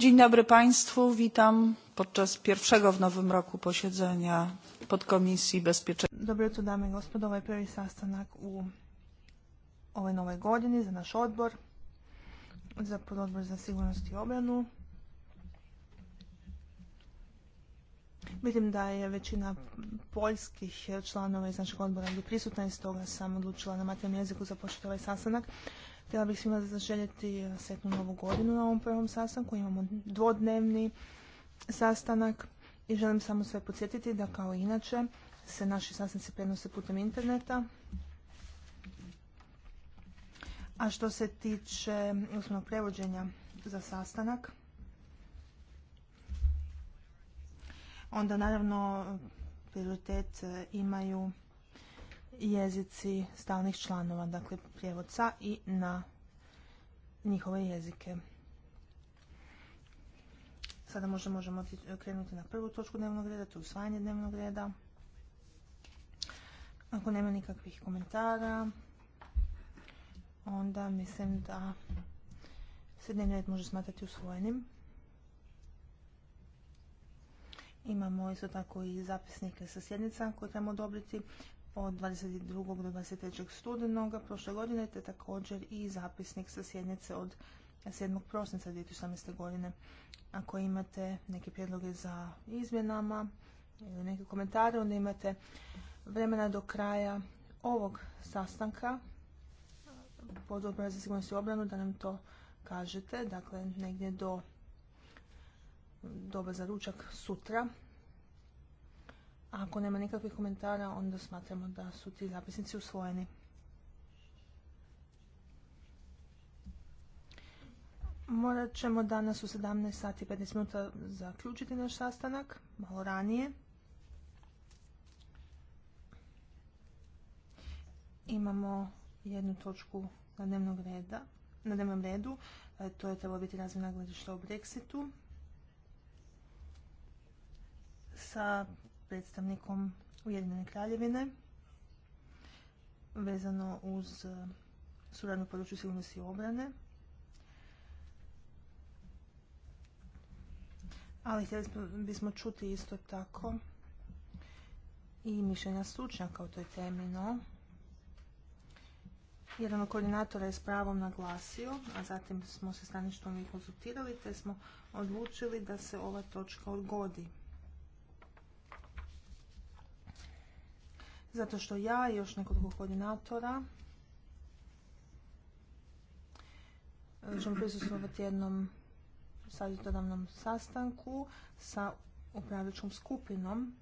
Dzień dobry Państwu. Witam podczas pierwszego w nowym roku posiedzenia podkomisji bezpieczeństwa. Dobro jutro dame i gospodo, ovo ovaj je prvi sastanak u ovoj nove godini za naš odbor, za pododbor za sigurnost i obranu. Vidim da je većina poljskih članova iz našeg odbora ovdje prisutna i toga sam odlučila na matem jeziku započeti ovaj sastanak. Htjela bih svima zaželjeti eh, sretnu novu godinu na ovom prvom sastanku. Imamo dvodnevni sastanak i želim samo sve podsjetiti da kao inače se naši sastanci prenose putem interneta. A što se tiče osnovnog prevođenja za sastanak, onda naravno prioritet eh, imaju jezici stalnih članova, dakle prijevod i na njihove jezike. Sada možda možemo e, krenuti na prvu točku dnevnog reda, to je usvajanje dnevnog reda. Ako nema nikakvih komentara, onda mislim da se dnevni red može smatrati usvojenim. Imamo isto tako i zapisnike sa sjednica koje trebamo odobriti od 22. do 23. studenoga prošle godine, te također i zapisnik sa sjednice od 7. prosinca 2018. godine. Ako imate neke prijedloge za izmjenama ili neke komentare, onda imate vremena do kraja ovog sastanka pod odbora za sigurnost i obranu da nam to kažete, dakle negdje do doba za ručak sutra ako nema nikakvih komentara, onda smatramo da su ti zapisnici usvojeni. Morat ćemo danas u 17 sati 15 minuta zaključiti naš sastanak, malo ranije. Imamo jednu točku na dnevnog reda, na dnevnom redu, e, to je trebalo biti razvijena gledišta o Brexitu sa predstavnikom Ujedinjene kraljevine vezano uz e, suradnju području sigurnosti i obrane. Ali htjeli bismo čuti isto tako i mišljenja stručnjaka o toj temi, jedan od koordinatora je s pravom naglasio, a zatim smo se staništom i konzultirali, te smo odlučili da se ova točka odgodi zato što ja i još nekoliko koordinatora e, ćemo prisustovati jednom savjetodavnom sastanku sa upravljačkom skupinom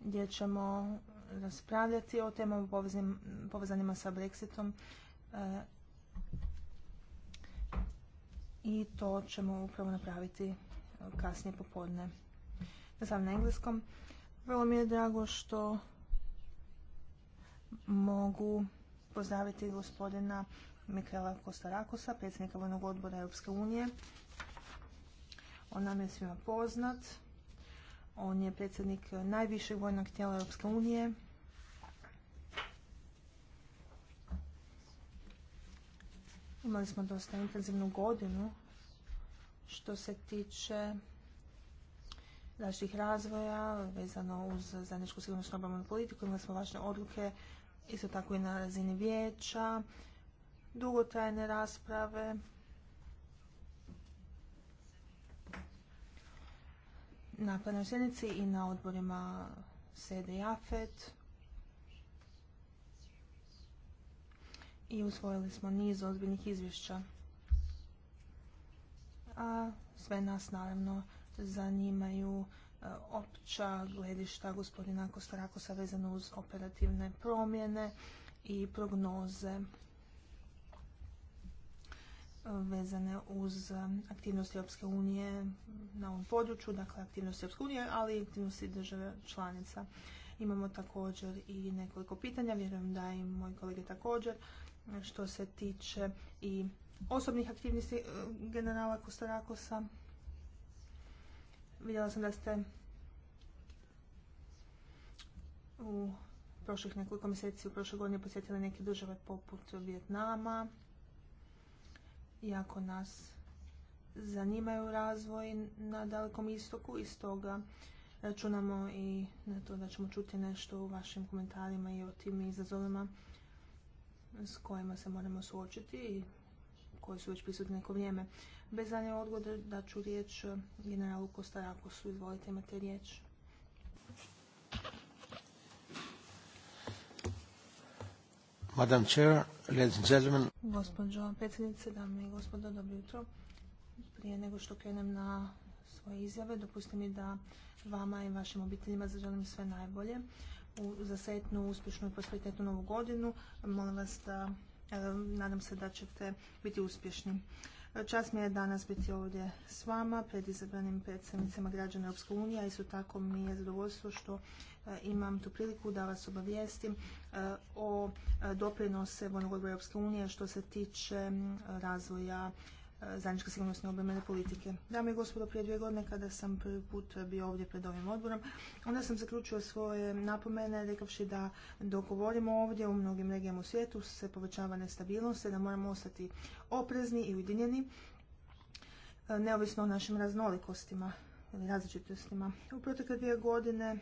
gdje ćemo raspravljati o temama povezanima sa Brexitom e, i to ćemo upravo napraviti kasnije popodne. Ja sam na engleskom. Vrlo mi je drago što mogu pozdraviti gospodina Mikela Kostarakosa, predsjednika Vojnog odbora Europske unije. On nam je svima poznat. On je predsjednik najvišeg vojnog tijela Europske unije. Imali smo dosta intenzivnu godinu što se tiče naših razvoja vezano uz zajedničku sigurnosnu obrambenu politiku. Imali smo važne odluke isto tako i na razini vijeća, dugotrajne rasprave. Na plenarnoj sjednici i na odborima sede i AFET. I usvojili smo niz ozbiljnih izvješća. A sve nas naravno zanimaju E, opća gledišta gospodina Kostarakosa vezano uz operativne promjene i prognoze vezane uz aktivnosti Europske unije na ovom području, dakle aktivnosti Europske unije, ali i aktivnosti države članica. Imamo također i nekoliko pitanja, vjerujem da i moji kolege također, što se tiče i osobnih aktivnosti e, generala Kostarakosa. Vidjela sam da ste u prošlih nekoliko mjeseci u prošloj godini posjetili neke države poput Vjetnama. Iako nas zanimaju razvoj na Dalekom istoku i stoga računamo i na to da ćemo čuti nešto u vašim komentarima i o tim izazovima s kojima se moramo suočiti i koji su već prisutni neko vrijeme. Bez zanje odgode da ću riječ e, generalu Kostarakosu. Izvolite, imate riječ. Madam Chair, ladies predsjednice, dame i gospodo, dobro jutro. Prije nego što krenem na svoje izjave, dopustite mi da vama i vašim obiteljima zaželim sve najbolje. U, za sretnu, uspješnu i prosperitetnu novu godinu. Molim vas da E, nadam se da ćete biti uspješni. E, čast mi je danas biti ovdje s vama, pred izabranim predstavnicama građana Europske unije, a isto tako mi je zadovoljstvo što e, imam tu priliku da vas obavijestim o doprinose Vojnog odbora Europske unije što se tiče razvoja zajedničke sigurnosne obrambene politike. Dame i gospodo, prije dvije godine kada sam prvi put bio ovdje pred ovim odborom, onda sam zaključila svoje napomene rekavši da dok ovdje u mnogim regijama u svijetu se povećava nestabilnost, da moramo ostati oprezni i ujedinjeni e, neovisno o našim raznolikostima ili različitostima. U protekle dvije godine e,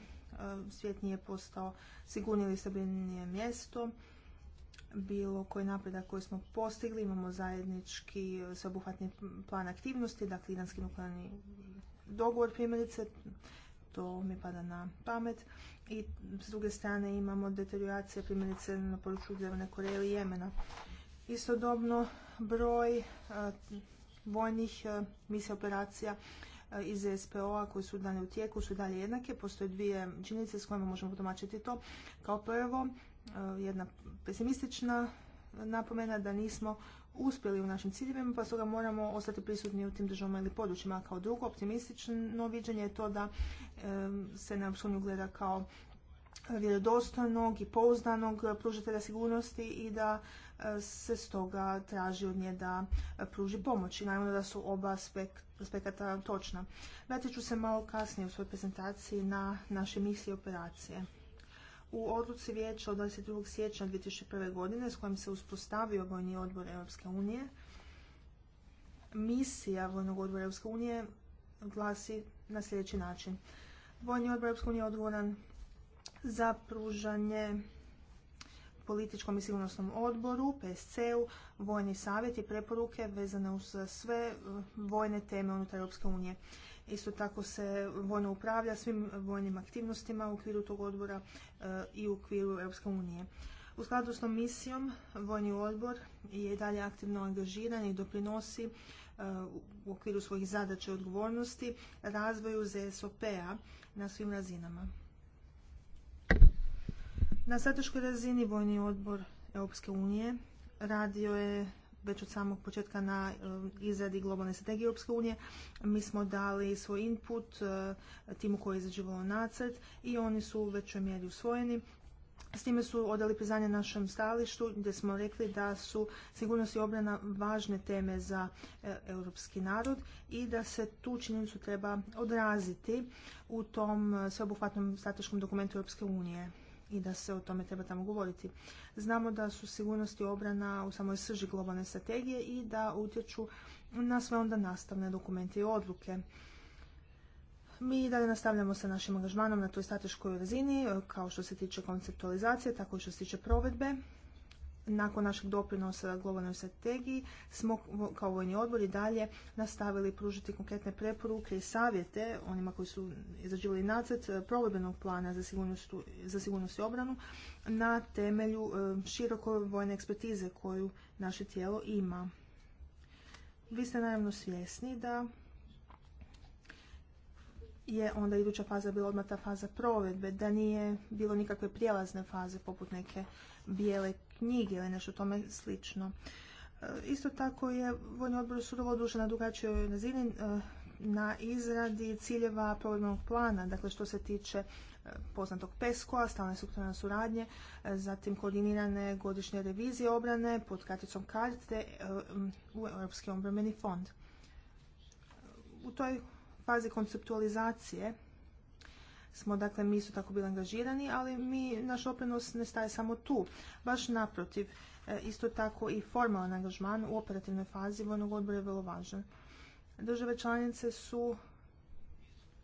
svijet nije postao sigurnije ili stabilnije mjesto, bilo koji napredak koji smo postigli. Imamo zajednički e, sveobuhvatni plan aktivnosti, dakle iranski nuklearni dogovor primjerice, to mi pada na pamet. I s druge strane imamo deterioracije primjerice na području Zemljene Koreje i Jemena. Istodobno broj e, vojnih e, misija operacija iz SPO-a koji su dane u tijeku su dalje jednake. Postoje dvije činjenice s kojima možemo potomačiti to. Kao prvo, Eh, jedna pesimistična napomena da nismo uspjeli u našim ciljevima, pa stoga moramo ostati prisutni u tim državama ili područjima. Kao drugo, optimistično viđenje je to da se na EU gleda kao vjerodostojnog i pouzdanog pružatelja sigurnosti i da eh, se stoga traži od nje da pruži pomoć. I naravno da su oba aspekata točna. Vratit ću se malo kasnije u svojoj prezentaciji na naše misije i operacije. U odluci vijeća od 22. siječnja 2001. godine s kojim se uspostavio Vojni odbor Europske unije, misija Vojnog odbora Europske unije glasi na sljedeći način. Vojni odbor Europske unije je odgovoran za pružanje političkom i sigurnosnom odboru, PSC-u, vojni savjet i preporuke vezane uz sve vojne teme unutar Europske unije. Isto tako se vojno upravlja svim vojnim aktivnostima u okviru tog odbora eh, i u okviru Europske unije. U skladu s tom misijom, Vojni odbor je i dalje aktivno angažiran i doprinosi eh, u okviru svojih zadaća i odgovornosti razvoju ZSOP-a na svim razinama. Na strateškoj razini Vojni odbor Europske unije radio je već od samog početka na e, izradi globalne strategije Europske unije. Mi smo dali svoj input e, timu koji je izrađivalo nacrt i oni su u većoj mjeri usvojeni. S time su odali priznanje našem stalištu gdje smo rekli da su sigurnost i obrana važne teme za e, europski narod i da se tu činjenicu treba odraziti u tom sveobuhvatnom strateškom dokumentu Europske unije i da se o tome treba tamo govoriti. Znamo da su sigurnost i obrana u samoj srži globalne strategije i da utječu na sve onda nastavne dokumente i odluke. Mi dalje nastavljamo sa našim angažmanom na toj strateškoj razini, kao što se tiče konceptualizacije, tako i što se tiče provedbe nakon našeg doprinosa globalnoj strategiji smo kao vojni odbor i dalje nastavili pružiti konkretne preporuke i savjete onima koji su izrađivali nacrt eh, provedbenog plana za sigurnost, za sigurnost i obranu na temelju eh, široko vojne ekspertize koju naše tijelo ima. Vi ste naravno svjesni da je onda iduća faza bila odmah ta faza provedbe, da nije bilo nikakve prijelazne faze poput neke bijele knjige ili nešto tome slično. E, isto tako je Vojni odbor sudova duše na drugačijoj razini e, na izradi ciljeva provodnog plana, dakle što se tiče e, poznatog PESCO-a, stalne strukturalne suradnje, zatim koordinirane godišnje revizije obrane pod karticom karte u Europski obrambeni fond. U toj fazi konceptualizacije smo, dakle, mi su tako bili angažirani, ali mi, naš doprinos ne staje samo tu. Baš naprotiv, e, isto tako i formalan angažman u operativnoj fazi vojnog odbora je vrlo važan. Države članice su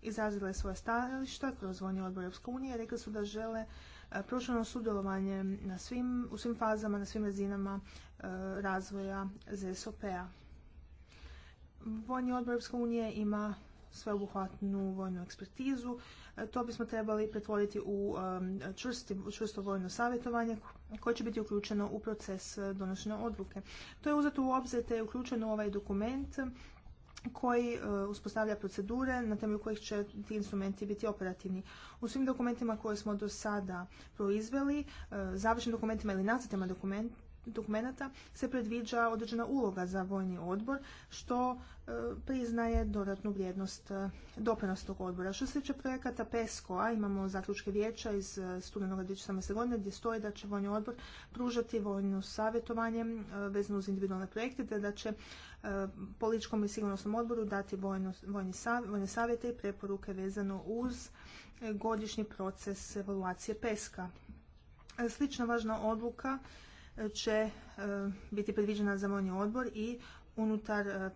izrazile svoje stajališta kroz vojni odbor Europske unije, rekli su da žele e, prošljeno sudjelovanje na svim, u svim fazama, na svim razinama e, razvoja ZSOP-a. Vojni odbor Europske unije ima sveobuhvatnu vojnu ekspertizu. E, to bismo trebali pretvoriti u čvrsto vojno savjetovanje koje će biti uključeno u proces e, donošenja odluke. To je uzeto u obzir te je uključeno u ovaj dokument koji e, uspostavlja procedure na temelju kojih će ti instrumenti biti operativni. U svim dokumentima koje smo do sada proizveli, završnim dokumentima ili nacrtima dokumenta, dokumenata se predviđa određena uloga za vojni odbor što e, priznaje dodatnu vrijednost e, tog odbora. Što se tiče projekata PESCO-a, imamo zaključke vijeća iz e, studenoga 2018. godine gdje stoji da će vojni odbor pružati vojno savjetovanje e, vezano uz individualne projekte te da će političkom i sigurnosnom odboru dati vojne savjete i preporuke vezano uz godišnji proces evaluacije PESCO-a. Slična važna odluka će e, biti predviđena za vojni odbor i unutar e,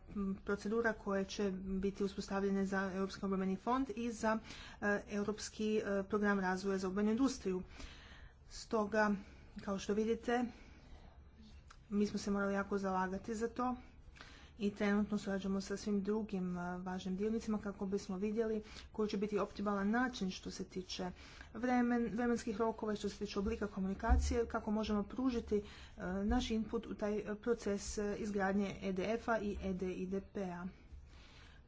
procedura koje će biti uspostavljene za Europski obrambeni fond i za e, Europski program razvoja za obrambenu industriju. Stoga, kao što vidite, mi smo se morali jako zalagati za to i trenutno surađujemo sa svim drugim važnim dionicima kako bismo vidjeli koji će biti optimalan način što se tiče vremen, vremenskih rokova i što se tiče oblika komunikacije, kako možemo pružiti naš input u taj proces izgradnje EDF-a i EDIDP-a.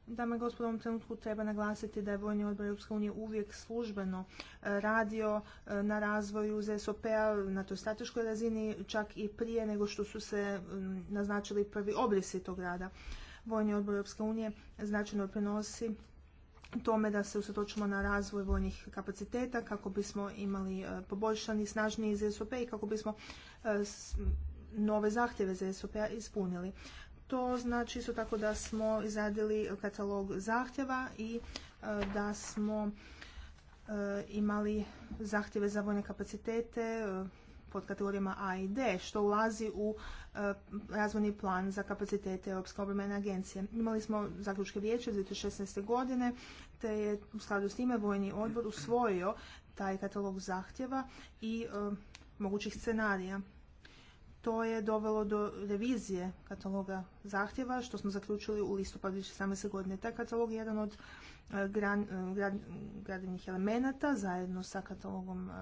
Dame i gospodo, u ovom trenutku treba naglasiti da je Vojni odbor Europske unije uvijek službeno e, radio e, na razvoju ZSOP-a na toj strateškoj razini, čak i prije nego što su se naznačili prvi obrisi tog rada. Vojni odbor Europske unije značajno prenosi tome da se usatočimo na razvoj vojnih kapaciteta kako bismo imali e, poboljšani, snažniji ZSOP i kako bismo nove zahtjeve ZSOP-a ispunili. To znači isto tako da smo izradili katalog zahtjeva i e, da smo e, imali zahtjeve za vojne kapacitete e, pod kategorijama A i D, što ulazi u razvojni plan za kapacitete Europske obrambene agencije. Imali smo zaključke vijeća 2016. godine, te je u skladu s njime vojni odbor usvojio taj katalog zahtjeva i mogućih scenarija to je dovelo do revizije kataloga zahtjeva, što smo zaključili u listopadu 2017. godine. Taj katalog je jedan od e, gran, e, gradivnih elemenata zajedno sa katalogom e,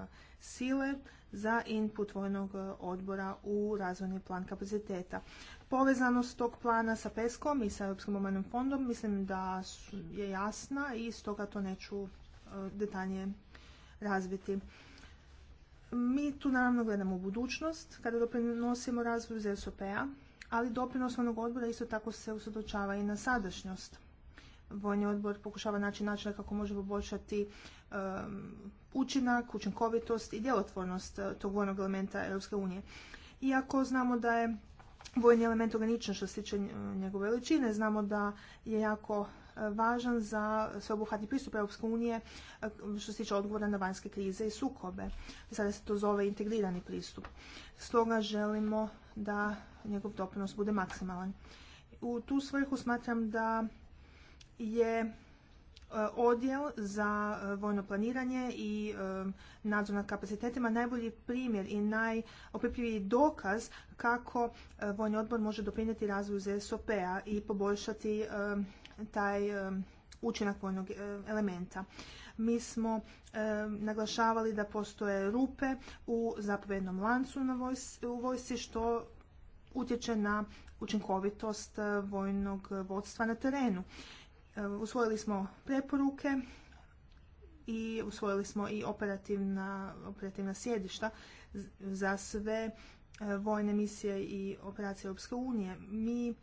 sile za input vojnog odbora u razvojni plan kapaciteta. Povezanost tog plana sa PESCOM i sa Europskim omenom fondom mislim da je jasna i stoga to neću detaljnije razviti. Mi tu naravno gledamo u budućnost kada doprinosimo razvoju ZSOP-a, ali doprinos onog odbora isto tako se usadočava i na sadašnjost. Vojni odbor pokušava naći način kako može poboljšati um, učinak, učinkovitost i djelotvornost uh, tog vojnog elementa Europske unije. Iako znamo da je vojni element ograničen što se tiče uh, njegove veličine, znamo da je jako važan za sveobuhvatni pristup Europske unije e, što se tiče odgovora na vanjske krize i sukobe. Sada se to zove integrirani pristup. Stoga želimo da njegov doprinos bude maksimalan. U tu svrhu smatram da je e, odjel za e, vojno planiranje i nadzor nad kapacitetima najbolji primjer i najopipljiviji dokaz kako vojni odbor može doprinijeti razvoju ZSOP-a i poboljšati taj e, učinak vojnog e, elementa. Mi smo e, naglašavali da postoje rupe u zapovednom lancu u vojsi što utječe na učinkovitost vojnog vodstva na terenu. usvojili smo preporuke i usvojili smo i operativna, operativna sjedišta za sve vojne misije i operacije Europske unije. Mi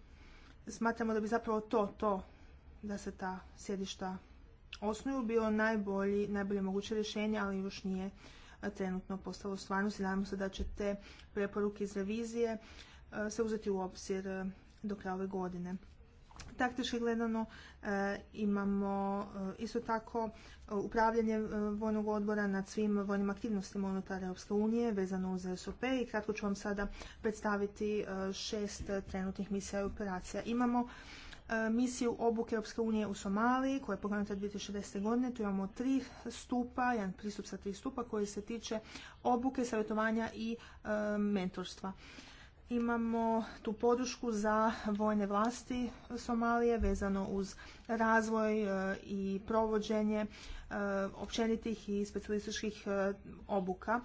smatramo da bi zapravo to, to da se ta sjedišta osnuju bilo najbolji, najbolje moguće rješenje, ali još nije trenutno postalo stvarnost i nadamo se da će te preporuke iz revizije se uzeti u obzir do kraja ove godine. Taktički gledano imamo isto tako upravljanje vojnog odbora nad svim vojnim aktivnostima unutar Europske unije vezano uz SOP i kratko ću vam sada predstaviti šest trenutnih misija i operacija. Imamo E, misiju obuke Europske unije u Somaliji koja je pokrenuta 2010. godine. Tu imamo tri stupa, jedan pristup sa tri stupa koji se tiče obuke, savjetovanja i e, mentorstva. Imamo tu podršku za vojne vlasti Somalije vezano uz razvoj e, i provođenje općenitih i specijalističkih obuka.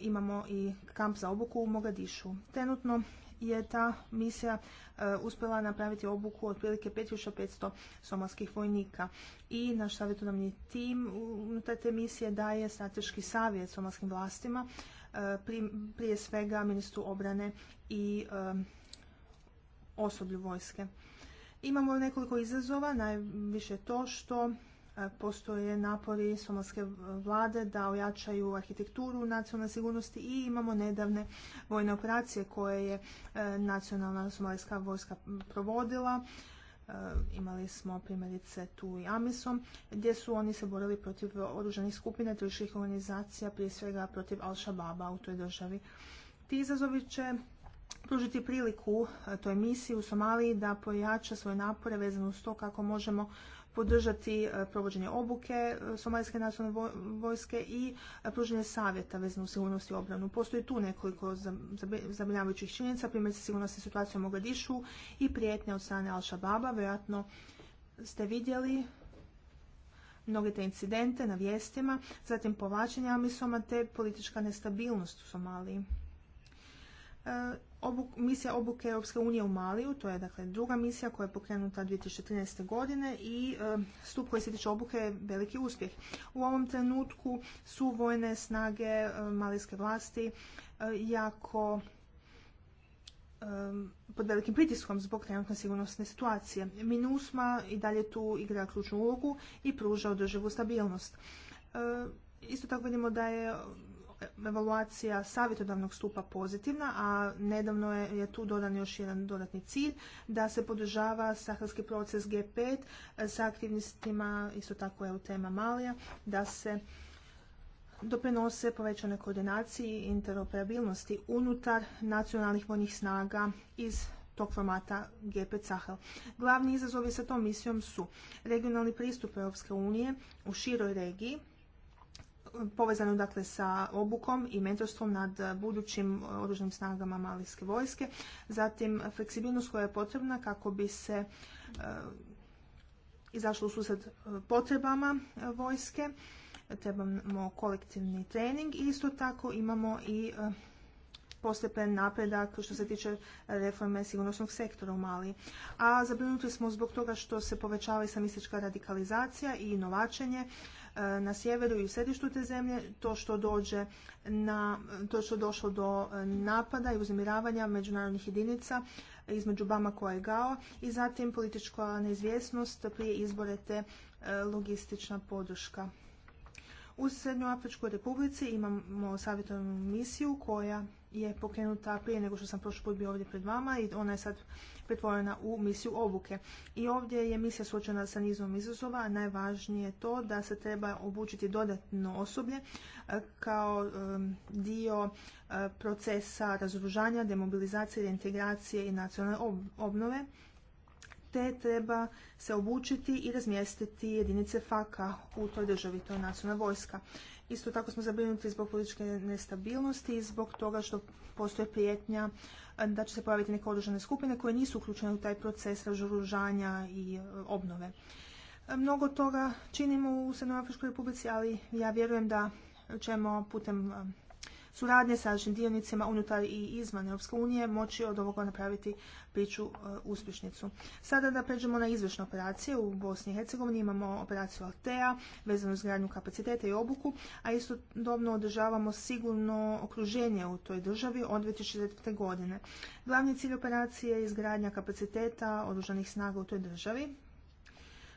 Imamo i kamp za obuku u Mogadišu. Trenutno je ta misija e, uspjela napraviti obuku otprilike 5500 somalskih vojnika. I naš savjetodavni tim unutar te misije daje strateški savjet somalskim vlastima, e, prije svega ministru obrane i e, osoblju vojske. Imamo nekoliko izazova, najviše to što E, postoje napori somalske vlade da ojačaju arhitekturu nacionalne sigurnosti i imamo nedavne vojne operacije koje je e, nacionalna somalijska vojska provodila. E, imali smo primjerice tu i Amisom, gdje su oni se borili protiv oružanih skupina organizacija, prije svega protiv Al-Shababa u toj državi. Ti izazovi će pružiti priliku toj misiji u Somaliji da pojača svoje napore vezano uz to kako možemo podržati e, provođenje obuke e, Somalijske nacionalne vojske i e, pruženje savjeta vezano u sigurnost i obranu. Postoji tu nekoliko zabrinjavajućih činjenica, primjerice sigurnosti situacije u Mogadišu i prijetnje od strane Al-Shababa. Vjerojatno ste vidjeli mnoge te incidente na vijestima, zatim povlačenje Amisoma te politička nestabilnost u Somaliji. Eh, misija obuke Europske unije u Maliju, to je dakle druga misija koja je pokrenuta 2013. godine i eh, stup koji se tiče obuke je veliki uspjeh. U ovom trenutku su vojne snage eh, malijske vlasti jako pod velikim pritiskom zbog trenutne sigurnosne situacije. MINUSMA i dalje tu igra ključnu ulogu i pruža održivu stabilnost. Isto tako vidimo da je evaluacija savjetodavnog stupa pozitivna, a nedavno je, je tu dodan još jedan dodatni cilj, da se podržava sahelski proces G5 eh, sa aktivnostima, isto tako je u tema Malija, da se doprinose povećane koordinaciji i interoperabilnosti unutar nacionalnih vojnih snaga iz tog formata G5 Sahel. Glavni izazovi sa tom misijom su regionalni pristup Europske unije u široj regiji, povezano dakle sa obukom i mentorstvom nad budućim oružnim snagama malijske vojske, zatim fleksibilnost koja je potrebna kako bi se e, izašlo u susret e, potrebama e, vojske, trebamo kolektivni trening i isto tako imamo i postepen napredak što se tiče reforme sigurnosnog sektora u Mali. A zabrinuti smo zbog toga što se povećava islamistička radikalizacija i inovačenje E, na sjeveru i u središtu te zemlje, to što dođe na, to što došlo do e, napada i uznemiravanja međunarodnih jedinica e, između Bama koja je Gao i zatim politička neizvjesnost prije izbore te logistična podrška. U Srednjoafričkoj republici imamo savjetovnu misiju koja je pokrenuta prije nego što sam prošli put bio ovdje pred vama i ona je sad pretvorena u misiju obuke. I ovdje je misija suočena sa nizom izazova, a najvažnije je to da se treba obučiti dodatno osoblje e, kao e, dio e, procesa razoružanja, demobilizacije, reintegracije i nacionalne obnove te treba se obučiti i razmjestiti jedinice FAKA u toj državi, to je nacionalna vojska. Isto tako smo zabrinuti zbog političke nestabilnosti i zbog toga što postoje prijetnja eh, da će se pojaviti neke oružane skupine koje nisu uključene u taj proces razoružanja i eh, obnove. Eh, mnogo toga činimo u Afričkoj republici, ali ja vjerujem da ćemo putem suradnje sa našim dionicima unutar i izvan Europske unije moći od ovoga napraviti priču e, uspješnicu. Sada da pređemo na izvršne operacije. U Bosni i Hercegovini imamo operaciju Altea vezanu uz gradnju kapaciteta i obuku, a istodobno održavamo sigurno okruženje u toj državi od 2004. godine. Glavni cilj operacije je izgradnja kapaciteta oružanih snaga u toj državi,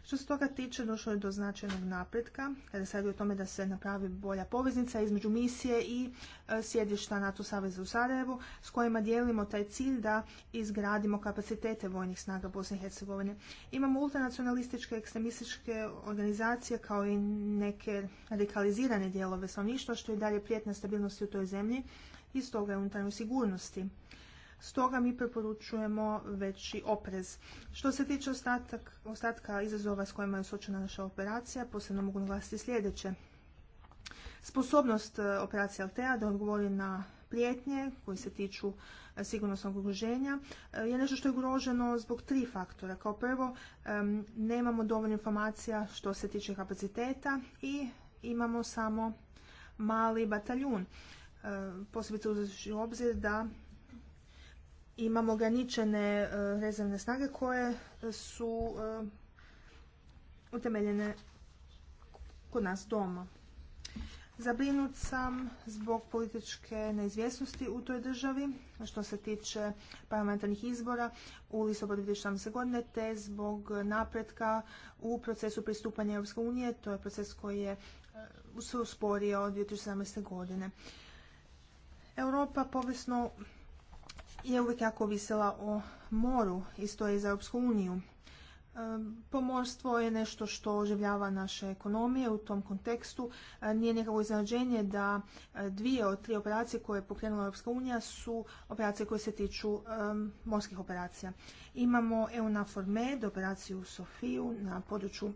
što se toga tiče, došlo je do značajnog napretka kada se radi o tome da se napravi bolja poveznica između misije i e, sjedišta NATO Saveza u Sarajevu s kojima dijelimo taj cilj da izgradimo kapacitete vojnih snaga Bosne i Hercegovine. Imamo ultranacionalističke, ekstremističke organizacije kao i neke radikalizirane dijelove stanovništva što je dalje prijetna stabilnosti u toj zemlji i stoga je unutarnjoj sigurnosti. Stoga mi preporučujemo veći oprez. Što se tiče ostatak, ostatka izazova s kojima je sočena naša operacija, posebno mogu naglasiti sljedeće. Sposobnost e, operacije Altea da odgovori na prijetnje koje se tiču e, sigurnosnog ugroženja e, je nešto što je ugroženo zbog tri faktora. Kao prvo, nemamo dovoljno informacija što se tiče kapaciteta i imamo samo mali bataljun. Posebice uzeti u obzir da imamo ograničene e, rezervne snage koje su e, utemeljene kod nas doma. Zabrinut sam zbog političke neizvjesnosti u toj državi što se tiče parlamentarnih izbora u listopadu 2017. godine te zbog napretka u procesu pristupanja Europske unije. To je proces koji je e, se usporio od 2017. godine. Europa povijesno je uvijek jako ovisila o moru i za Europsku uniju. E, pomorstvo je nešto što oživljava naše ekonomije u tom kontekstu. E, nije nekako iznenađenje da e, dvije od tri operacije koje je pokrenula Europska unija su operacije koje se tiču morskih operacija. Imamo EUNAFOR MED, operaciju Sofiju na području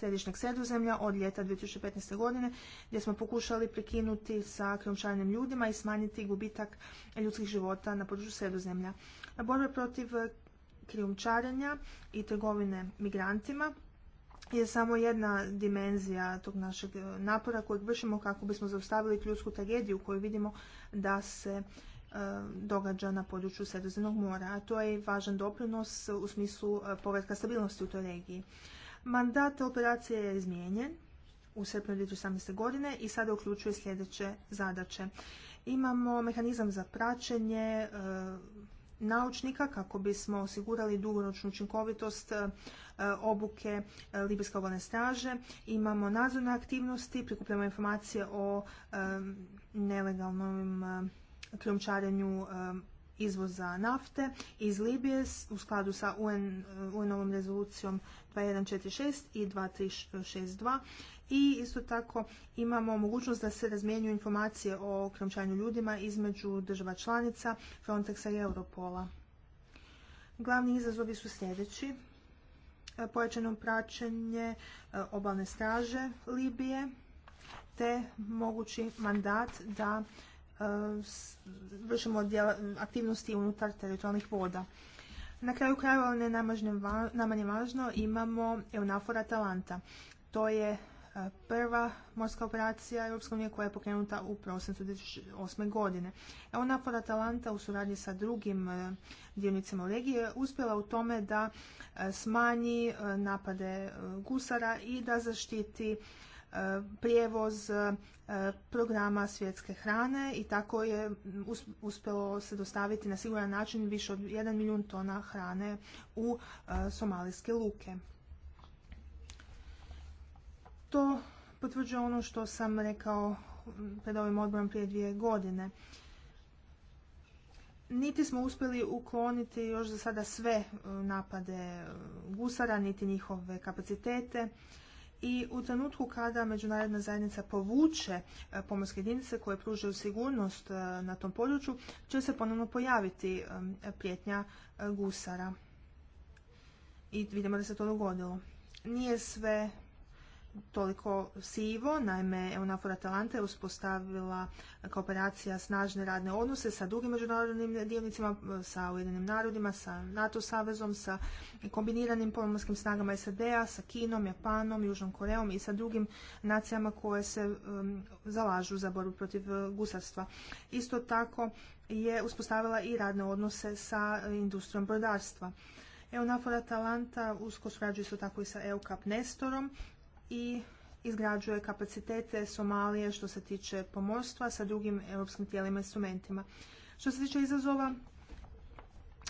središnjeg sredozemlja od ljeta 2015. godine gdje smo pokušali prekinuti sa krijumčarenjem ljudima i smanjiti gubitak ljudskih života na području sredozemlja. Borbe protiv krijumčarenja i trgovine migrantima je samo jedna dimenzija tog našeg e, napora kojeg vršimo kako bismo zaustavili ljudsku tragediju koju vidimo da se e, događa na području Sredozemnog mora, a to je važan doprinos u smislu e, povratka stabilnosti u toj regiji. Mandat operacije je izmijenjen u srpnju 2018. godine i sada uključuje sljedeće zadaće. Imamo mehanizam za praćenje e, naučnika kako bismo osigurali dugoročnu učinkovitost e, obuke e, Libijske obalne straže. Imamo nadzorne aktivnosti, prikupljamo informacije o nelegalnom krijumčarenju izvoza nafte iz Libije u skladu sa UN, eh, UN-ovom rezolucijom 2146 i 2362 i isto tako imamo mogućnost da se razmjenjuju informacije o kromčanju ljudima između država članica Frontexa i Europola. Glavni izazovi su sljedeći. Eh, pojačano praćenje eh, obalne straže Libije te mogući mandat da vršimo aktivnosti unutar teritorijalnih voda. Na kraju krajeva, ali ono ne najmanje važno, imamo EUNAFOR Atalanta. To je e, prva morska operacija Europske unije koja je pokrenuta u prosincu 2008. godine. EUNAFOR Atalanta u suradnji sa drugim e, dionicama u regiji uspjela u tome da e, smanji napade gusara i da zaštiti prijevoz e, programa svjetske hrane i tako je uspjelo se dostaviti na siguran način više od 1 milijun tona hrane u e, somalijske luke. To potvrđuje ono što sam rekao pred ovim odborom prije dvije godine. Niti smo uspjeli ukloniti još za sada sve e, napade gusara, niti njihove kapacitete i u trenutku kada međunarodna zajednica povuče e, pomorske jedinice koje pružaju sigurnost e, na tom području, će se ponovno pojaviti e, prijetnja gusara. I vidimo da se to dogodilo. Nije sve toliko sivo. Naime, Eunafor Atalanta je uspostavila kooperacija snažne radne odnose sa drugim međunarodnim dijelnicima, sa Ujedinim narodima, sa NATO savezom, sa kombiniranim pomorskim snagama SAD-a, sa Kinom, Japanom, Južnom Koreom i sa drugim nacijama koje se um, zalažu za borbu protiv uh, gusarstva. Isto tako je uspostavila i radne odnose sa industrijom brodarstva. EUNAFOR Atalanta usko surađuje isto tako i sa EUCAP Nestorom i izgrađuje kapacitete Somalije što se tiče pomorstva sa drugim europskim tijelima i instrumentima. Što se tiče izazova,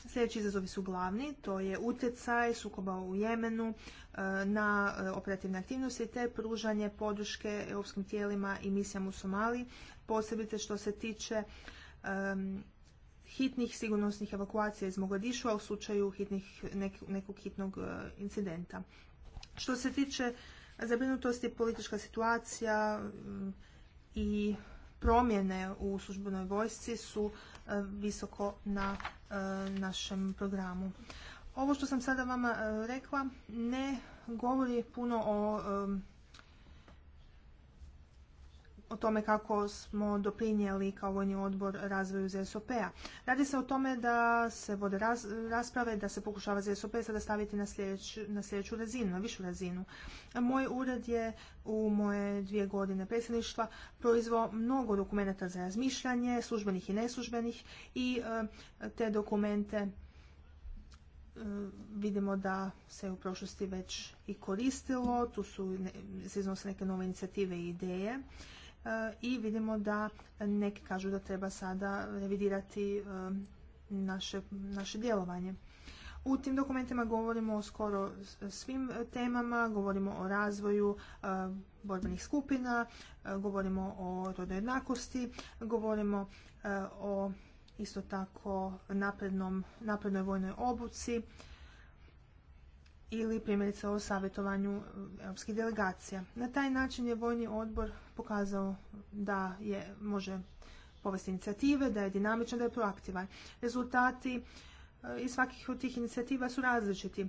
sljedeći izazovi su glavni, to je utjecaj sukoba u Jemenu e, na e, operativne aktivnosti te pružanje podrške europskim tijelima i misijama u Somaliji, posebice što se tiče hitnih sigurnosnih evakuacija iz Mogadišu, a u slučaju hitnih, nekog hitnog e, incidenta. Što se tiče zabrinutost je politička situacija mm, i promjene u službenoj vojsci su e, visoko na e, našem programu. Ovo što sam sada vama e, rekla ne govori puno o o tome kako smo doprinijeli kao vojni odbor razvoju ZSOP-a. Radi se o tome da se vode rasprave, da se pokušava ZSOP sada staviti na, na sljedeću razinu, na višu razinu. Moj ured je u moje dvije godine predsjedništva proizvao mnogo dokumenata za razmišljanje, službenih i neslužbenih i e, te dokumente e, vidimo da se u prošlosti već i koristilo, tu su se iznose neke nove inicijative i ideje i vidimo da neki kažu da treba sada revidirati e, naše, naše djelovanje. U tim dokumentima govorimo o skoro svim temama, govorimo o razvoju e, borbenih skupina, e, govorimo o rodnoj jednakosti, govorimo o isto tako naprednom, naprednoj vojnoj obuci, ili primjerice o savjetovanju e, europskih delegacija. Na taj način je Vojni odbor pokazao da je, može povesti inicijative, da je dinamičan, da je proaktivan. Rezultati e, iz svakih od tih inicijativa su različiti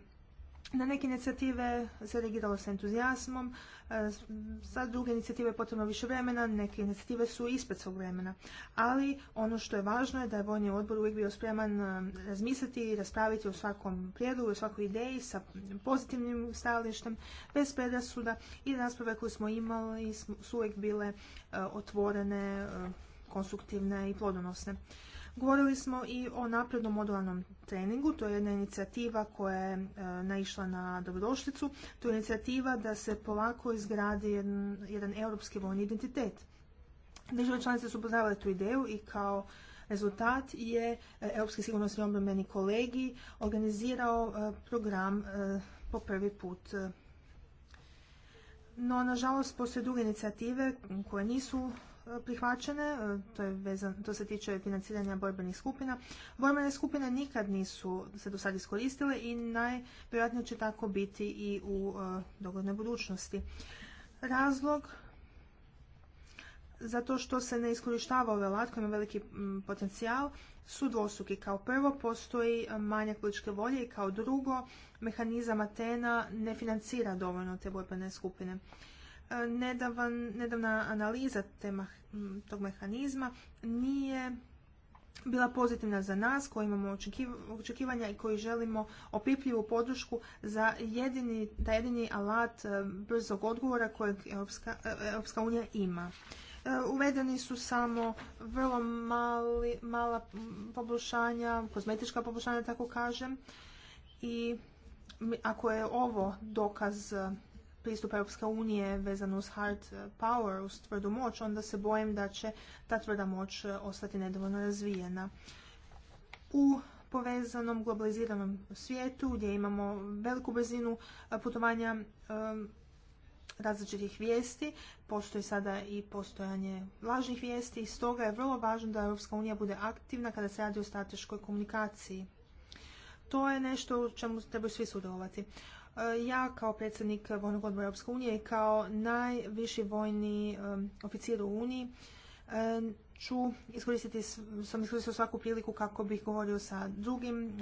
na neke inicijative se reagiralo sa entuzijasmom, e, za druge inicijative je potrebno više vremena, neke inicijative su ispred svog vremena. Ali ono što je važno je da je Vojni odbor uvijek bio spreman e, razmisliti i raspraviti o svakom prijedlogu, o svakoj ideji sa pozitivnim stajalištem, bez predrasuda i rasprave koje smo imali su uvijek bile e, otvorene, konstruktivne i plodonosne. Govorili smo i o naprednom modularnom treningu, to je jedna inicijativa koja je e, naišla na dobrodošlicu, to je inicijativa da se polako izgradi jedan, jedan europski vojni identitet. Države članice su poznavale tu ideju i kao rezultat je e, Europski sigurnosni obrambeni kolegi organizirao e, program po prvi put no, nažalost, postoje druge inicijative koje nisu prihvaćene, e, to, je to se tiče financiranja borbenih skupina. Borbene skupine nikad nisu se do sad iskoristile i najvjerojatnije će tako biti i u e, dogodnoj budućnosti. Razlog zato što se ne iskorištava ove alat ima veliki potencijal su dvosuki. Kao prvo postoji manjak političke volje i kao drugo mehanizam Atena ne financira dovoljno te borbene skupine nedavan, nedavna analiza tema, tog mehanizma nije bila pozitivna za nas koji imamo očekivanja i koji želimo opipljivu podršku za jedini, da jedini alat e, brzog odgovora kojeg Europska, e, unija ima. E, uvedeni su samo vrlo mali, mala poboljšanja, kozmetička poboljšanja, tako kažem. I ako je ovo dokaz pristup Europske unije vezano uz hard power, uz tvrdu moć, onda se bojim da će ta tvrda moć e, ostati nedovoljno razvijena. U povezanom globaliziranom svijetu gdje imamo veliku brzinu e, putovanja e, različitih vijesti, postoji sada i postojanje lažnih vijesti i stoga je vrlo važno da Europska unija bude aktivna kada se radi o strateškoj komunikaciji. To je nešto u čemu trebaju svi sudjelovati. E, ja kao predsjednik Vojnog odbora Europske unije i kao najviši vojni oficir u Uniji ću iskoristiti, sam iskoristio svaku priliku kako bih govorio sa drugim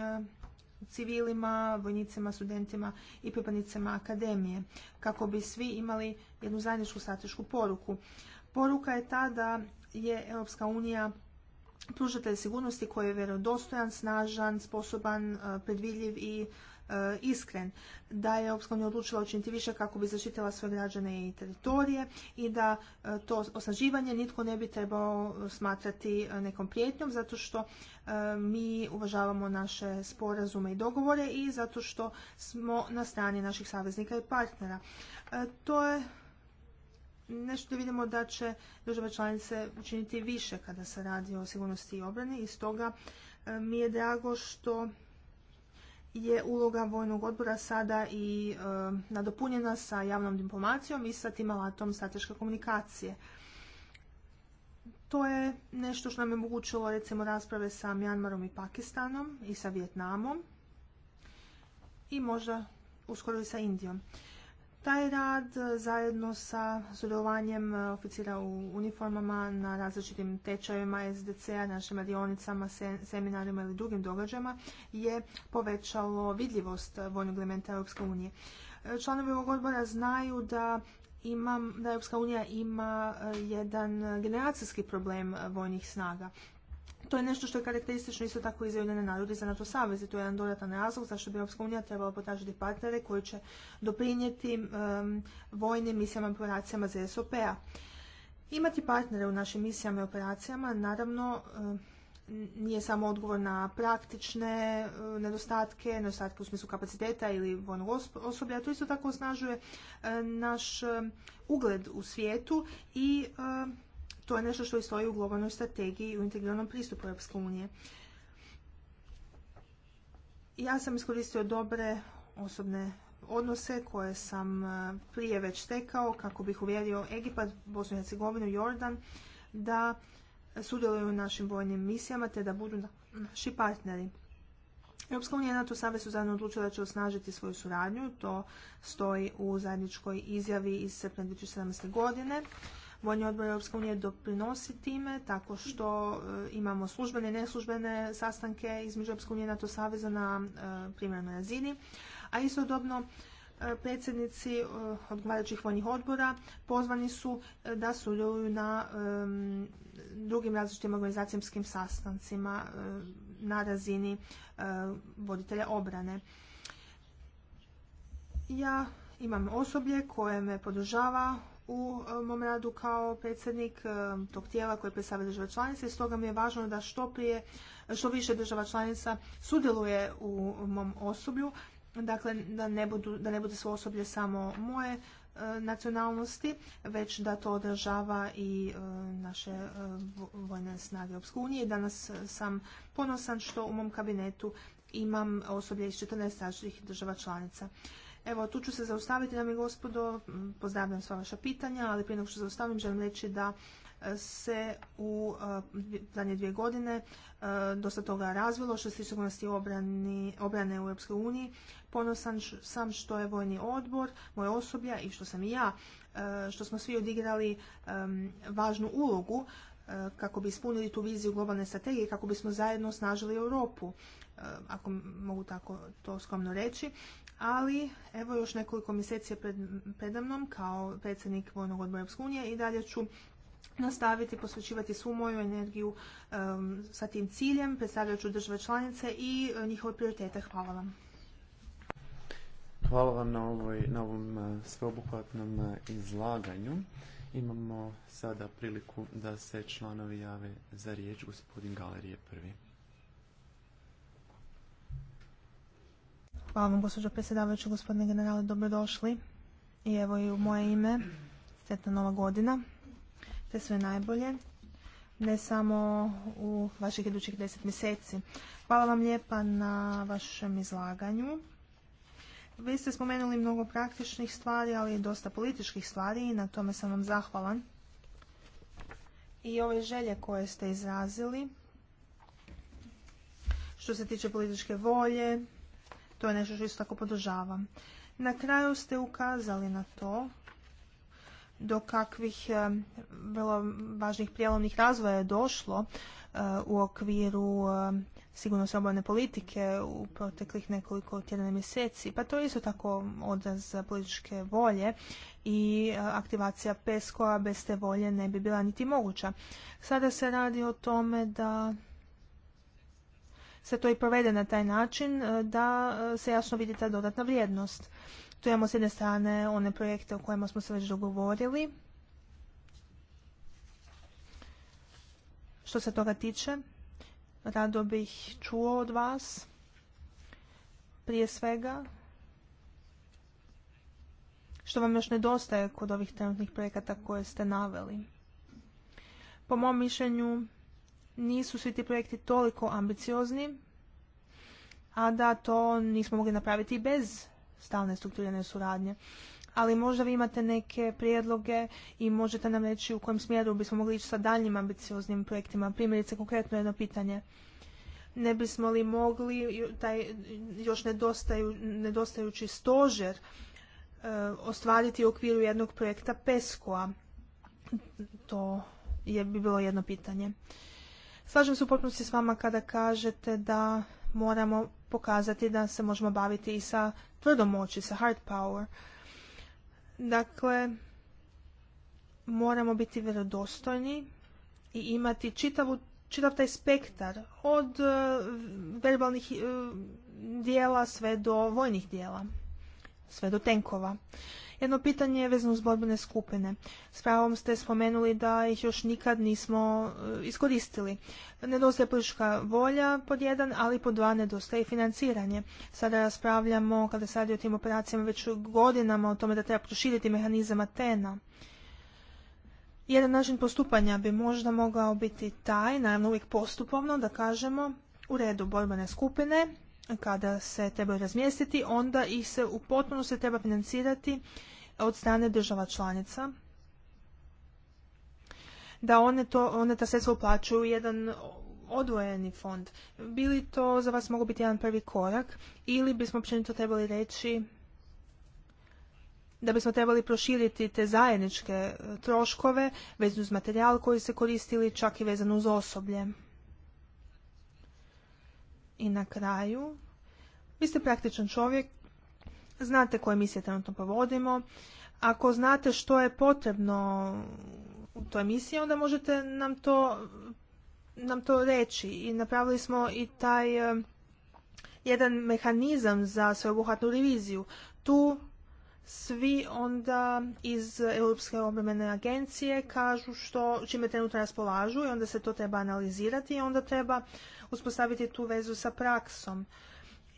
civilima, vojnicima, studentima i pripadnicima akademije, kako bi svi imali jednu zajedničku stratešku poruku. Poruka je ta da je Europska unija pružatelj sigurnosti koji je vjerodostojan, snažan, sposoban, predvidljiv i E, iskren, da je Europska odlučila učiniti više kako bi zaštitila svoje građane i teritorije i da e, to osnaživanje nitko ne bi trebao smatrati e, nekom prijetnjom zato što mi uvažavamo naše sporazume i dogovore i zato što smo na strani naših saveznika i partnera. To je nešto vidimo da će države članice učiniti više kada se radi o sigurnosti i obrani i stoga mi je drago što je uloga vojnog odbora sada i e, nadopunjena sa javnom diplomacijom i sa tim alatom strateške komunikacije. To je nešto što nam je omogućilo recimo rasprave sa Mjanmarom i Pakistanom i sa Vjetnamom i možda uskoro i sa Indijom. Taj rad e, zajedno sa sudjelovanjem e, oficira u uniformama na različitim tečajevima SDC-a, našim radionicama, seminarima ili drugim događajima je povećalo vidljivost vojnog elementa Europske unije. E, članovi ovog odbora znaju da imam, da Europska unija ima jedan generacijski problem vojnih snaga. To je nešto što je karakteristično isto tako i za za NATO savez i to je jedan dodatan razlog zašto bi Europska unija trebala potražiti partnere koji će doprinijeti vojnim misijama i operacijama sop a Imati partnere u našim misijama i operacijama naravno nije samo odgovor na praktične nedostatke, nedostatke u smislu kapaciteta ili vojnog osoblja, to isto tako osnažuje naš ugled u svijetu i to je nešto što i stoji u globalnoj strategiji i u integralnom pristupu Europske unije. Ja sam iskoristio dobre osobne odnose koje sam e, prije već stekao kako bih uvjerio Egipat, Bosnu i Hercegovinu, Jordan da sudjeluju u našim vojnim misijama te da budu naši partneri. Europska unija i NATO savez su zajedno odlučili da će osnažiti svoju suradnju, to stoji u zajedničkoj izjavi iz srpnja 2017. godine Vojni odbor Europske unije doprinosi time tako što e, imamo službene i neslužbene sastanke između Europske unije i NATO saveza na e, primjernoj razini, a istodobno e, predsjednici odgovarajućih vojnih odbora pozvani su da sudjeluju na drugim različitim organizacijskim sastancima na razini voditelja obrane. Ja imam osoblje koje me podržava u e, mom radu kao predsjednik e, tog tijela koje predstavlja država članica i stoga mi je važno da što prije, što više država članica sudjeluje u mom osoblju, dakle da ne, budu, da ne bude svo osoblje samo moje e, nacionalnosti, već da to održava i naše vojne snage Europske unije. Danas sam ponosan što u mom kabinetu imam osoblje iz 14 država članica. Evo, tu ću se zaustaviti, dame i gospodo, pozdravljam sva vaša pitanja, ali prije nego što zaustavim želim reći da e, se u e, zadnje dvije godine e, dosta toga razvilo što se sigurnosti obrane u Europskoj uniji. Ponosan sam što je vojni odbor, moje osoblja i što sam i ja, što smo svi odigrali važnu ulogu kako bi ispunili tu viziju globalne strategije, kako bismo zajedno snažili Europu. Eh, ako mogu tako to skromno reći. Ali evo još nekoliko mjeseci je pred, kao predsjednik Vojnog odbora Europske unije i dalje ću nastaviti posvećivati svu moju energiju sa tim ciljem, predstavljajući države članice i eh, njihove prioritete. Hvala vam. Hvala vam na, na ovom eh, sveobuhvatnom izlaganju. Imamo sada priliku da se članovi jave za riječ. Gospodin Galerije prvi. Hvala vam, gospođo predsjedavajući, gospodine generale, dobrodošli. I evo i u moje ime, sretna nova godina, te sve najbolje, ne samo u vaših idućih deset mjeseci. Hvala vam lijepa na vašem izlaganju. Vi ste spomenuli mnogo praktičnih stvari, ali i dosta političkih stvari i na tome sam vam zahvalan. I ove želje koje ste izrazili, što se tiče političke volje, to je nešto što isto tako podržavam. Na kraju ste ukazali na to do kakvih eh, vrlo važnih prijelomnih razvoja je došlo eh, u okviru eh, sigurno politike u proteklih nekoliko tjedana mjeseci. Pa to je isto tako odraz političke volje i aktivacija PESCO-a bez te volje ne bi bila niti moguća. Sada se radi o tome da se to i provede na taj način e, da e, se jasno vidi ta dodatna vrijednost. Tu imamo s jedne strane one projekte o kojima smo se već dogovorili. Što se toga tiče, rado bih čuo od vas prije svega što vam još nedostaje kod ovih trenutnih projekata koje ste naveli. Po mom mišljenju, nisu svi ti projekti toliko ambiciozni, a da to nismo mogli napraviti i bez stalne strukturirane suradnje. Ali možda vi imate neke prijedloge i možete nam reći u kojem smjeru bismo mogli ići sa daljnjim ambicioznim projektima. Primjerice, konkretno jedno pitanje. Ne bismo li mogli taj još nedostaju, nedostajući stožer e, ostvariti u okviru jednog projekta PESCO-a? To je bi bilo jedno pitanje. Slažem se u potpunosti s vama kada kažete da moramo pokazati da se možemo baviti i sa tvrdom moći, sa hard power. Dakle, moramo biti vjerodostojni i imati čitavu, čitav taj spektar od e, verbalnih e, dijela sve do vojnih dijela, sve do tenkova. Jedno pitanje je vezano uz borbene skupine. S pravom ste spomenuli da ih još nikad nismo e, iskoristili. Nedostaje politička volja pod jedan, ali pod dva nedostaje i financiranje. Sada raspravljamo, kada se radi o tim operacijama, već godinama o tome da treba proširiti mehanizam Atena. Jedan način postupanja bi možda mogao biti taj, naravno uvijek postupovno, da kažemo u redu borbene skupine, kada se trebaju razmjestiti, onda ih se u se treba financirati od strane država članica da one, to, one ta sredstva uplaćuju u jedan odvojeni fond. Bili to za vas mogu biti jedan prvi korak ili bismo općenito trebali reći da bismo trebali proširiti te zajedničke e, troškove vezano uz materijal koji se koristili čak i vezano uz osoblje. I na kraju, vi ste praktičan čovjek, znate koje emisije trenutno povodimo. Ako znate što je potrebno u toj misiji, onda možete nam to, nam to reći. I napravili smo i taj e, jedan mehanizam za sveobuhvatnu reviziju. Tu svi onda iz Europske obrambene agencije kažu što, čime trenutno raspolažu i onda se to treba analizirati i onda treba uspostaviti tu vezu sa praksom.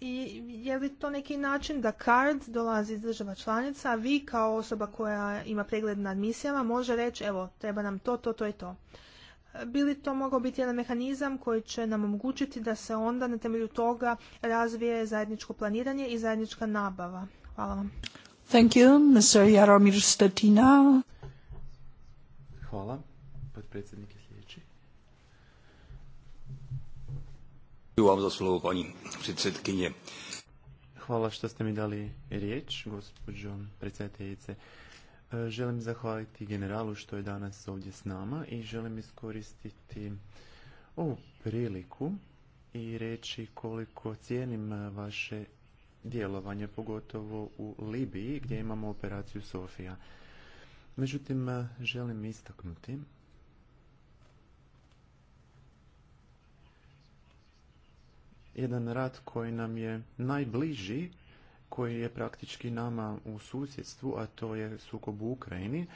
I je li to neki način da kard dolazi iz država članica, a vi kao osoba koja ima pregled nad misijama može reći evo treba nam to, to, to i to. Bi to mogao biti jedan mehanizam koji će nam omogućiti da se onda na temelju toga razvije zajedničko planiranje i zajednička nabava? Hvala vam. Thank you, Mr. Jaromir Stetina. Hvala, potpredsjednik Hvala što ste mi dali riječ, gospođo predsjedateljice. E, želim zahvaliti generalu što je danas ovdje s nama i želim iskoristiti ovu priliku i reći koliko cijenim vaše djelovanje, pogotovo u Libiji gdje imamo operaciju Sofija. Međutim, želim istaknuti jedan rat koji nam je najbliži, koji je praktički nama u susjedstvu, a to je sukob u Ukrajini.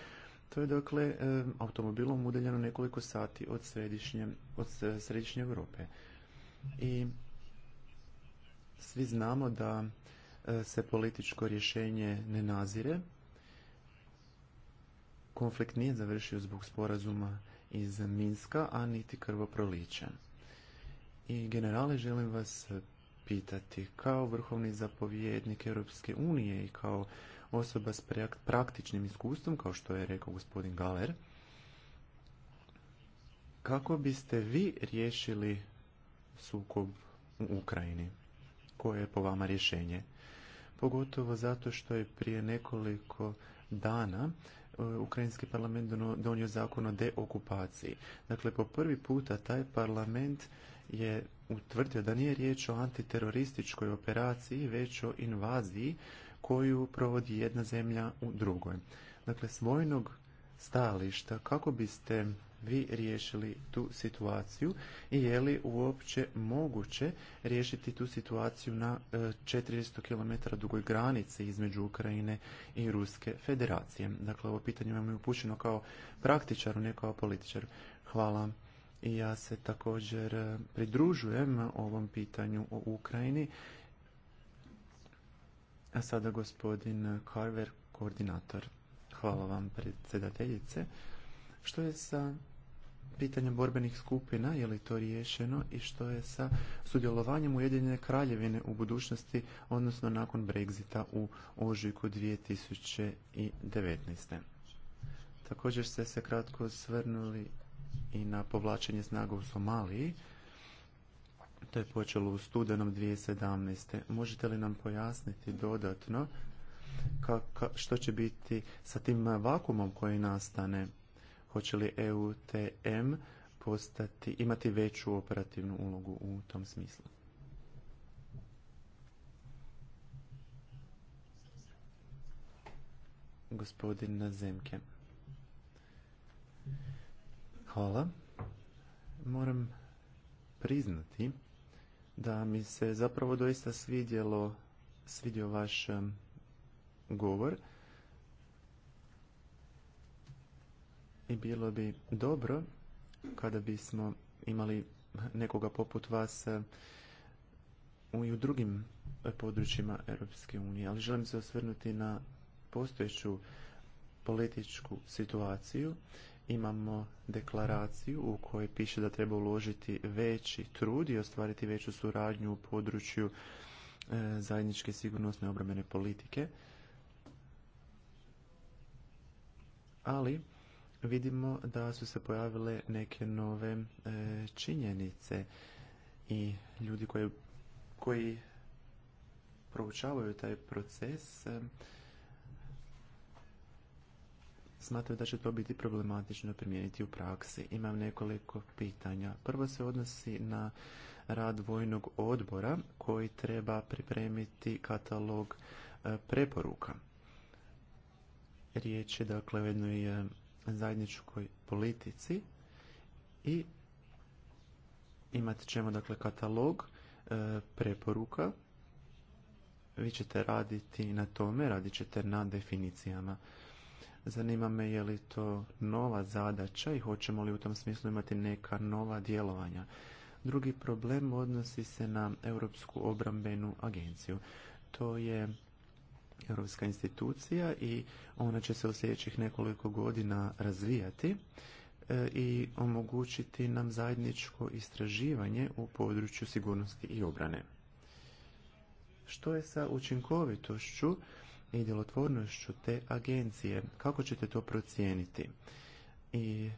To je dakle automobilom udaljeno nekoliko sati od središnje, od središnje Europe. I svi znamo da e, se političko rješenje ne nazire. Konflikt nije završio zbog sporazuma iz Minska, a niti krvoproliće. I generale, želim vas eh, pitati, kao vrhovni zapovjednik Europske unije i kao osoba s praktičnim iskustvom, kao što je rekao gospodin Galer, kako biste vi riješili sukob u Ukrajini? Koje je po vama rješenje? Pogotovo zato što je prije nekoliko dana eh, Ukrajinski parlament donio zakon o deokupaciji. Dakle, po prvi puta taj parlament je utvrdio da nije riječ o antiterorističkoj operaciji, već o invaziji koju provodi jedna zemlja u drugoj. Dakle, s vojnog stajališta kako biste vi riješili tu situaciju i je li uopće moguće riješiti tu situaciju na 400 e, km dugoj granici između Ukrajine i Ruske federacije. Dakle, ovo pitanje vam je upućeno kao praktičaru, ne kao političaru. Hvala. I ja se također e, pridružujem ovom pitanju o Ukrajini. A sada gospodin Carver, koordinator. Hvala vam, predsjedateljice. Što je sa pitanjem borbenih skupina, je li to riješeno i što je sa sudjelovanjem Ujedinjene kraljevine u budućnosti, odnosno nakon Brexita u ožujku 2019. Također ste se kratko svrnuli i na povlačenje snaga u Somaliji. To je počelo u studenom 2017. Možete li nam pojasniti dodatno ka, što će biti sa tim vakumom koji nastane? Hoće li EUTM postati, imati veću operativnu ulogu u tom smislu? Gospodin Zemke. Hvala. Moram priznati da mi se zapravo doista svidjelo, svidio vaš um, govor. I bilo bi dobro kada bismo imali nekoga poput vas um, i u drugim područjima Europske unije. Ali želim se osvrnuti na postojeću političku situaciju imamo deklaraciju u kojoj piše da treba uložiti veći trud i ostvariti veću suradnju u području e, zajedničke sigurnosne obrambene politike. Ali vidimo da su se pojavile neke nove e, činjenice i ljudi koji, koji proučavaju taj proces e, smatraju da će to biti problematično primijeniti u praksi. Imam nekoliko pitanja. Prvo se odnosi na rad vojnog odbora koji treba pripremiti katalog e, preporuka. Riječ je dakle o jednoj e, zajedničkoj politici i imat ćemo dakle katalog e, preporuka vi ćete raditi na tome, radit ćete na definicijama. Zanima me je li to nova zadaća i hoćemo li u tom smislu imati neka nova djelovanja. Drugi problem odnosi se na Europsku obrambenu agenciju. To je europska institucija i ona će se u sljedećih nekoliko godina razvijati e, i omogućiti nam zajedničko istraživanje u području sigurnosti i obrane. Što je sa učinkovitošću i djelotvornošću te agencije. Kako ćete to procijeniti? I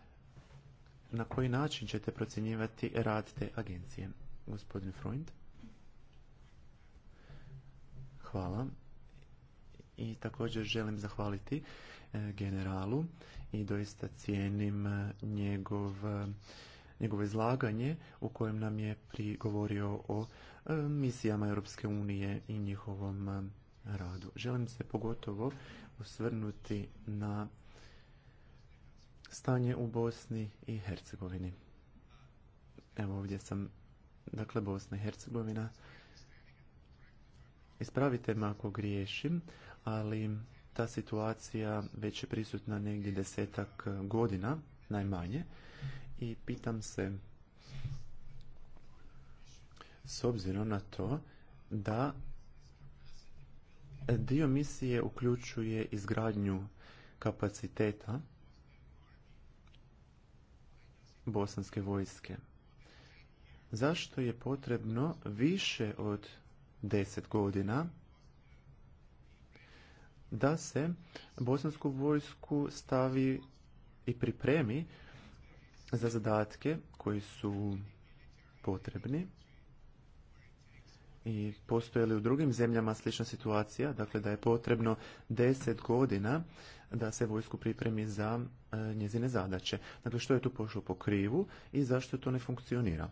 na koji način ćete procjenjivati rad te agencije? Gospodin Freund. Hvala. I također želim zahvaliti e, generalu i doista cijenim e, njegov e, njegovo izlaganje u kojem nam je prigovorio o misijama Europske unije i njihovom radu. Želim se pogotovo osvrnuti na stanje u Bosni i Hercegovini. Evo ovdje sam, dakle Bosna i Hercegovina. Ispravite me ako griješim, ali ta situacija već je prisutna negdje desetak godina, najmanje. I pitam se, s obzirom na to da Dio misije uključuje izgradnju kapaciteta bosanske vojske. Zašto je potrebno više od deset godina da se bosansku vojsku stavi i pripremi za zadatke koji su potrebni i postoje li u drugim zemljama slična situacija, dakle da je potrebno deset godina da se vojsku pripremi za e, njezine zadaće. Dakle, što je tu pošlo po krivu i zašto to ne funkcionira?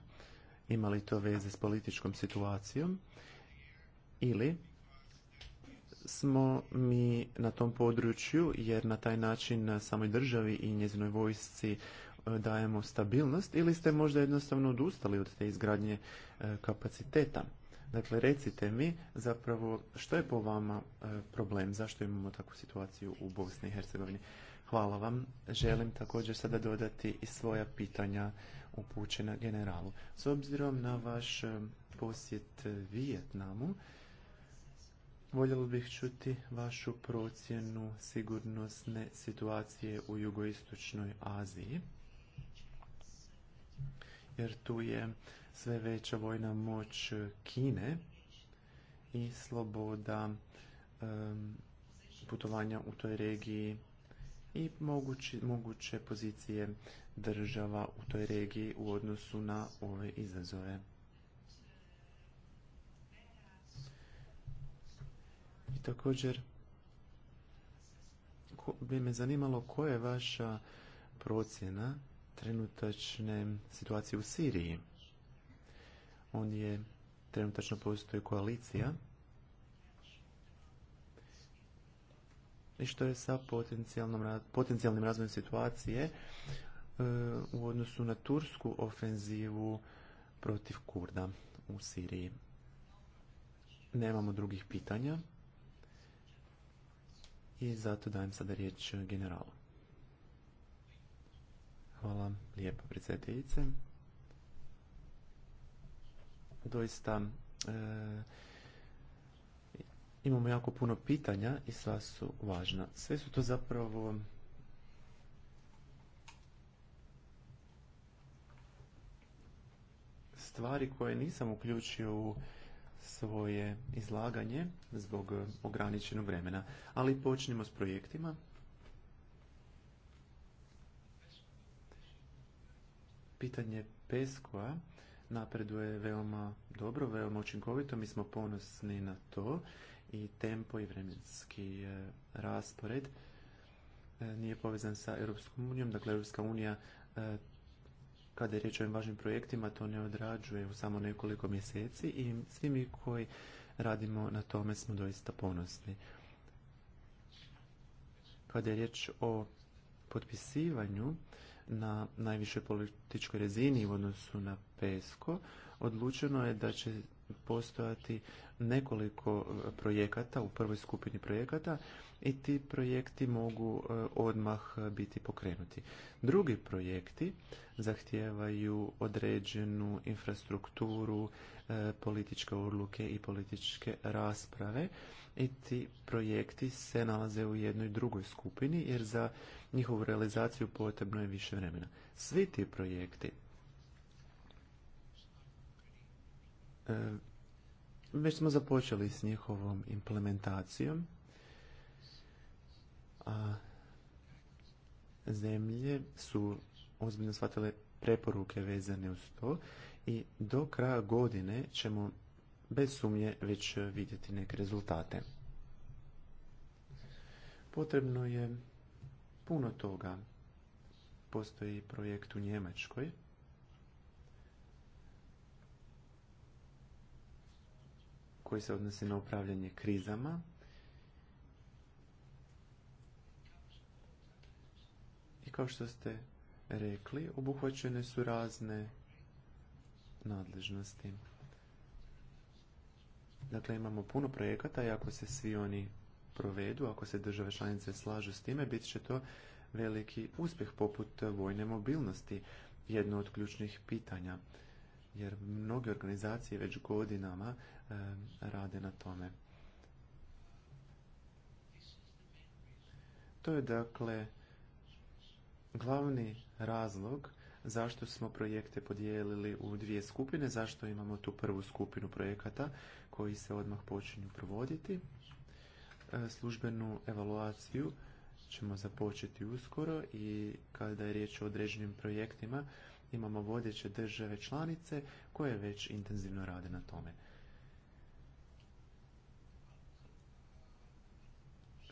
Ima li to veze s političkom situacijom ili smo mi na tom području jer na taj način samoj državi i njezinoj vojsci e, dajemo stabilnost ili ste možda jednostavno odustali od te izgradnje e, kapaciteta? Dakle, recite mi zapravo što je po vama e, problem, zašto imamo takvu situaciju u Bosni i Hercegovini. Hvala vam. Želim također sada dodati i svoja pitanja upućena generalu. S obzirom na vaš e, posjet Vijetnamu, voljelo bih čuti vašu procjenu sigurnosne situacije u jugoistočnoj Aziji, jer tu je sve veća vojna moć Kine i sloboda putovanja u toj regiji i moguće pozicije država u toj regiji u odnosu na ove izazove. I također bi me zanimalo koja je vaša procjena trenutačne situacije u Siriji je trenutačno postoji koalicija. I što je sa potencijalnim razvojem situacije e, u odnosu na tursku ofenzivu protiv Kurda u Siriji? Nemamo drugih pitanja i zato dajem sada riječ generalu. Hvala lijepo predsjedateljice doista e, imamo jako puno pitanja i sva su važna. Sve su to zapravo stvari koje nisam uključio u svoje izlaganje zbog ograničenog vremena. Ali počnimo s projektima. Pitanje Peskova napreduje veoma dobro, veoma učinkovito. Mi smo ponosni na to i tempo i vremenski e, raspored e, nije povezan sa Europskom unijom. Dakle, Europska unija e, kada je riječ o ovim važnim projektima to ne odrađuje u samo nekoliko mjeseci i svi mi koji radimo na tome smo doista ponosni. Kada je riječ o potpisivanju na najvišoj političkoj razini u odnosu na PESCO, odlučeno je da će postojati nekoliko e, projekata u prvoj skupini projekata i ti projekti mogu e, odmah biti pokrenuti. Drugi projekti zahtijevaju određenu infrastrukturu, e, političke odluke i političke rasprave i ti projekti se nalaze u jednoj drugoj skupini jer za njihovu realizaciju potrebno je više vremena. Svi ti projekti e, već smo započeli s njihovom implementacijom, a zemlje su ozbiljno shvatile preporuke vezane uz to i do kraja godine ćemo bez sumnje već vidjeti neke rezultate. Potrebno je puno toga. Postoji projekt u Njemačkoj. koji se odnosi na upravljanje krizama. I kao što ste rekli, obuhvaćene su razne nadležnosti. Dakle, imamo puno projekata i ako se svi oni provedu, ako se države članice slažu s time, bit će to veliki uspjeh poput vojne mobilnosti, jedno od ključnih pitanja, jer mnoge organizacije već godinama rade na tome. To je dakle glavni razlog zašto smo projekte podijelili u dvije skupine, zašto imamo tu prvu skupinu projekata koji se odmah počinju provoditi E, službenu evaluaciju ćemo započeti uskoro i kada je riječ o određenim projektima imamo vodeće države članice koje već intenzivno rade na tome.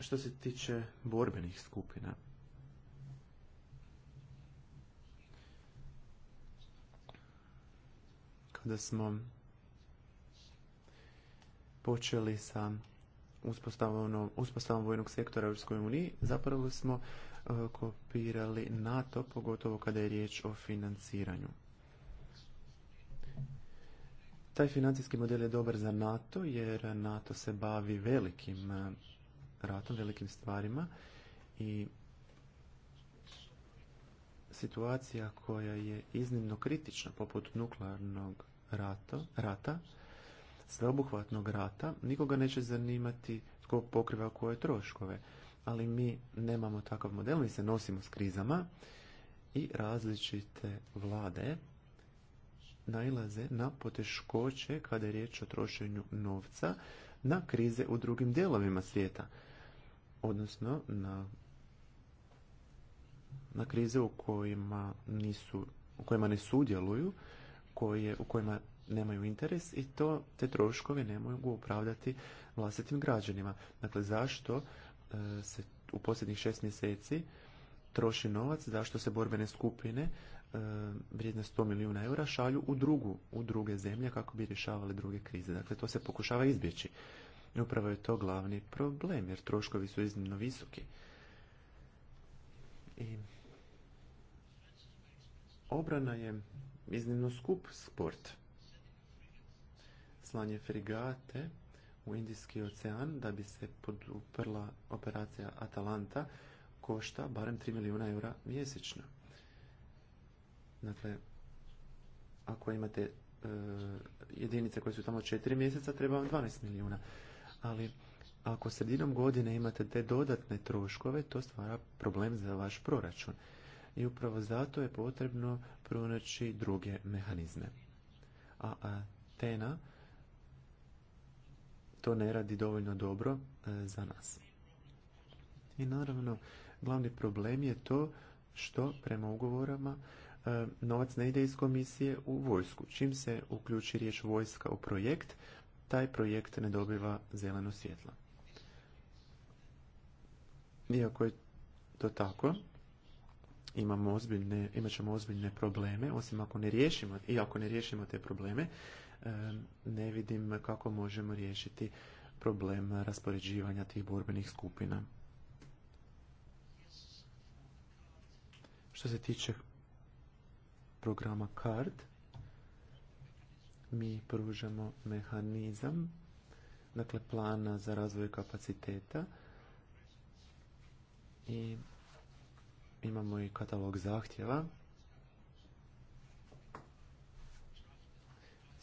Što se tiče borbenih skupina, kada smo počeli sa uspostavom, vojnog sektora u Uniji, zapravo smo e, kopirali NATO, pogotovo kada je riječ o financiranju. Taj financijski model je dobar za NATO jer NATO se bavi velikim e, ratom, velikim stvarima i situacija koja je iznimno kritična poput nuklearnog rata, rata sveobuhvatnog rata nikoga neće zanimati tko pokriva koje troškove. Ali mi nemamo takav model, mi se nosimo s krizama i različite vlade nailaze na poteškoće kada je riječ o trošenju novca na krize u drugim dijelovima svijeta. Odnosno na, na krize u kojima, nisu, u kojima ne sudjeluju, koje, u kojima nemaju interes i to te troškove ne mogu opravdati vlastitim građanima. Dakle, zašto e, se u posljednjih šest mjeseci troši novac, zašto se borbene skupine e, vrijedne 100 milijuna eura šalju u, drugu, u druge zemlje kako bi rješavali druge krize. Dakle, to se pokušava izbjeći. I upravo je to glavni problem, jer troškovi su iznimno visoki. I obrana je iznimno skup sport slanje frigate u Indijski ocean da bi se poduprla operacija Atalanta košta barem 3 milijuna eura mjesečno. Dakle, ako imate e, jedinice koje su tamo 4 mjeseca, treba vam 12 milijuna. Ali ako sredinom godine imate te dodatne troškove, to stvara problem za vaš proračun. I upravo zato je potrebno pronaći druge mehanizme. A Atena to ne radi dovoljno dobro e, za nas. I naravno, glavni problem je to što prema ugovorama e, novac ne ide iz komisije u vojsku. Čim se uključi riječ vojska u projekt, taj projekt ne dobiva zeleno svjetlo. Iako je to tako, imamo ozbiljne, imat ćemo ozbiljne probleme, osim ako ne riješimo, i ako ne riješimo te probleme, ne vidim kako možemo riješiti problem raspoređivanja tih borbenih skupina. Što se tiče programa CARD, mi pružamo mehanizam, dakle plana za razvoj kapaciteta i imamo i katalog zahtjeva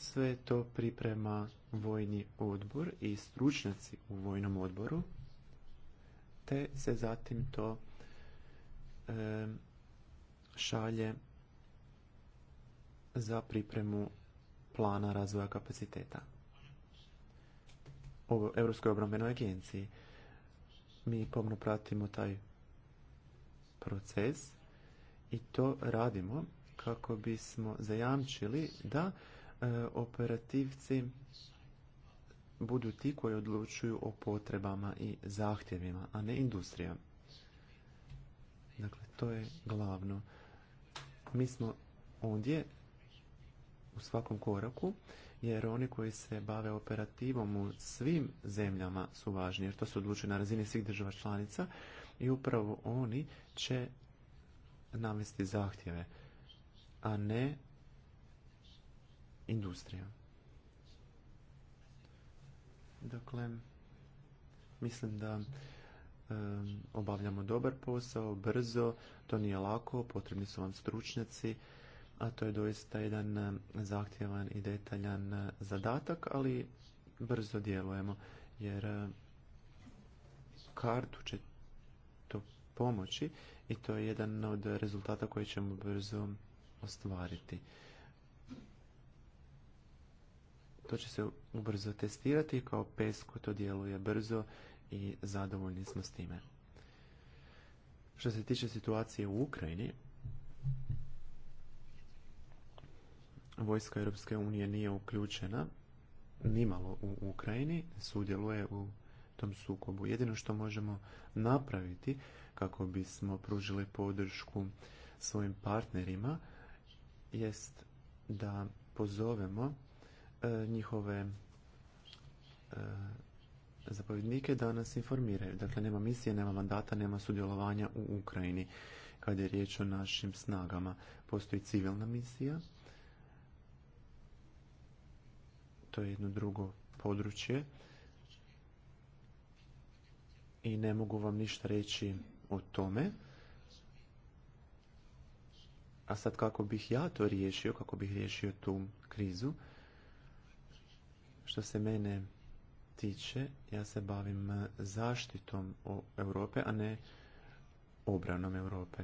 Sve to priprema vojni odbor i stručnjaci u vojnom odboru, te se zatim to šalje za pripremu plana razvoja kapaciteta. u Europskoj obrambenoj agenciji. Mi pomno pratimo taj proces i to radimo kako bismo zajamčili da E, operativci budu ti koji odlučuju o potrebama i zahtjevima, a ne industrija. Dakle, to je glavno. Mi smo ondje u svakom koraku, jer oni koji se bave operativom u svim zemljama su važni, jer to se odlučuje na razini svih država članica i upravo oni će namesti zahtjeve, a ne industrija. Dakle, mislim da obavljamo dobar posao, brzo, to nije lako, potrebni su vam stručnjaci, a to je doista jedan zahtjevan i detaljan zadatak, ali brzo djelujemo, jer kartu će to pomoći i to je jedan od rezultata koji ćemo brzo ostvariti. To će se ubrzo testirati kao pesko to djeluje brzo i zadovoljni smo s time. Što se tiče situacije u Ukrajini, vojska Europske unije nije uključena nimalo u Ukrajini, sudjeluje u tom sukobu. Jedino što možemo napraviti kako bismo pružili podršku svojim partnerima jest da pozovemo E, njihove e, zapovjednike da nas informiraju. Dakle, nema misije, nema mandata, nema sudjelovanja u Ukrajini kad je riječ o našim snagama. Postoji civilna misija. To je jedno drugo područje. I ne mogu vam ništa reći o tome. A sad kako bih ja to riješio, kako bih riješio tu krizu, što se mene tiče, ja se bavim e, zaštitom Europe, a ne obranom Europe.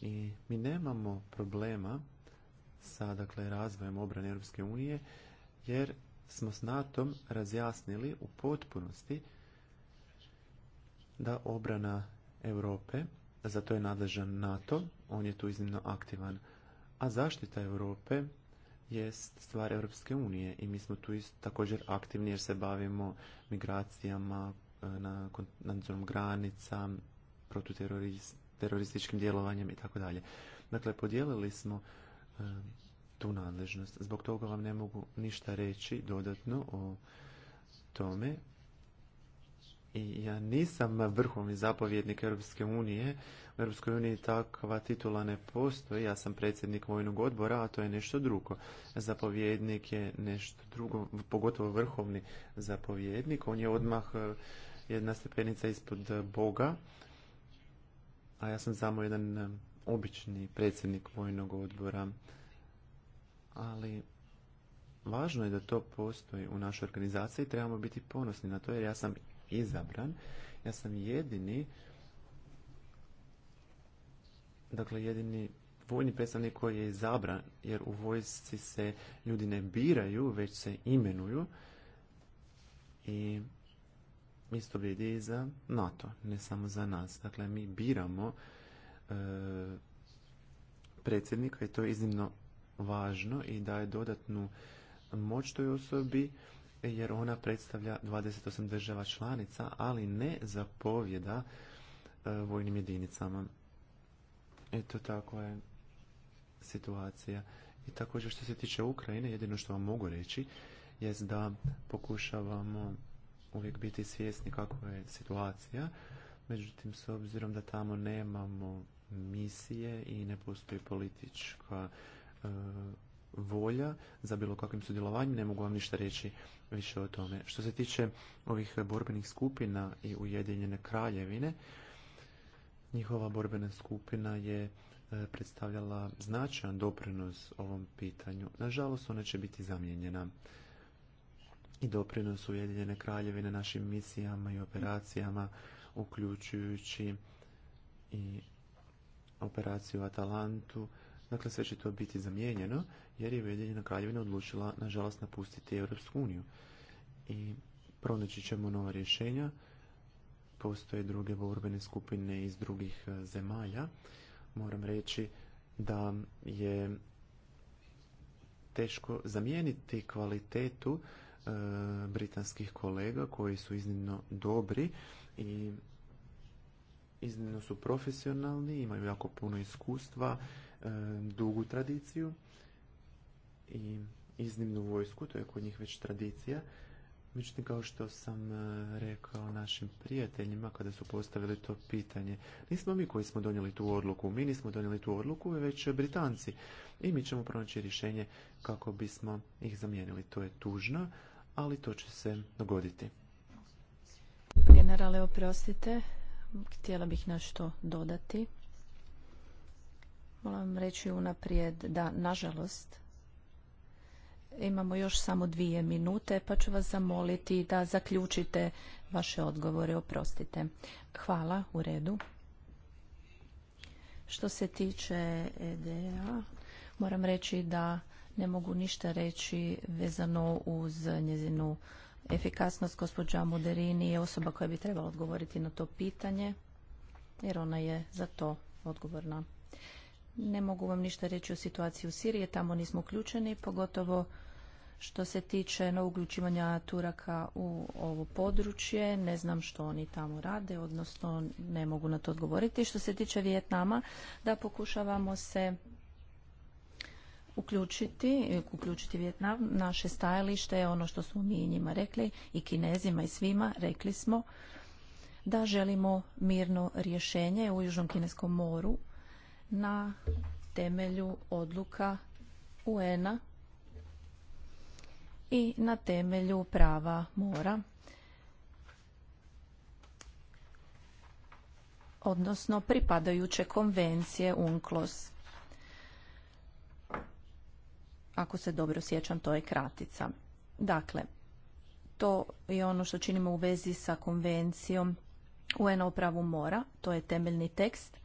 I mi nemamo problema sa dakle, razvojem obrane Europske unije, jer smo s nato razjasnili u potpunosti da obrana Europe, za to je nadležan NATO, on je tu iznimno aktivan, a zaštita Europe jest stvar Europske unije i mi smo tu isto također aktivni jer se bavimo migracijama e, na nadzorom granica, protuterorističkim djelovanjem i tako dalje. Dakle, podijelili smo e, tu nadležnost. Zbog toga vam ne mogu ništa reći dodatno o tome. I ja nisam vrhovni zapovjednik Europske unije. U Europskoj uniji takva titula ne postoji. Ja sam predsjednik vojnog odbora, a to je nešto drugo. Zapovjednik je nešto drugo, pogotovo vrhovni zapovjednik. On je odmah e, jedna stepenica ispod Boga, a ja sam samo jedan e, obični predsjednik vojnog odbora. Ali važno je da to postoji u našoj organizaciji, trebamo biti ponosni na to jer ja sam izabran, ja sam jedini dakle jedini vojni predstavnik koji je izabran, jer u vojsci se ljudi ne biraju, već se imenuju. I isto vrijedi i za NATO, ne samo za nas. Dakle, mi biramo e, predsjednika i to je iznimno važno i daje dodatnu moć toj osobi jer ona predstavlja 28 država članica, ali ne zapovjeda e, vojnim jedinicama. Eto tako je situacija. I također što se tiče Ukrajine, jedino što vam mogu reći je da pokušavamo uvijek biti svjesni kakva je situacija. Međutim, s obzirom da tamo nemamo misije i ne postoji politička e, volja za bilo kakvim sudjelovanjem, ne mogu vam ništa reći više o tome. Što se tiče ovih borbenih skupina i Ujedinjene kraljevine, njihova borbena skupina je e, predstavljala značajan doprinos ovom pitanju. Nažalost, ona će biti zamijenjena i doprinos Ujedinjene kraljevine našim misijama i operacijama, uključujući i operaciju Atalantu Dakle, sve će to biti zamijenjeno jer je Ujedinjena kraljevina odlučila, nažalost, napustiti Europsku uniju. I pronaći ćemo nova rješenja. Postoje druge borbene skupine iz drugih e, zemalja. Moram reći da je teško zamijeniti kvalitetu e, britanskih kolega koji su iznimno dobri i iznimno su profesionalni, imaju jako puno iskustva dugu tradiciju i iznimnu vojsku, to je kod njih već tradicija. Međutim, kao što sam e, rekao našim prijateljima kada su postavili to pitanje, nismo mi koji smo donijeli tu odluku, mi nismo donijeli tu odluku, već Britanci. I mi ćemo pronaći rješenje kako bismo ih zamijenili. To je tužno, ali to će se dogoditi. Generale, oprostite, htjela bih nešto dodati. Moram reći unaprijed da, nažalost, imamo još samo dvije minute, pa ću vas zamoliti da zaključite vaše odgovore, oprostite. Hvala, u redu. Što se tiče EDA, moram reći da ne mogu ništa reći vezano uz njezinu efikasnost. Gospođa Moderini je osoba koja bi trebala odgovoriti na to pitanje, jer ona je za to odgovorna. Ne mogu vam ništa reći o situaciji u Siriji, tamo nismo uključeni, pogotovo što se tiče na uključivanja Turaka u ovo područje. Ne znam što oni tamo rade, odnosno ne mogu na to odgovoriti. Što se tiče Vijetnama, da pokušavamo se uključiti, uključiti Vjetnam. Naše stajalište je ono što smo mi njima rekli i kinezima i svima rekli smo da želimo mirno rješenje u Južnom kineskom moru na temelju odluka UN-a i na temelju prava mora, odnosno pripadajuće konvencije UNCLOS. Ako se dobro sjećam, to je kratica. Dakle, to je ono što činimo u vezi sa konvencijom UN o pravu mora, to je temeljni tekst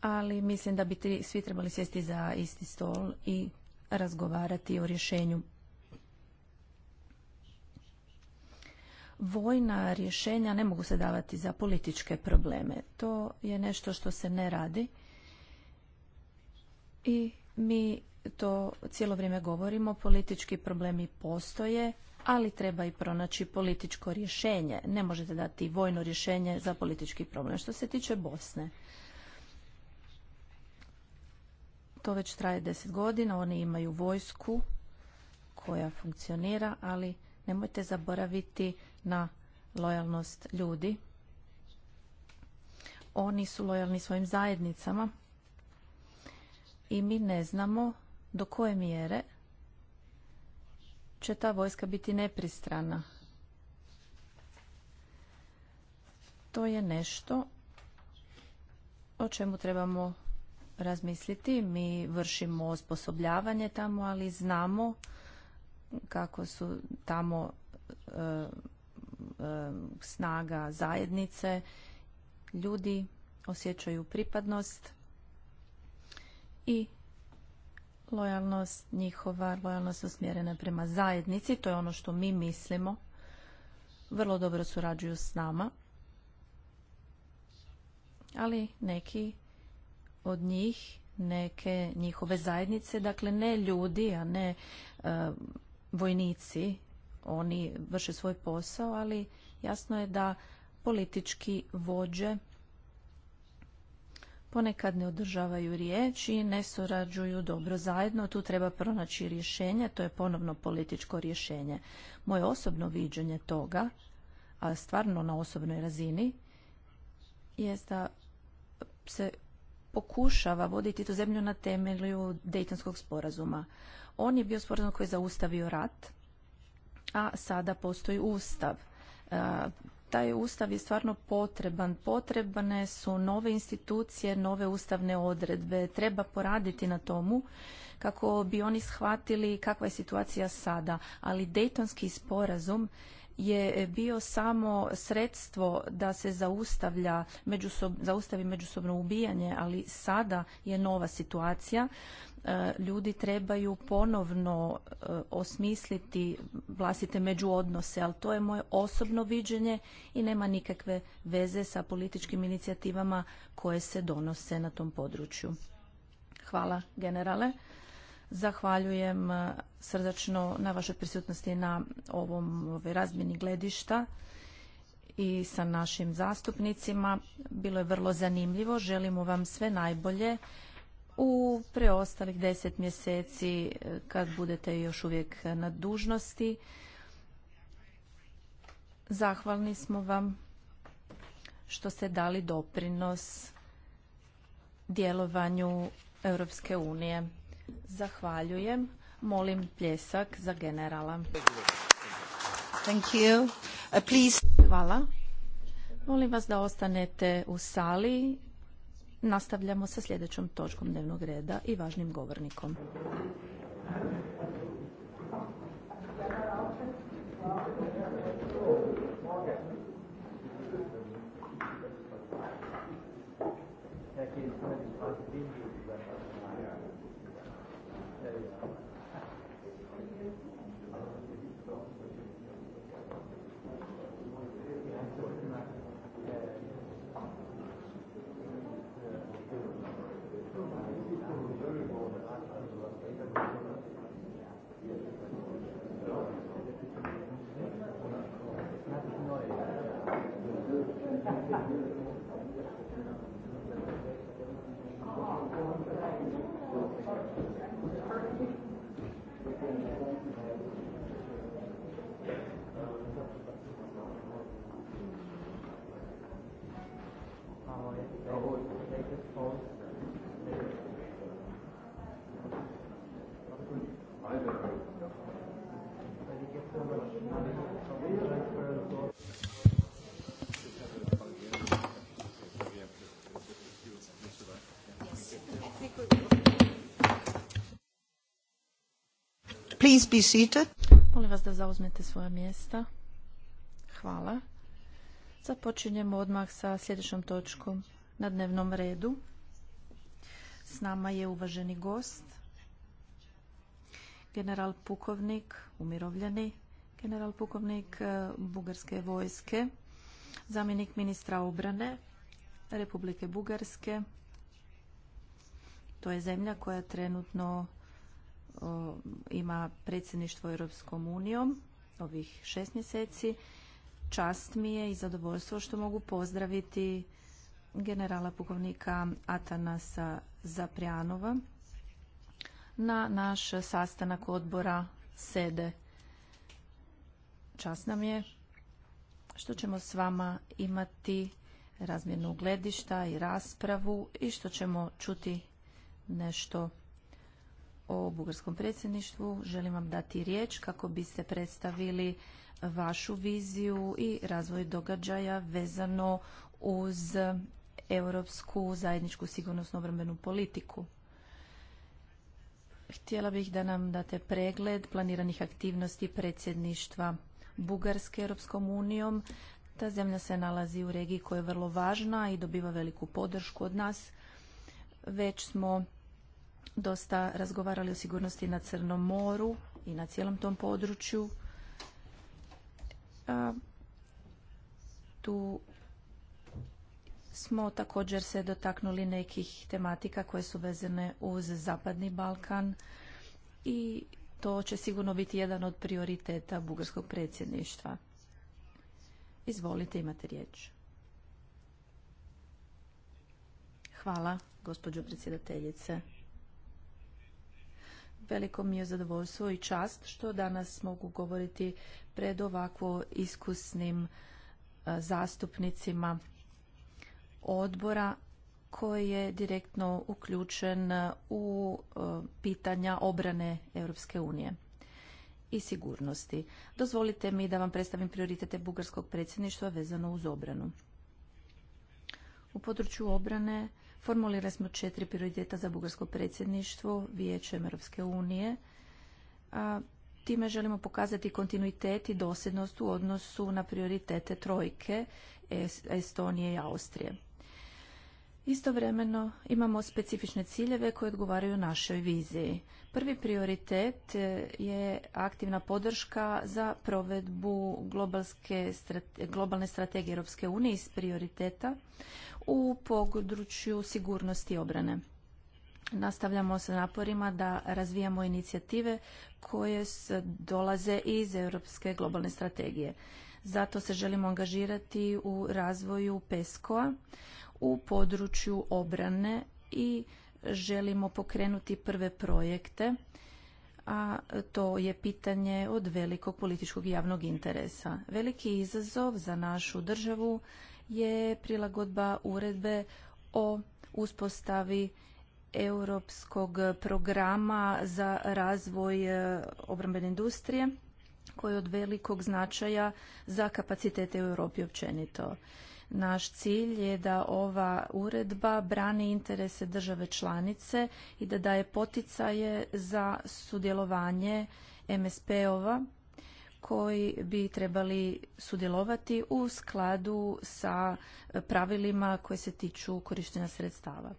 ali mislim da bi svi trebali sjesti za isti stol i razgovarati o rješenju. Vojna rješenja ne mogu se davati za političke probleme. To je nešto što se ne radi i mi to cijelo vrijeme govorimo. Politički problemi postoje, ali treba i pronaći političko rješenje. Ne možete dati vojno rješenje za politički problem. Što se tiče Bosne, To već traje deset godina, oni imaju vojsku koja funkcionira, ali nemojte zaboraviti na lojalnost ljudi. Oni su lojalni svojim zajednicama i mi ne znamo do koje mjere će ta vojska biti nepristrana. To je nešto o čemu trebamo razmisliti. Mi vršimo osposobljavanje tamo, ali znamo kako su tamo e, e, snaga zajednice. Ljudi osjećaju pripadnost i lojalnost njihova, lojalnost usmjerena prema zajednici. To je ono što mi mislimo. Vrlo dobro surađuju s nama. Ali neki od njih neke njihove zajednice, dakle ne ljudi, a ne e, vojnici, oni vrše svoj posao, ali jasno je da politički vođe ponekad ne održavaju riječ i ne surađuju dobro zajedno. Tu treba pronaći rješenje, to je ponovno političko rješenje. Moje osobno viđenje toga, a stvarno na osobnoj razini, jest da se pokušava voditi tu zemlju na temelju Dejtonskog sporazuma. On je bio sporazum koji je zaustavio rat, a sada postoji ustav. E, taj ustav je stvarno potreban. Potrebne su nove institucije, nove ustavne odredbe. Treba poraditi na tomu kako bi oni shvatili kakva je situacija sada. Ali Dejtonski sporazum je bio samo sredstvo da se zaustavlja, zaustavi međusobno ubijanje, ali sada je nova situacija. E, ljudi trebaju ponovno e, osmisliti vlastite međuodnose, ali to je moje osobno viđenje i nema nikakve veze sa političkim inicijativama koje se donose na tom području. Hvala generale. Zahvaljujem eh, srdačno na vašoj prisutnosti na ovom ovaj, razmjeni gledišta i sa našim zastupnicima. Bilo je vrlo zanimljivo. Želimo vam sve najbolje u preostalih deset mjeseci eh, kad budete još uvijek na dužnosti. Zahvalni smo vam što ste dali doprinos djelovanju Europske unije. Zahvaljujem. Molim pljesak za generala. Thank you. Uh, Hvala. Molim vas da ostanete u sali. Nastavljamo sa sljedećom točkom dnevnog reda i važnim govornikom. Please be seated. Molim vas da zauzmete svoja mjesta počinjemo odmah sa sljedećom točkom na dnevnom redu. S nama je uvaženi gost, general pukovnik, umirovljeni general pukovnik eh, Bugarske vojske, zamjenik ministra obrane Republike Bugarske. To je zemlja koja trenutno eh, ima predsjedništvo Europskom unijom ovih šest mjeseci čast mi je i zadovoljstvo što mogu pozdraviti generala pukovnika Atanasa Zaprijanova na naš sastanak odbora sede. Čast nam je što ćemo s vama imati razmjenu gledišta i raspravu i što ćemo čuti nešto o bugarskom predsjedništvu. Želim vam dati riječ kako biste predstavili vašu viziju i razvoj događaja vezano uz europsku zajedničku sigurnosno obrambenu politiku. Htjela bih da nam date pregled planiranih aktivnosti predsjedništva Bugarske Europskom unijom. Ta zemlja se nalazi u regiji koja je vrlo važna i dobiva veliku podršku od nas. Već smo dosta razgovarali o sigurnosti na Crnom moru i na cijelom tom području. tu smo također se dotaknuli nekih tematika koje su vezane uz Zapadni Balkan i to će sigurno biti jedan od prioriteta bugarskog predsjedništva. Izvolite, imate riječ. Hvala, gospođo predsjedateljice. Veliko mi je zadovoljstvo i čast što danas mogu govoriti pred ovako iskusnim e, zastupnicima odbora koji je direktno uključen u e, pitanja obrane Europske unije i sigurnosti. Dozvolite mi da vam predstavim prioritete bugarskog predsjedništva vezano uz obranu. U području obrane Formulirali smo četiri prioriteta za bugarsko predsjedništvo Vijećem Europske unije. time želimo pokazati kontinuitet i dosljednost u odnosu na prioritete trojke Estonije i Austrije. Istovremeno imamo specifične ciljeve koje odgovaraju našoj viziji. Prvi prioritet e, je aktivna podrška za provedbu globalne strategije Europske unije iz prioriteta u području sigurnosti i obrane. Nastavljamo sa naporima da razvijamo inicijative koje dolaze iz Europske globalne strategije. Zato se želimo angažirati u razvoju PESCO-a u području obrane i želimo pokrenuti prve projekte, a to je pitanje od velikog političkog i javnog interesa. Veliki izazov za našu državu je prilagodba uredbe o uspostavi europskog programa za razvoj e, obrambene industrije koji je od velikog značaja za kapacitete u Europi općenito. Naš cilj je da ova uredba brani interese države članice i da daje poticaje za sudjelovanje MSP-ova koji bi trebali sudjelovati u skladu sa pravilima koje se tiču korištenja sredstava.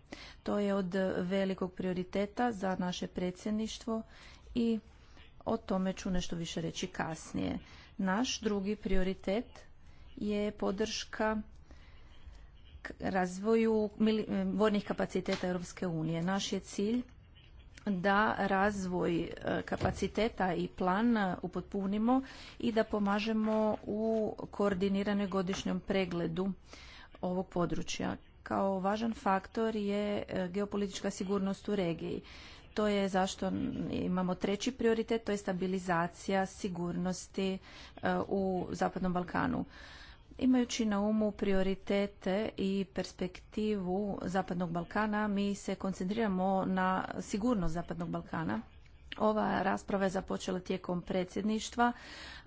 To je od velikog prioriteta za naše predsjedništvo i o tome ću nešto više reći kasnije. Naš drugi prioritet je podrška razvoju eh, vojnih kapaciteta Europske unije. Naš je cilj da razvoj eh, kapaciteta i plan eh, upotpunimo i da pomažemo u koordiniranoj godišnjom pregledu ovog područja. Kao važan faktor je geopolitička sigurnost u regiji. To je zašto imamo treći prioritet, to je stabilizacija sigurnosti u Zapadnom Balkanu. Imajući na umu prioritete i perspektivu Zapadnog Balkana, mi se koncentriramo na sigurnost Zapadnog Balkana. Ova rasprava je započela tijekom predsjedništva,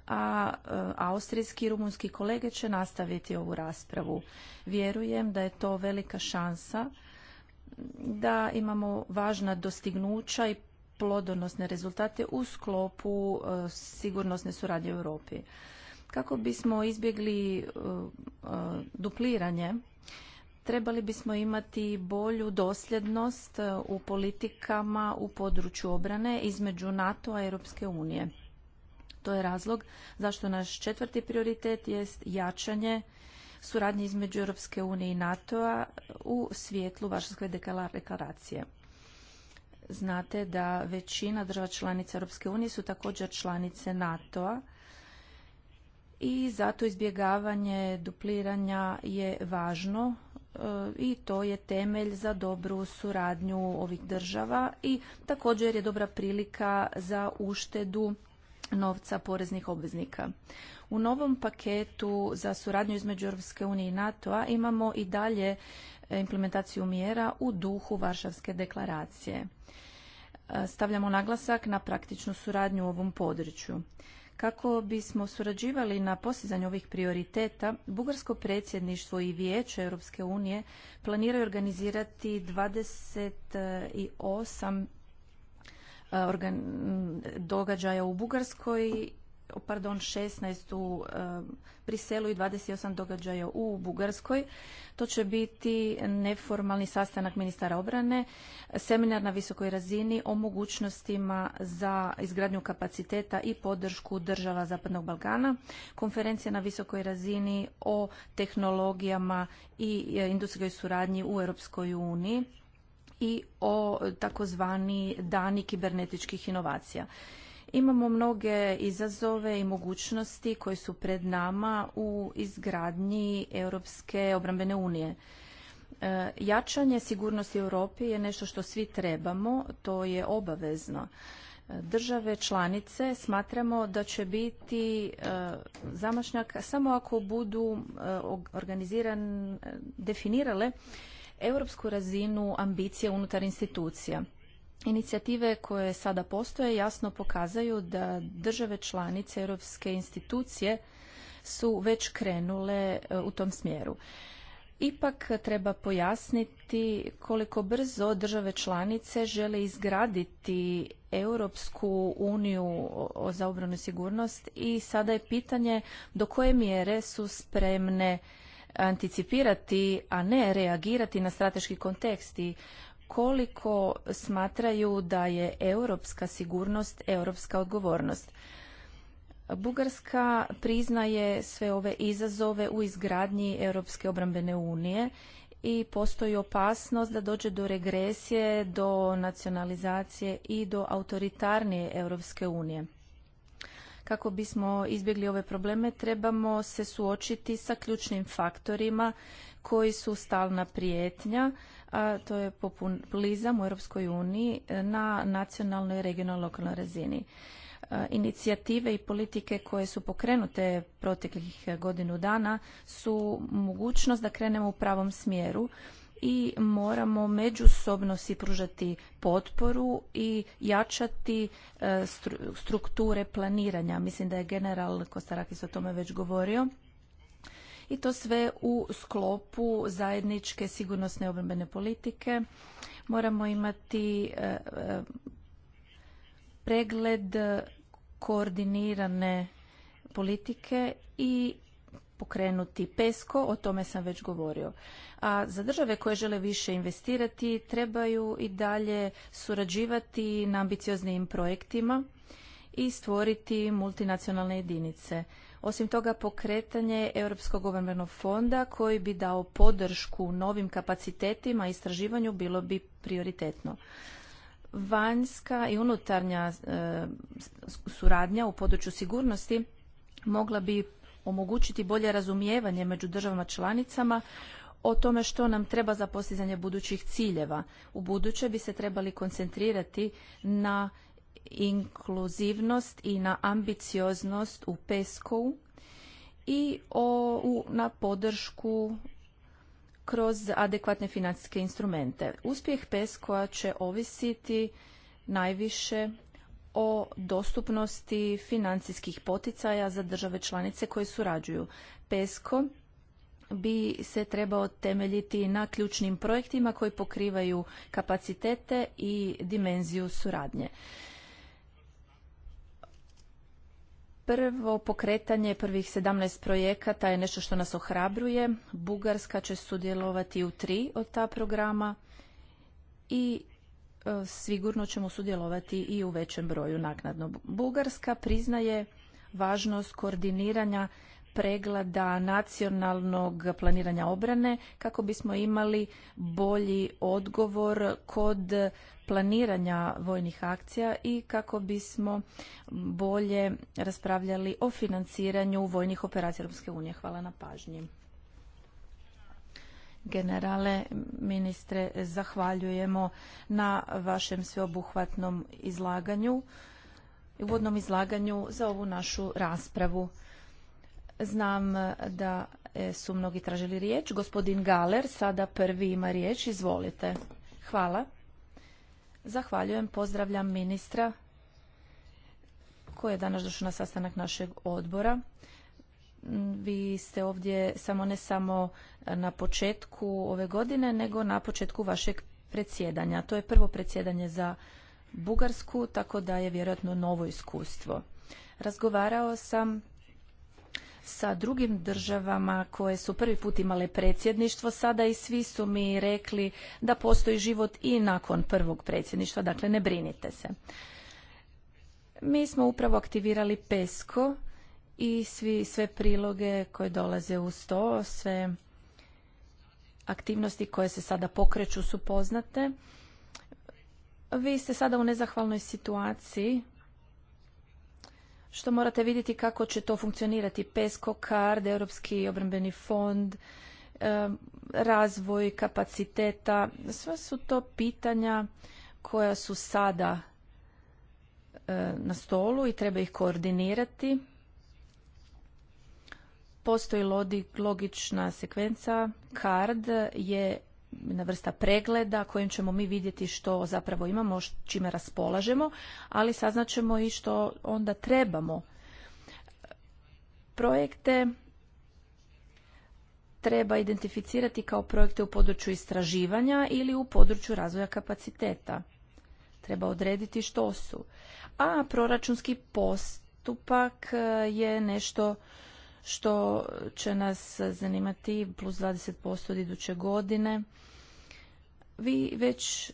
a austrijski i rumunski kolege će nastaviti ovu raspravu. Vjerujem da je to velika šansa da imamo važna dostignuća i plodonosne rezultate u sklopu e, sigurnosne suradnje u Europi. Kako bismo izbjegli uh, uh, dupliranje, trebali bismo imati bolju dosljednost uh, u politikama u području obrane između NATO-a i Europske unije. To je razlog zašto naš četvrti prioritet jest jačanje suradnje između Europske unije i NATO-a u svijetlu Varšavske deklaracije. Znate da većina država članica Europske unije su također članice NATO-a i zato izbjegavanje dupliranja je važno e, i to je temelj za dobru suradnju ovih država i također je dobra prilika za uštedu novca poreznih obveznika. U novom paketu za suradnju između Europske unije i NATO-a imamo i dalje implementaciju mjera u duhu Varšavske deklaracije. E, stavljamo naglasak na praktičnu suradnju u ovom području. Kako bismo surađivali na postizanju ovih prioriteta, Bugarsko predsjedništvo i Vijeće Europske unije planiraju organizirati 28 e, događaja u Bugarskoj pardon, 16 u e, Briselu i 28 događaja u Bugarskoj. To će biti neformalni sastanak ministara obrane, seminar na visokoj razini o mogućnostima za izgradnju kapaciteta i podršku država Zapadnog Balkana, konferencija na visokoj razini o tehnologijama i e, industrijskoj suradnji u Europskoj uniji i o takozvani dani kibernetičkih inovacija. Imamo mnoge izazove i mogućnosti koje su pred nama u izgradnji Europske obrambene unije. E, jačanje sigurnosti Europi je nešto što svi trebamo, to je obavezno. E, države članice smatramo da će biti e, zamašnjak samo ako budu organiziran, definirale europsku razinu ambicije unutar institucija. Inicijative koje sada postoje jasno pokazaju da države članice europske institucije su već krenule e, u tom smjeru. Ipak treba pojasniti koliko brzo države članice žele izgraditi Europsku uniju za obranu i sigurnost i sada je pitanje do koje mjere su spremne anticipirati, a ne reagirati na strateški kontekst i koliko smatraju da je europska sigurnost europska odgovornost. Bugarska priznaje sve ove izazove u izgradnji Europske obrambene unije i postoji opasnost da dođe do regresije, do nacionalizacije i do autoritarnije Europske unije. Kako bismo izbjegli ove probleme, trebamo se suočiti sa ključnim faktorima koji su stalna prijetnja, a to je populizam u Europskoj uniji na nacionalnoj i regionalnoj lokalnoj razini e, inicijative i politike koje su pokrenute proteklih godinu dana su mogućnost da krenemo u pravom smjeru i moramo međusobno si pružati potporu i jačati e, strukture planiranja. Mislim da je general Kostarakis o tome već govorio. I to sve u sklopu zajedničke sigurnosne obrambene politike. Moramo imati e, e, pregled koordinirane politike i pokrenuti PESCO, o tome sam već govorio. A za države koje žele više investirati trebaju i dalje surađivati na ambicioznim projektima i stvoriti multinacionalne jedinice. Osim toga pokretanje Europskog obrambenog fonda koji bi dao podršku novim kapacitetima i istraživanju bilo bi prioritetno. Vanjska i unutarnja e, suradnja u području sigurnosti mogla bi omogućiti bolje razumijevanje među državama članicama o tome što nam treba za postizanje budućih ciljeva. U buduće bi se trebali koncentrirati na inkluzivnost i na ambicioznost u PESCO-u i o, na podršku kroz adekvatne financijske instrumente. Uspjeh PESCO-a će ovisiti najviše o dostupnosti financijskih poticaja za države članice koje surađuju. PESCO bi se trebao temeljiti na ključnim projektima koji pokrivaju kapacitete i dimenziju suradnje. Prvo pokretanje prvih 17 projekata je nešto što nas ohrabruje. Bugarska će sudjelovati u tri od ta programa i E, sigurno ćemo sudjelovati i u većem broju naknadno. Bugarska priznaje važnost koordiniranja pregleda nacionalnog planiranja obrane kako bismo imali bolji odgovor kod planiranja vojnih akcija i kako bismo bolje raspravljali o financiranju vojnih operacija Europske unije. Hvala na pažnji. Generale, ministre, zahvaljujemo na vašem sveobuhvatnom izlaganju, uvodnom izlaganju za ovu našu raspravu. Znam da e, su mnogi tražili riječ. Gospodin Galer sada prvi ima riječ. Izvolite. Hvala. Zahvaljujem, pozdravljam ministra koji je danas došao na sastanak našeg odbora vi ste ovdje samo ne samo na početku ove godine, nego na početku vašeg predsjedanja. To je prvo predsjedanje za Bugarsku, tako da je vjerojatno novo iskustvo. Razgovarao sam sa drugim državama koje su prvi put imale predsjedništvo sada i svi su mi rekli da postoji život i nakon prvog predsjedništva, dakle ne brinite se. Mi smo upravo aktivirali PESCO i svi, sve priloge koje dolaze uz to, sve aktivnosti koje se sada pokreću su poznate. Vi ste sada u nezahvalnoj situaciji što morate vidjeti kako će to funkcionirati. PESCO, CARD, Europski obrambeni fond, e, razvoj kapaciteta, sve su to pitanja koja su sada e, na stolu i treba ih koordinirati postoji logična sekvenca. Card je na vrsta pregleda kojim ćemo mi vidjeti što zapravo imamo, čime raspolažemo, ali saznaćemo i što onda trebamo. Projekte treba identificirati kao projekte u području istraživanja ili u području razvoja kapaciteta. Treba odrediti što su. A proračunski postupak je nešto što će nas zanimati plus 20% od iduće godine. Vi već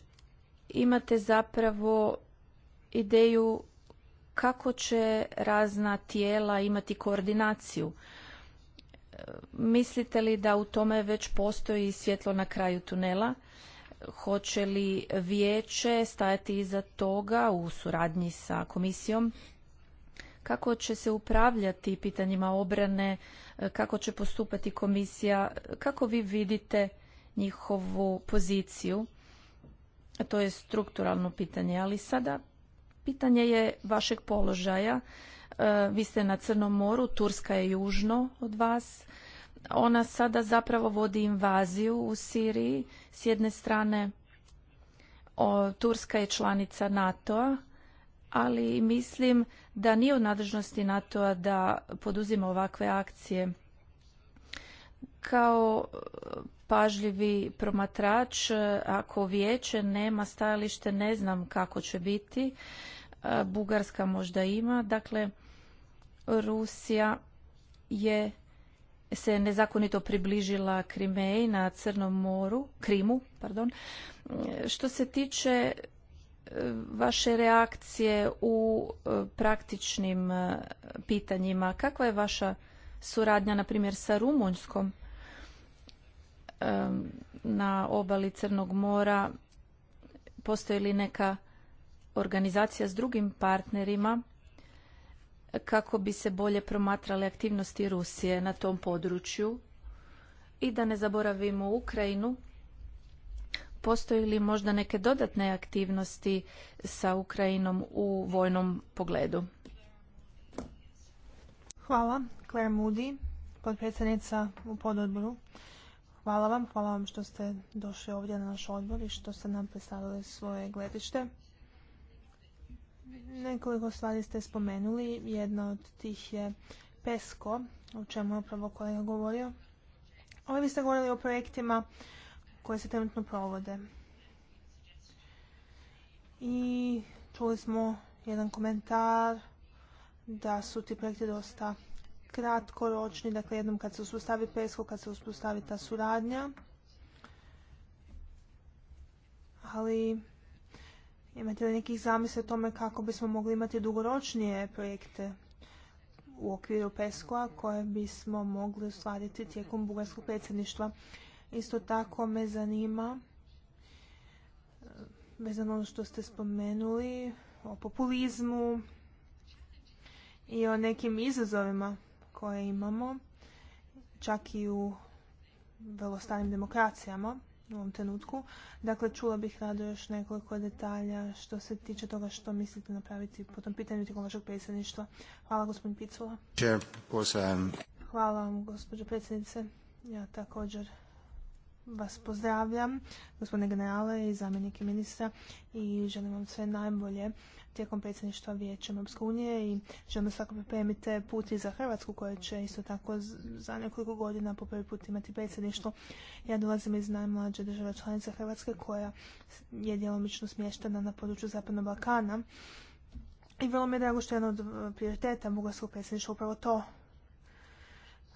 imate zapravo ideju kako će razna tijela imati koordinaciju. Mislite li da u tome već postoji svjetlo na kraju tunela? Hoće li vijeće stajati iza toga u suradnji sa komisijom? kako će se upravljati pitanjima obrane, e, kako će postupati komisija, kako vi vidite njihovu poziciju. To je strukturalno pitanje, ali sada pitanje je vašeg položaja. E, vi ste na Crnom moru, Turska je južno od vas. Ona sada zapravo vodi invaziju u Siriji. S jedne strane, Turska je članica NATO-a, ali mislim da nije u nadležnosti NATO-a da poduzima ovakve akcije. Kao e, pažljivi promatrač, e, ako vijeće nema stajalište, ne znam kako će biti. E, Bugarska možda ima, dakle Rusija je se nezakonito približila Krimeji na Crnom moru, Krimu, pardon. Što se tiče vaše reakcije u e, praktičnim e, pitanjima. Kakva je vaša suradnja, na primjer, sa Rumunjskom e, na obali Crnog mora? Postoji li neka organizacija s drugim partnerima kako bi se bolje promatrale aktivnosti Rusije na tom području? I da ne zaboravimo Ukrajinu, Postoji li možda neke dodatne aktivnosti sa Ukrajinom u vojnom pogledu? Hvala. Claire Moody, potpredsjednica u pododboru. Hvala vam, hvala vam što ste došli ovdje na naš odbor i što ste nam predstavili svoje gledište. Nekoliko stvari ste spomenuli, jedna od tih je PESCO, o čemu je upravo kolega govorio. Ovdje biste ste govorili o projektima koje se trenutno provode. I čuli smo jedan komentar da su ti projekti dosta kratkoročni, dakle jednom kad se uspostavi PESCO, kad se uspostavi ta suradnja. Ali imate li nekih zamisli o tome kako bismo mogli imati dugoročnije projekte u okviru PESCO-a koje bismo mogli ostvariti tijekom bugarskog predsjedništva? Isto tako me zanima, vezano ono što ste spomenuli, o populizmu i o nekim izazovima koje imamo, čak i u vrlo demokracijama u ovom trenutku. Dakle, čula bih rado još nekoliko detalja što se tiče toga što mislite napraviti po tom pitanju tijekom vašeg predsjedništva. Hvala, gospodin Picula. Hvala vam, gospođo predsjednice. Ja također vas pozdravljam, gospodine generale i zamjenike ministra i želim vam sve najbolje tijekom predsjedništva Vijeća Europske unije i želim da svakako pripremite put i za Hrvatsku koja će isto tako za nekoliko godina po prvi put imati predsjedništvo. Ja dolazim iz najmlađe države članice Hrvatske koja je djelomično smještena na području Zapadnog Balkana i vrlo mi je drago što je jedan od e, prioriteta bugarskog predsjedništva upravo to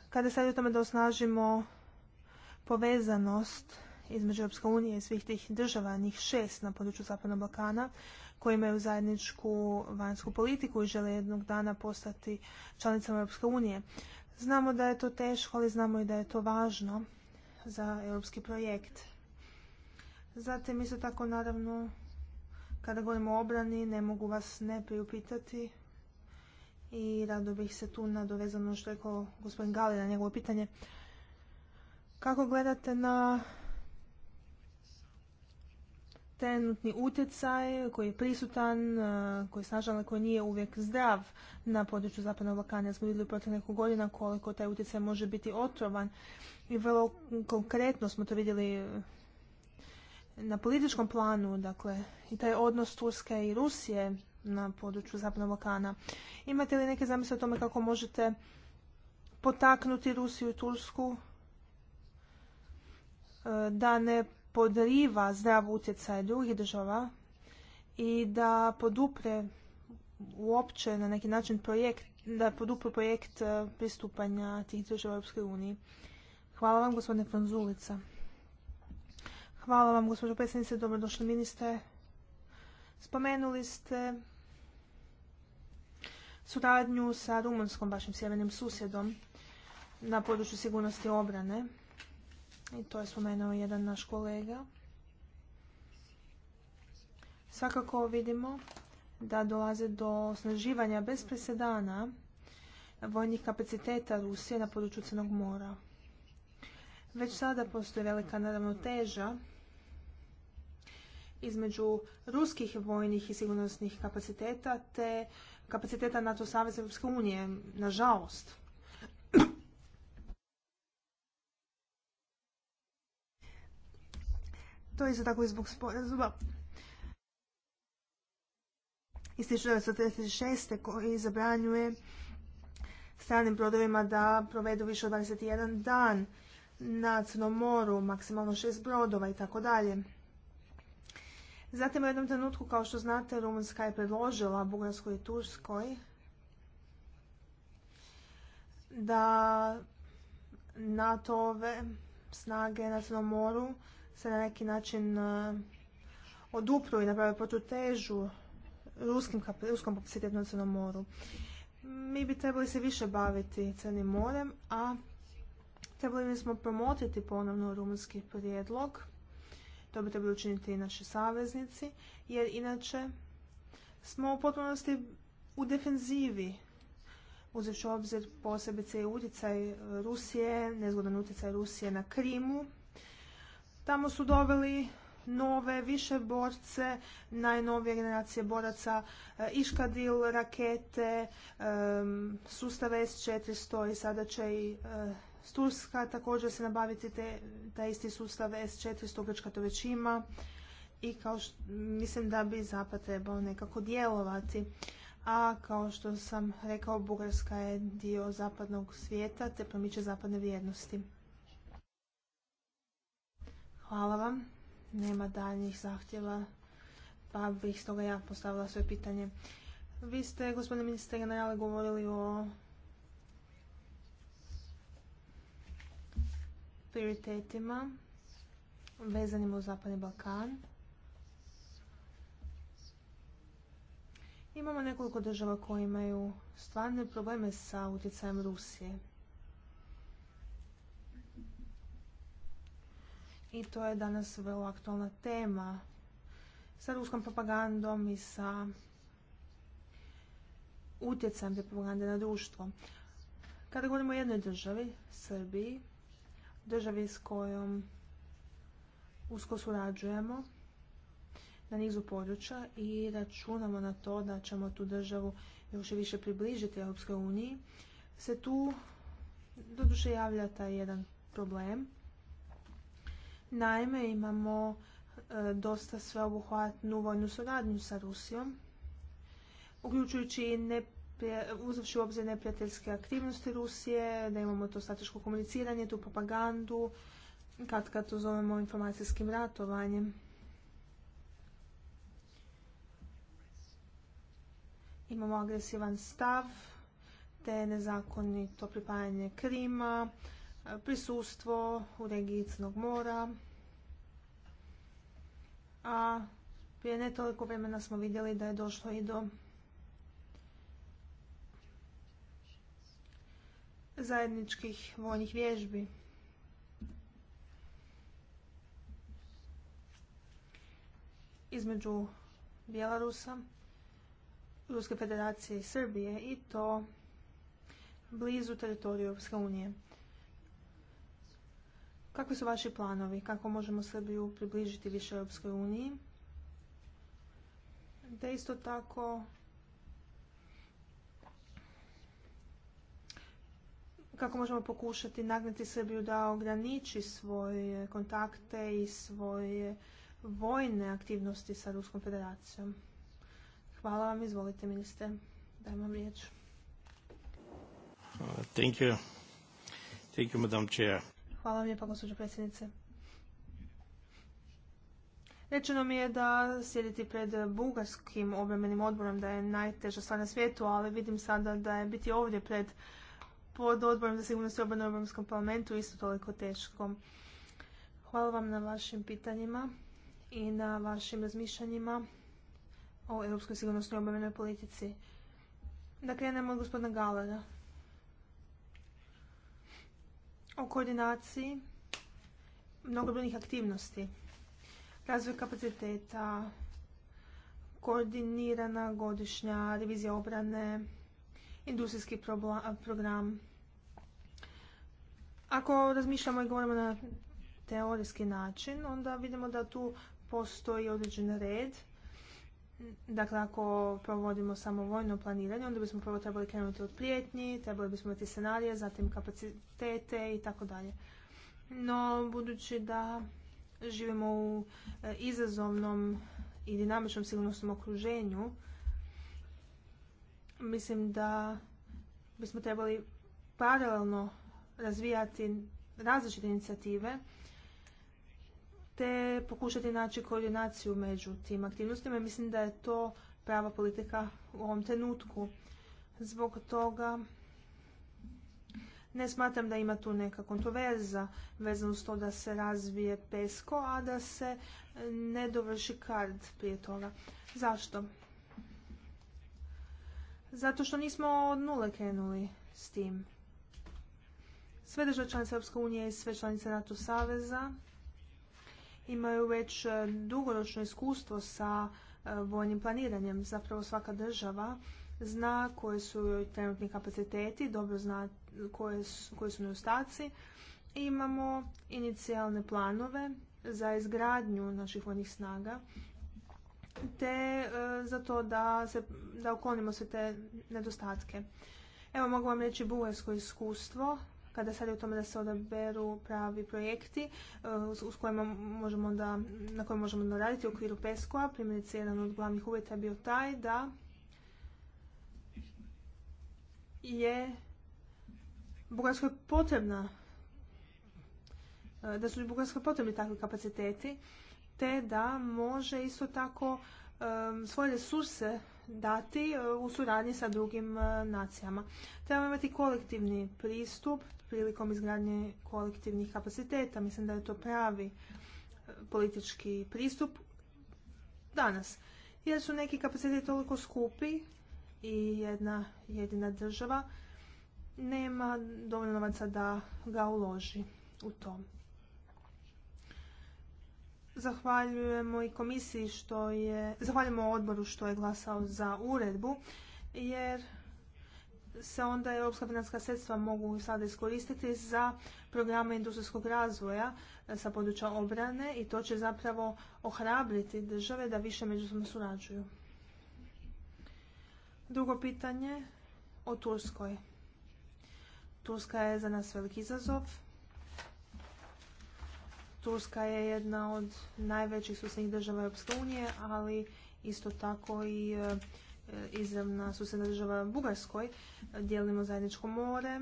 kada se o tome da osnažimo povezanost između Europske unije i svih tih država, njih šest na području Zapadnog Balkana, koji imaju zajedničku vanjsku politiku i žele jednog dana postati članicama Europske unije. Znamo da je to teško, ali znamo i da je to važno za europski projekt. Zatim, isto tako, naravno, kada govorimo o obrani, ne mogu vas ne priupitati i rado bih se tu nadovezano što je rekao gospodin Gali na njegovo pitanje. Kako gledate na trenutni utjecaj koji je prisutan, e, koji je snažan, koji nije uvijek zdrav na području Zapadnog Balkana. Smo vidjeli protiv nekog godina koliko taj utjecaj može biti otrovan i vrlo konkretno smo to vidjeli e, na političkom planu, dakle, i taj odnos Turske i Rusije na području Zapadnog Balkana. Imate li neke zamisle o tome kako možete potaknuti Rusiju i Tursku da ne podriva zdrav utjecaj drugih država i da podupre uopće na neki način projekt, da podupre projekt e, pristupanja tih država Europskoj uniji. Hvala vam gospodine Franzulica. Hvala vam gospođo predsjednice, dobrodošli ministre. Spomenuli ste suradnju sa rumunskom vašim sjevernim susjedom na području sigurnosti obrane i to je spomenuo jedan naš kolega. Svakako vidimo da dolaze do osnaživanja bez presedana vojnih kapaciteta Rusije na području Crnog mora. Već sada postoji velika teža između ruskih vojnih i sigurnosnih kapaciteta te kapaciteta NATO Saveza Europske unije, nažalost. to je isto tako i zbog sporazuma iz 1936. koji zabranjuje stranim brodovima da provedu više od 21 dan na Crnom moru, maksimalno šest brodova i tako dalje. Zatim u jednom trenutku, kao što znate, Rumunska je predložila Bugarskoj i Turskoj da NATO-ove snage na Crnom moru se na neki način e, odupru i naprave protutežu ruskim, ruskom kapacitetu na Crnom moru. Mi bi trebali se više baviti Crnim morem, a trebali bismo promotiti ponovno rumunski prijedlog. To bi trebali učiniti i naši saveznici, jer inače smo u potpunosti u defenzivi uzevši obzir posebice i utjecaj Rusije, nezgodan utjecaj Rusije na Krimu, Tamo su doveli nove, više borce, najnovije generacije boraca, e, iškadil, rakete, e, sustave S-400 i sada će i e, Turska također se nabaviti taj isti sustav S-400, Grčka to već ima i kao mislim da bi Zapad trebao nekako djelovati. A kao što sam rekao, Bugarska je dio zapadnog svijeta te promiče zapadne vrijednosti. Hvala vam. Nema daljnjih zahtjeva, pa bih stoga ja postavila svoje pitanje. Vi ste, gospodine ministre generale, govorili o prioritetima vezanim u Zapadni Balkan. Imamo nekoliko država koje imaju stvarne probleme sa utjecajem Rusije. i to je danas vrlo aktualna tema sa ruskom propagandom i sa utjecajem te propagande na društvo. Kada govorimo o jednoj državi, Srbiji, državi s kojom usko surađujemo na nizu područja i računamo na to da ćemo tu državu još i više približiti Europskoj uniji, se tu doduše javlja taj jedan problem Naime, imamo e, dosta sveobuhvatnu vojnu suradnju sa Rusijom, uključujući i uzavši u obzir neprijateljske aktivnosti Rusije, da imamo to strateško komuniciranje, tu propagandu, kad kad to zovemo informacijskim ratovanjem. Imamo agresivan stav, te nezakonito pripajanje Krima, prisustvo u regiji Crnog mora. A prije toliko vremena smo vidjeli da je došlo i do zajedničkih vojnih vježbi. između Bjelarusa, Ruske federacije i Srbije i to blizu teritoriju Europske unije. Kakvi su vaši planovi? Kako možemo Srbiju približiti više Europskoj uniji? Da isto tako kako možemo pokušati nagnati Srbiju da ograniči svoje kontakte i svoje vojne aktivnosti sa Ruskom federacijom. Hvala vam, izvolite ministre. Dajem vam riječ. Uh, thank you. Thank you, Madam Hvala vam lijepa, gospođo predsjednice. Rečeno mi je da sjediti pred bugarskim obrambenim odborom da je najteža stvar na svijetu, ali vidim sada da je biti ovdje pred pod odborom za sigurnost i obranu u Europskom parlamentu isto toliko teško. Hvala vam na vašim pitanjima i na vašim razmišljanjima o europskoj sigurnosnoj obrambenoj politici. Da krenemo od gospodina Galera o koordinaciji mnogobrojnih aktivnosti, razvoj kapaciteta, koordinirana godišnja revizija obrane, industrijski program. Ako razmišljamo i govorimo na teorijski način, onda vidimo da tu postoji određen red Dakle, ako provodimo samo vojno planiranje, onda bismo prvo trebali krenuti od prijetnji, trebali bismo imati scenarije, zatim kapacitete i tako dalje. No, budući da živimo u e, izazovnom i dinamičnom sigurnosnom okruženju, mislim da bismo trebali paralelno razvijati različite inicijative te pokušati naći koordinaciju među tim aktivnostima. Mislim da je to prava politika u ovom trenutku. Zbog toga ne smatram da ima tu neka kontroverza vezano s to da se razvije pesko, a da se ne dovrši kard prije toga. Zašto? Zato što nismo od nule krenuli s tim. Sve države članice Europske unije i sve članice NATO saveza imaju već e, dugoročno iskustvo sa e, vojnim planiranjem. Zapravo svaka država zna koji su joj trenutni kapaciteti, dobro zna koje su, neustaci. Imamo inicijalne planove za izgradnju naših vojnih snaga te e, za to da, se, da sve te nedostatke. Evo mogu vam reći bugarsko iskustvo kada se radi o tome da se odaberu pravi projekti s e, kojima možemo na kojima možemo onda raditi u okviru PESCO-a. Primjerice, jedan od glavnih uvjeta je bio taj da je Bugarskoj potrebna e, da su Bugarskoj potrebni takvi kapaciteti te da može isto tako e, svoje resurse dati e, u suradnji sa drugim e, nacijama. Trebamo imati kolektivni pristup prilikom izgradnje kolektivnih kapaciteta. Mislim da je to pravi e, politički pristup danas. Jer su neki kapaciteti toliko skupi i jedna jedina država nema dovoljno novaca da ga uloži u to. Zahvaljujemo i komisiji što je, zahvaljujemo odboru što je glasao za uredbu, jer se onda europska financijska sredstva mogu sada iskoristiti za programe industrijskog razvoja e, sa područja obrane i to će zapravo ohrabriti države da više međusobno surađuju. Drugo pitanje o Turskoj. Turska je za nas veliki izazov Turska je jedna od najvećih susjednih država Europske unije, ali isto tako i e, izravna susjedna država Bugarskoj. Dijelimo zajedničko more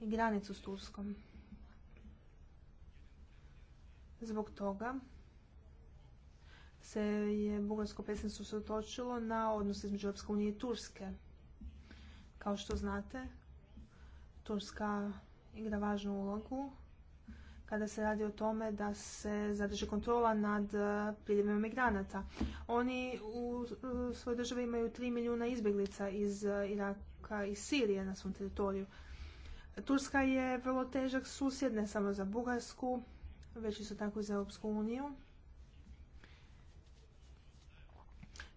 i granicu s Turskom. Zbog toga se je bugarsko predsjedništvo se na odnos između Europske unije i Turske. Kao što znate, Turska igra važnu ulogu kada se radi o tome da se zadrži kontrola nad eh, priljevima migranata. Oni u svojoj državi imaju 3 milijuna izbjeglica iz eh, Iraka i Sirije na svom teritoriju. Turska je vrlo težak susjed, ne samo za Bugarsku, već isto tako i za Europsku uniju.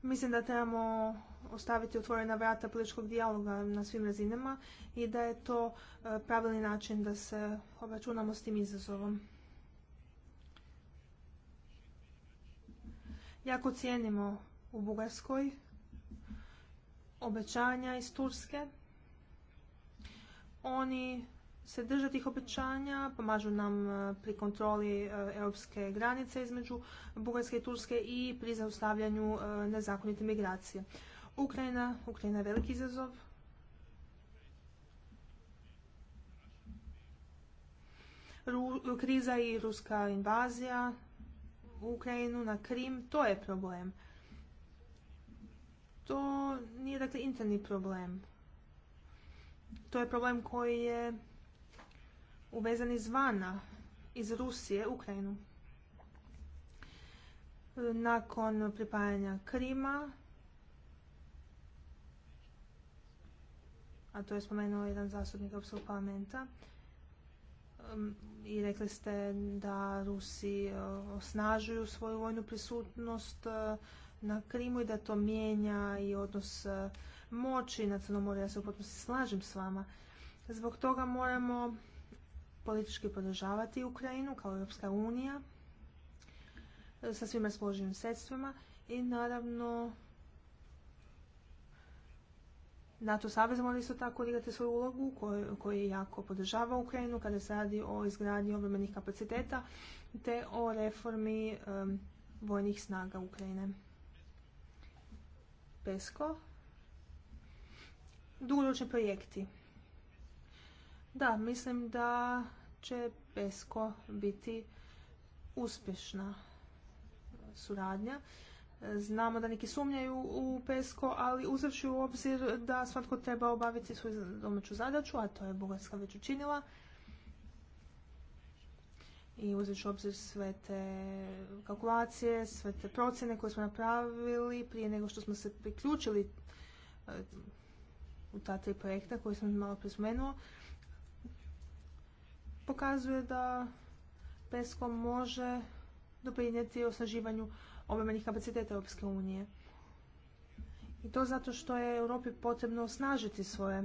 Mislim da trebamo ostaviti otvorena vrata političkog dijaloga na svim razinama i da je to e, pravilni način da se obračunamo s tim izazovom. Jako cijenimo u Bugarskoj obećanja iz Turske. Oni se drže tih obećanja, pomažu nam e, pri kontroli e, europske granice između Bugarske i Turske i pri zaustavljanju e, nezakonite migracije. Ukrajina, Ukrajina je veliki izazov. kriza i ruska invazija u Ukrajinu na Krim, to je problem. To nije dakle interni problem. To je problem koji je uvezan izvana, iz Rusije, Ukrajinu. Nakon pripajanja Krima, a to je spomenuo jedan zastupnik Europskog parlamenta, um, i rekli ste da Rusi osnažuju svoju vojnu prisutnost na Krimu i da to mijenja i odnos moći na Crnom moru. Ja se u potpunosti slažem s vama. Zbog toga moramo politički podržavati Ukrajinu kao Europska unija e, sa svim raspoloživim sredstvima i naravno NATO savez mora isto tako odigrati svoju ulogu koji, koji jako podržava Ukrajinu kada se radi o izgradnji obrambenih kapaciteta te o reformi e, vojnih snaga Ukrajine. Pesko. Dugoročni projekti da, mislim da će PESCO biti uspješna suradnja. Znamo da neki sumnjaju u PESCO, ali uzevši u obzir da svatko treba obaviti svoju domaću zadaću, a to je Bugarska već učinila, i uzevši u obzir sve te kalkulacije, sve te procjene koje smo napravili prije nego što smo se priključili e, u ta tri projekta koje sam malo spomenuo, pokazuje da PESCO može doprinijeti osnaživanju obrambenih kapaciteta Europske unije. I to zato što je Europi potrebno osnažiti svoje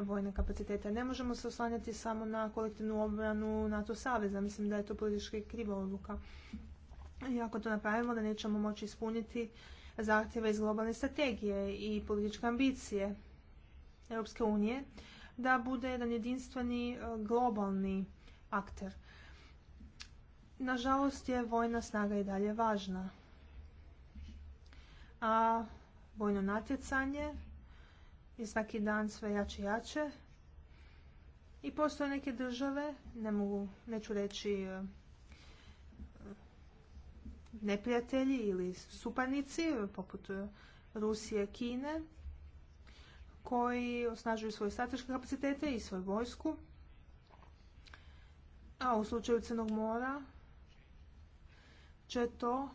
vojne kapacitete. Ne možemo se oslanjati samo na kolektivnu obranu NATO saveza. Mislim da je to politički kriva odluka. I ako to napravimo, da nećemo moći ispuniti zahtjeve iz globalne strategije i političke ambicije Europske unije, da bude jedan jedinstveni e, globalni akter. Nažalost je vojna snaga i dalje važna. A vojno natjecanje je svaki dan sve jače i jače. I postoje neke države, ne mogu, neću reći e, neprijatelji ili supanici, poput Rusije, Kine, koji osnažuju svoje strateške kapacitete i svoju vojsku a u slučaju Crnog mora će to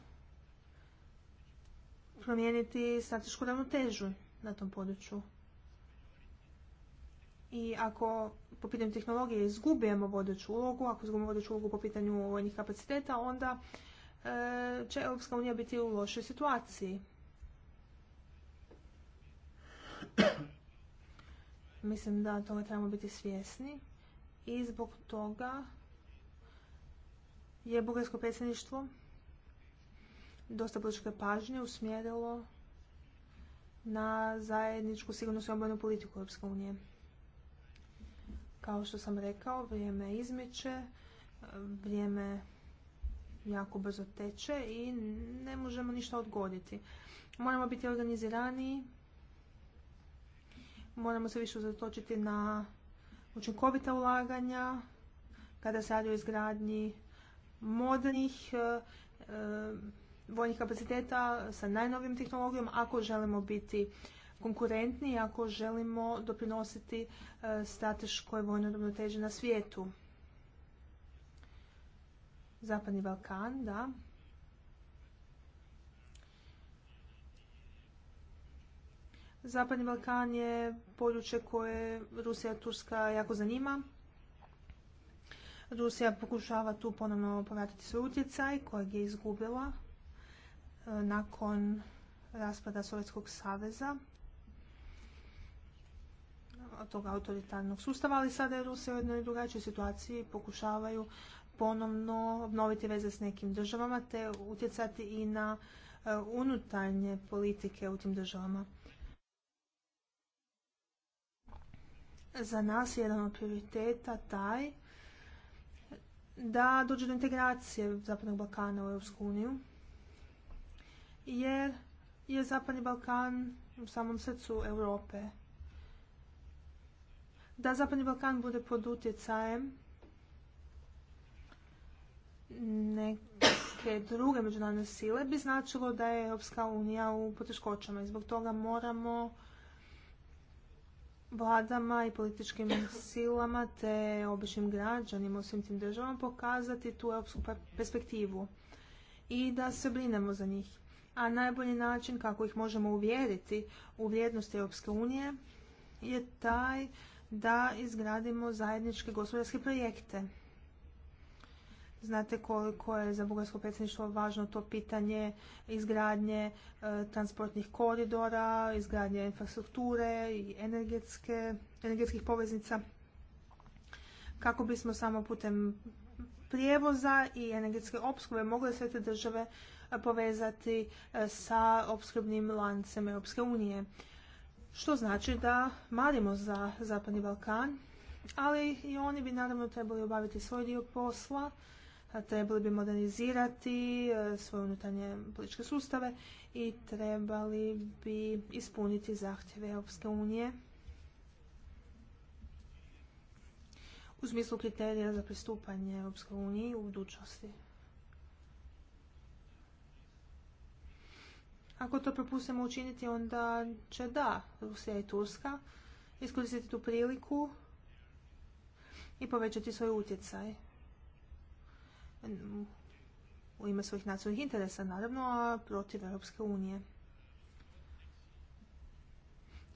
promijeniti stratešku ravnotežu na tom području. I ako po pitanju tehnologije izgubimo vodeću ulogu, ako izgubimo vodeću ulogu po pitanju vojnih kapaciteta, onda e, će Europska unija biti u lošoj situaciji. Mislim da toga trebamo biti svjesni i zbog toga je bugarsko predsjedništvo dosta političke pažnje usmjerilo na zajedničku sigurnosnu obranu politiku Europske unije. Kao što sam rekao, vrijeme izmiče, vrijeme jako brzo teče i ne možemo ništa odgoditi. Moramo biti organizirani, moramo se više uzatočiti na učinkovita ulaganja, kada se radi o izgradnji modernih e, e, vojnih kapaciteta sa najnovim tehnologijom ako želimo biti konkurentni, ako želimo doprinositi e, strateškoj vojnoj ravnoteži na svijetu. Zapadni Balkan, da. Zapadni Balkan je područje koje Rusija i Turska jako zanima. Rusija pokušava tu ponovno povratiti svoj utjecaj kojeg je izgubila e, nakon raspada Sovjetskog saveza tog autoritarnog sustava, ali sada je Rusija u jednoj drugačijoj situaciji, pokušavaju ponovno obnoviti veze s nekim državama te utjecati i na e, unutarnje politike u tim državama. Za nas je jedan od prioriteta taj da dođe do integracije Zapadnog Balkana u Europsku uniju, jer je Zapadni Balkan u samom srcu Europe. Da Zapadni Balkan bude pod utjecajem neke druge međunarodne sile bi značilo da je Europska unija u poteškoćama i zbog toga moramo vladama i političkim silama te običnim građanima u svim tim državama pokazati tu europsku perspektivu i da se brinemo za njih. A najbolji način kako ih možemo uvjeriti u vrijednosti Europske unije je taj da izgradimo zajedničke gospodarske projekte Znate koliko je za bugarsko predsjedništvo važno to pitanje izgradnje e, transportnih koridora, izgradnje infrastrukture i energetske, energetskih poveznica kako bismo samo putem prijevoza i energetske opskrbe mogle sve te države e, povezati e, sa opskrbnim lancem Europske unije. Što znači da marimo za Zapadni Balkan, ali i oni bi naravno trebali obaviti svoj dio posla trebali bi modernizirati e, svoje unutarnje političke sustave i trebali bi ispuniti zahtjeve Europske unije u smislu kriterija za pristupanje Europske unije u budućnosti. Ako to propustimo učiniti, onda će da, Rusija i Turska iskoristiti tu priliku i povećati svoj utjecaj u ime svojih nacionalnih interesa, naravno, a protiv Europske unije.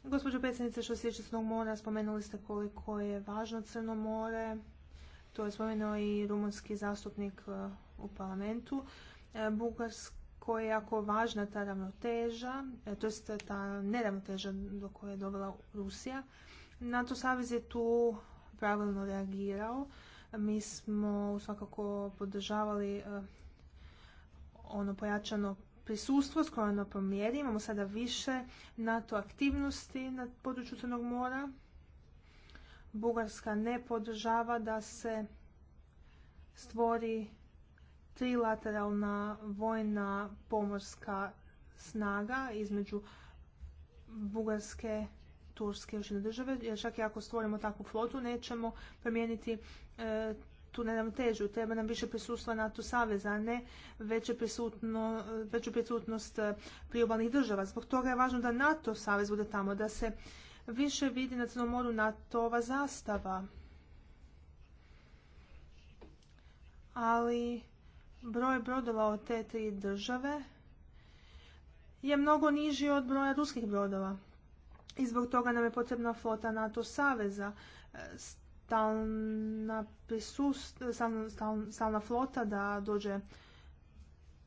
Gospođo predsjednice, što se tiče Crnog mora, spomenuli ste koliko je važno Crno more. To je spomenuo i rumunski zastupnik e, u parlamentu. E, Bugarsko je jako važna ta ravnoteža, e, to je ta neravnoteža do koje je dovela Rusija. NATO savez je tu pravilno reagirao mi smo svakako podržavali e, ono pojačano prisustvo skoro na pomjeri. Imamo sada više NATO aktivnosti na području Crnog mora. Bugarska ne podržava da se stvori trilateralna vojna pomorska snaga između Bugarske, Turske jedne države, jer čak i ako stvorimo takvu flotu, nećemo promijeniti e, tu težu. Treba nam više prisustva NATO saveza, a ne veću prisutnost e, priobalnih država. Zbog toga je važno da NATO savez bude tamo, da se više vidi na Crnom moru NATO-ova zastava. Ali broj brodova od te tri države je mnogo niži od broja ruskih brodova i zbog toga nam je potrebna flota NATO saveza, e, stalna, prisust, flota da dođe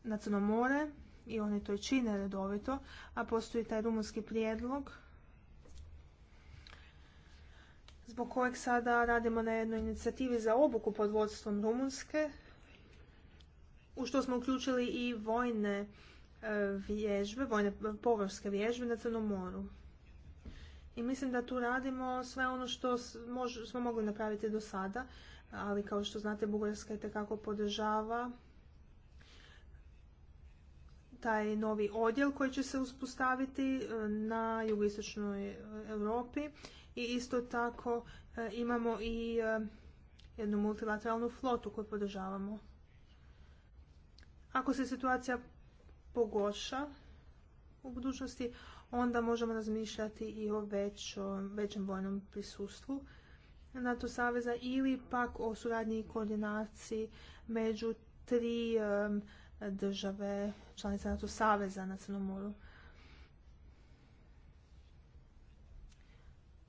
na Crno more i oni to i čine redovito, a postoji taj rumunski prijedlog zbog kojeg sada radimo na jednoj inicijativi za obuku pod vodstvom Rumunske, u što smo uključili i vojne e, vježbe, vojne površke vježbe na Crnom moru. I mislim da tu radimo sve ono što smo mogli napraviti do sada, ali kao što znate Bugarska je tekako podržava taj novi odjel koji će se uspostaviti e, na jugoistočnoj Europi i isto tako e, imamo i e, jednu multilateralnu flotu koju podržavamo. Ako se situacija pogorša u budućnosti, onda možemo razmišljati i o većem vojnom prisustvu NATO saveza ili pak o suradnji i koordinaciji među tri države članice NATO saveza na Crnom moru.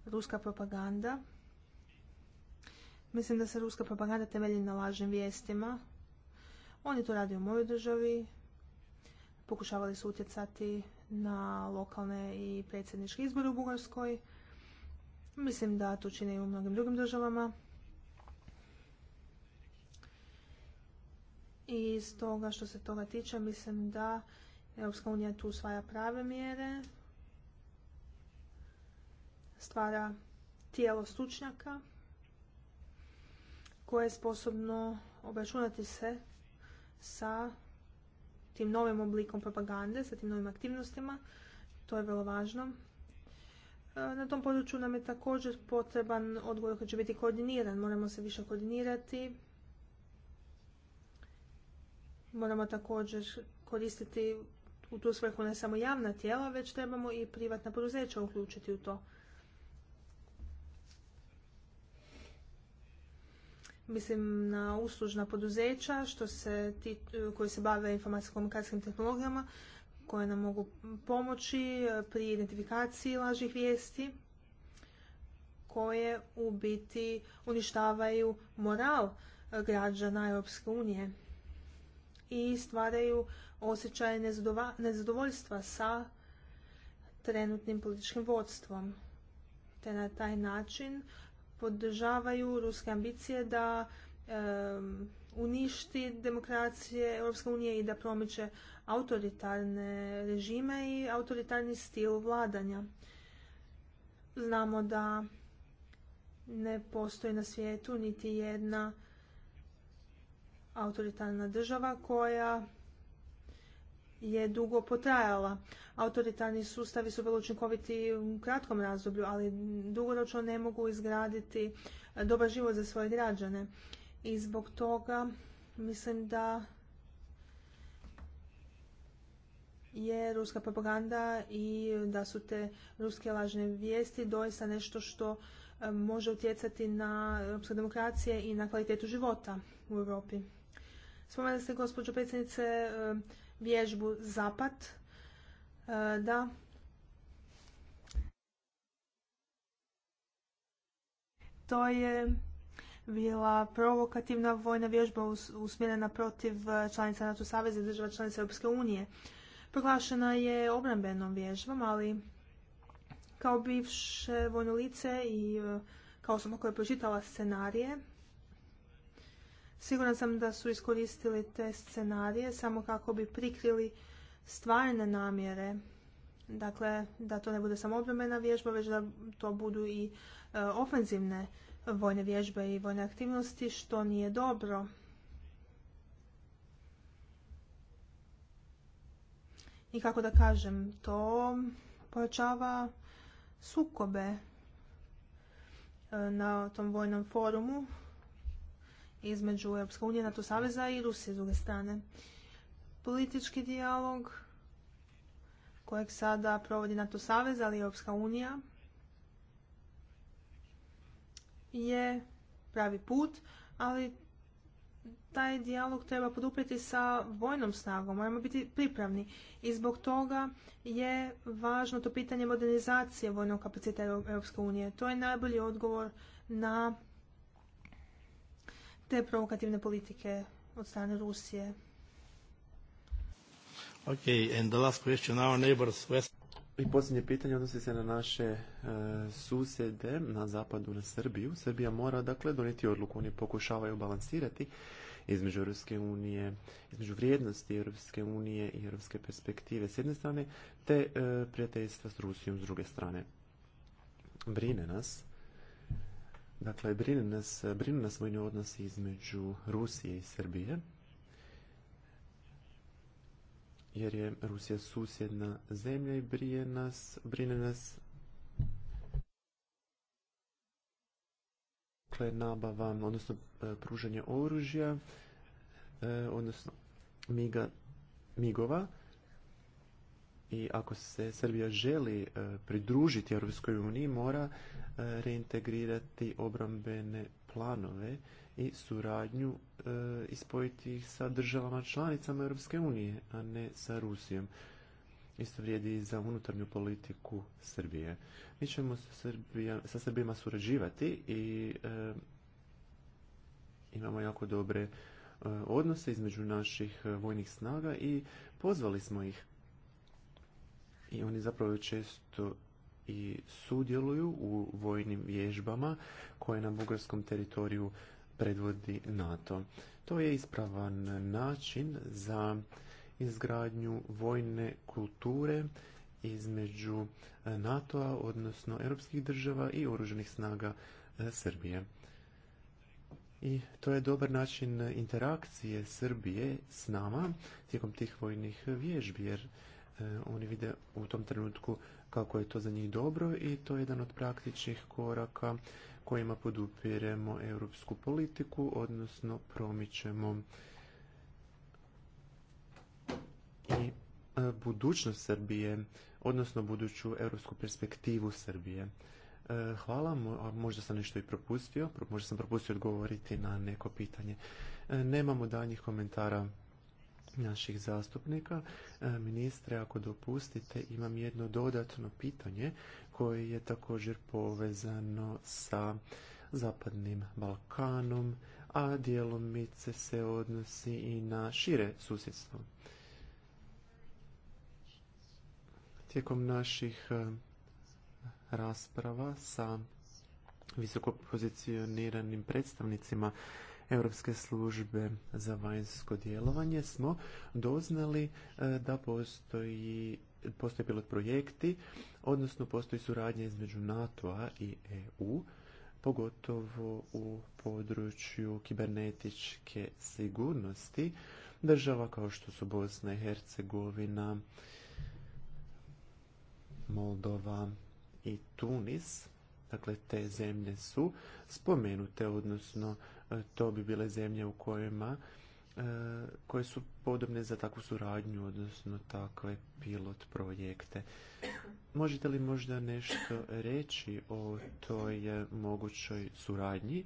Ruska propaganda. Mislim da se ruska propaganda temelji na lažnim vijestima. Oni to radi u mojoj državi. Pokušavali su utjecati na lokalne i predsjedničke izbore u Bugarskoj. Mislim da to čine i u mnogim drugim državama. I toga što se toga tiče, mislim da Europska unija tu usvaja prave mjere, stvara tijelo stručnjaka koje je sposobno obračunati se sa tim novim oblikom propagande, sa tim novim aktivnostima. To je vrlo važno. E, na tom području nam je također potreban odgovor koji će biti koordiniran. Moramo se više koordinirati. Moramo također koristiti u tu svrhu ne samo javna tijela, već trebamo i privatna poduzeća uključiti u to. mislim na uslužna poduzeća što se ti, koji se bave informacijsko-komunikacijskim tehnologijama koje nam mogu pomoći e, pri identifikaciji lažih vijesti koje u biti uništavaju moral e, građana Europske unije i stvaraju osjećaj nezadovoljstva sa trenutnim političkim vodstvom te na taj način podržavaju ruske ambicije da uništi demokracije Europske unije i da promiče autoritarne režime i autoritarni stil vladanja. Znamo da ne postoji na svijetu niti jedna autoritarna država koja je dugo potrajala. Autoritarni sustavi su vrlo učinkoviti u kratkom razdoblju, ali dugoročno ne mogu izgraditi e, dobar život za svoje građane. I zbog toga mislim da je ruska propaganda i da su te ruske lažne vijesti doista nešto što e, može utjecati na europske demokracije i na kvalitetu života u Europi. Spomenuli ste, gospođo predsjednice, e, vježbu zapad e, da to je bila provokativna vojna vježba usmjerena protiv e, članica NATO saveza i država članica Europske unije. Proglašena je obrambenom vježbom, ali kao bivše vojno lice i e, kao osoba koja je pročitala scenarije Siguran sam da su iskoristili te scenarije samo kako bi prikrili stvarne namjere. Dakle, da to ne bude samo obrambena vježba, već da to budu i e, ofenzivne vojne vježbe i vojne aktivnosti, što nije dobro. I kako da kažem, to pojačava sukobe e, na tom vojnom forumu između Europske unije, NATO saveza i Rusije s druge strane. Politički dijalog kojeg sada provodi NATO savez, ali i Europska unija je pravi put, ali taj dijalog treba poduprijeti sa vojnom snagom, moramo biti pripravni. I zbog toga je važno to pitanje modernizacije vojnog kapaciteta Europske unije. To je najbolji odgovor na te provokativne politike od strane Rusije. Okay, and the last question, our neighbors west... I posljednje pitanje odnosi se na naše e, susjede na zapadu, na Srbiju. Srbija mora dakle donijeti odluku, oni pokušavaju balansirati između Europske unije, između vrijednosti Europske unije i europske perspektive s jedne strane, te e, prijateljstva s Rusijom s druge strane. Brine nas Dakle, brine nas, brine nas odnosi između Rusije i Srbije, jer je Rusija susjedna zemlja i brije nas, brine nas dakle, nabava, odnosno e, pružanje oružja, e, odnosno migova, i ako se Srbija želi e, pridružiti Europskoj uniji mora e, reintegrirati obrambene planove i suradnju e, ispojiti ih sa državama članicama Europske unije, a ne sa Rusijom. Isto vrijedi i za unutarnju politiku Srbije. Mi ćemo sa, Srbija, surađivati i imamo jako dobre odnose između naših vojnih snaga i pozvali smo ih i oni zapravo često i sudjeluju u vojnim vježbama koje na bugarskom teritoriju predvodi NATO. To je ispravan način za izgradnju vojne kulture između NATO-a, odnosno europskih država i oruženih snaga e, Srbije. I to je dobar način interakcije Srbije s nama tijekom tih vojnih vježbi, jer E, oni vide u tom trenutku kako je to za njih dobro i to je jedan od praktičnih koraka kojima podupiremo europsku politiku, odnosno promičemo i e, budućnost Srbije, odnosno buduću europsku perspektivu Srbije. E, hvala, možda sam nešto i propustio, možda sam propustio odgovoriti na neko pitanje. Nemamo danjih komentara naših zastupnika. E, ministre, ako dopustite, imam jedno dodatno pitanje koje je također povezano sa Zapadnim Balkanom, a dijelomice se odnosi i na šire susjedstvo. Tijekom naših e, rasprava sa visoko pozicioniranim predstavnicima Europske službe za vanjsko djelovanje smo doznali e, da postoji postoje pilot projekti, odnosno postoji suradnja između NATO-a i EU, pogotovo u području kibernetičke sigurnosti država kao što su Bosna i Hercegovina, Moldova i Tunis. Dakle, te zemlje su spomenute, odnosno E, to bi bile zemlje u kojima e, koje su podobne za takvu suradnju, odnosno takve pilot projekte. Možete li možda nešto reći o toj e, mogućoj suradnji?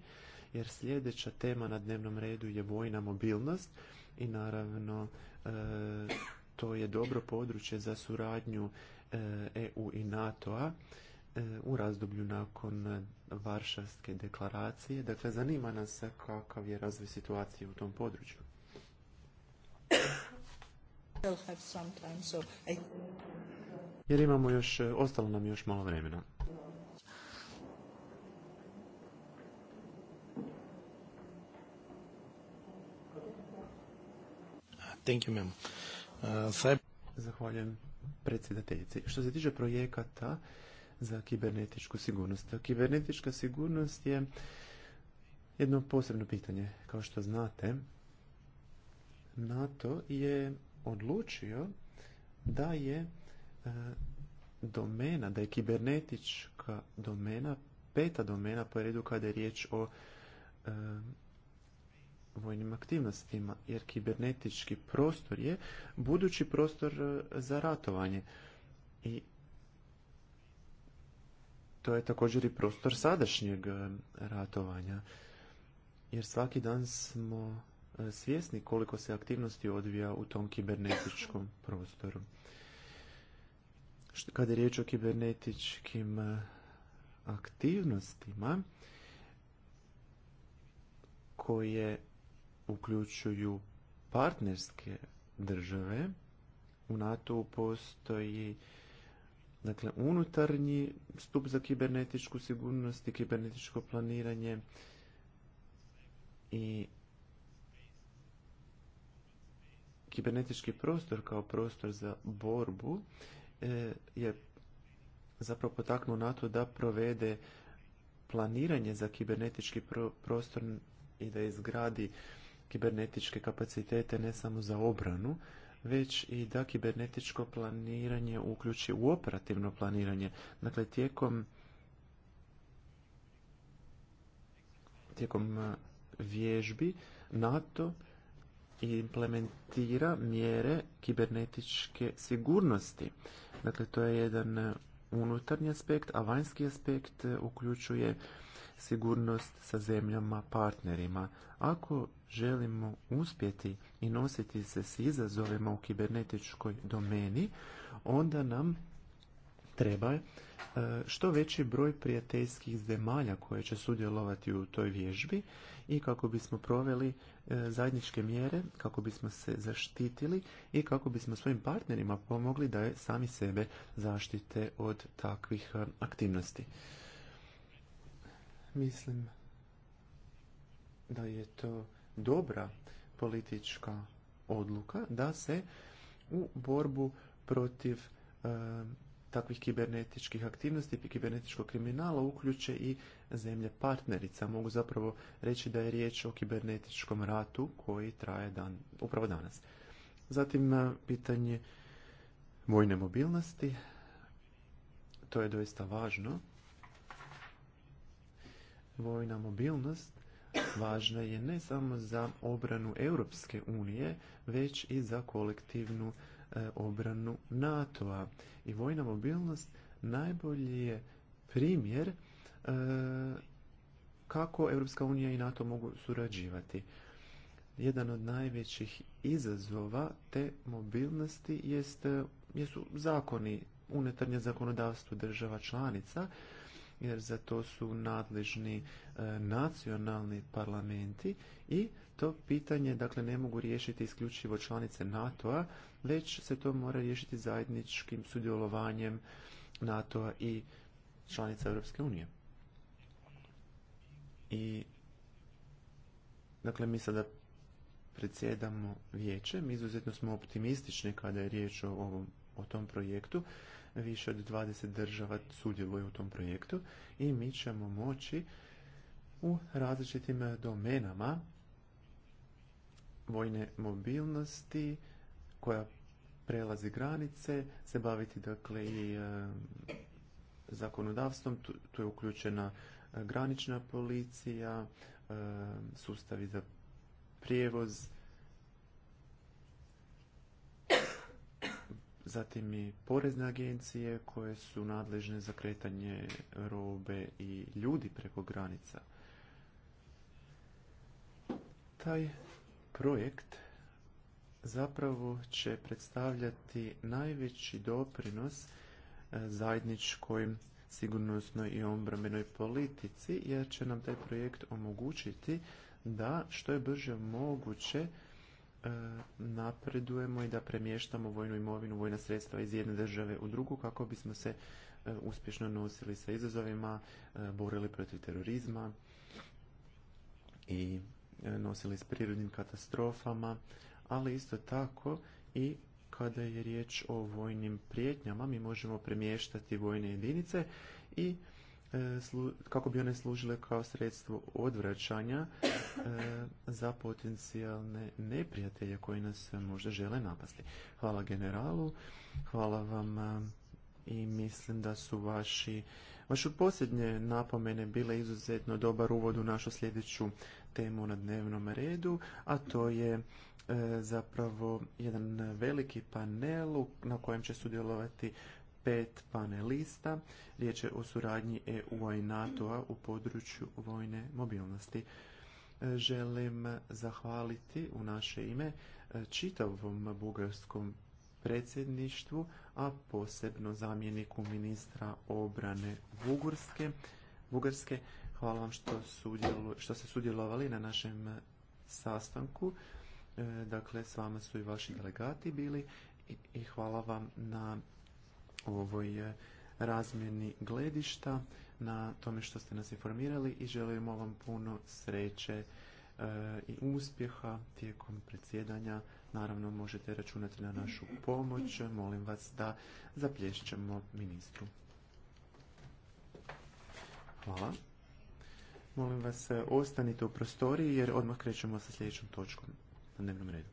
Jer sljedeća tema na dnevnom redu je vojna mobilnost i naravno to je dobro područje za suradnju EU i NATO-a E, u razdoblju nakon Varšavske deklaracije. Dakle, zanima nas kakav je razvoj situacije u tom području. Jer imamo još, e, ostalo nam još malo vremena. Thank you, uh, Zahvaljujem predsjedateljici. Što se tiče projekata, za kibernetičku sigurnost. kibernetička sigurnost je jedno posebno pitanje. Kao što znate, NATO je odlučio da je e, domena, da je kibernetička domena peta domena po redu kada je riječ o e, vojnim aktivnostima, jer kibernetički prostor je budući prostor e, za ratovanje. I to je također i prostor sadašnjeg e, ratovanja. Jer svaki dan smo e, svjesni koliko se aktivnosti odvija u tom kibernetičkom prostoru. Kada je riječ o kibernetičkim e, aktivnostima koje uključuju partnerske države, u NATO postoji Dakle, unutarnji stup za kibernetičku sigurnost i kibernetičko planiranje i kibernetički prostor kao prostor za borbu e, je zapravo potaknuo NATO da provede planiranje za kibernetički prostor i da izgradi kibernetičke kapacitete ne samo za obranu, već i da kibernetičko planiranje uključi u operativno planiranje. Dakle, tijekom tijekom vježbi NATO implementira mjere kibernetičke sigurnosti. Dakle, to je jedan unutarnji aspekt, a vanjski aspekt uključuje sigurnost sa zemljama partnerima. Ako želimo uspjeti i nositi se s izazovima u kibernetičkoj domeni, onda nam treba e, što veći broj prijateljskih zemalja koje će sudjelovati u toj vježbi i kako bismo proveli e, zajedničke mjere, kako bismo se zaštitili i kako bismo svojim partnerima pomogli da sami sebe zaštite od takvih e, aktivnosti. Mislim da je to dobra politička odluka da se u borbu protiv e, takvih kibernetičkih aktivnosti i kibernetičkog kriminala uključe i zemlje partnerica. Mogu zapravo reći da je riječ o kibernetičkom ratu koji traje dan, upravo danas. Zatim e, pitanje vojne mobilnosti. To je doista važno. Vojna mobilnost važna je ne samo za obranu Europske unije, već i za kolektivnu e, obranu NATO-a. I vojna mobilnost najbolji je primjer e, kako Europska unija i NATO mogu surađivati. Jedan od najvećih izazova te mobilnosti jest, e, jesu zakoni unutarnje zakonodavstvo država članica jer za to su nadležni e, nacionalni parlamenti i to pitanje dakle ne mogu riješiti isključivo članice NATO-a, već se to mora riješiti zajedničkim sudjelovanjem NATO-a i članica Europske unije. I dakle mi sada predsjedamo vijećem, izuzetno smo optimistični kada je riječ o ovom o tom projektu više od 20 država sudjeluje u tom projektu i mi ćemo moći u različitim domenama vojne mobilnosti koja prelazi granice, se baviti dakle i e, zakonodavstvom, tu, je uključena e, granična policija, e, sustavi za prijevoz zatim i porezne agencije koje su nadležne za kretanje robe i ljudi preko granica. Taj projekt zapravo će predstavljati najveći doprinos e, zajedničkoj sigurnosnoj i obrambenoj politici jer će nam taj projekt omogućiti da što je brže moguće E, napredujemo i da premještamo vojnu imovinu, vojna sredstva iz jedne države u drugu kako bismo se e, uspješno nosili sa izazovima, e, borili protiv terorizma i nosili s prirodnim katastrofama, ali isto tako i kada je riječ o vojnim prijetnjama mi možemo premještati vojne jedinice i kako bi one služile kao sredstvo odvraćanja e, za potencijalne neprijatelje koji nas možda žele napasti. Hvala generalu, hvala vam e, i mislim da su vaši Vaše posljednje napomene bile izuzetno dobar uvod u našu sljedeću temu na dnevnom redu, a to je e, zapravo jedan veliki panel na kojem će sudjelovati pet panelista. Riječ je o suradnji EU-a i NATO-a u području vojne mobilnosti. E, želim zahvaliti u naše ime e, čitavom bugarskom predsjedništvu, a posebno zamjeniku ministra obrane Bugurske. Bugarske. Hvala vam što, što ste sudjelovali na našem sastanku. E, dakle, s vama su i vaši delegati bili i hvala vam na ovoj e, razmjeni gledišta na tome što ste nas informirali i želimo vam puno sreće e, i uspjeha tijekom predsjedanja. Naravno možete računati na našu pomoć. Molim vas da zaplješćemo ministru. Hvala. Molim vas e, ostanite u prostoriji jer odmah krećemo sa sljedećom točkom na dnevnom redu.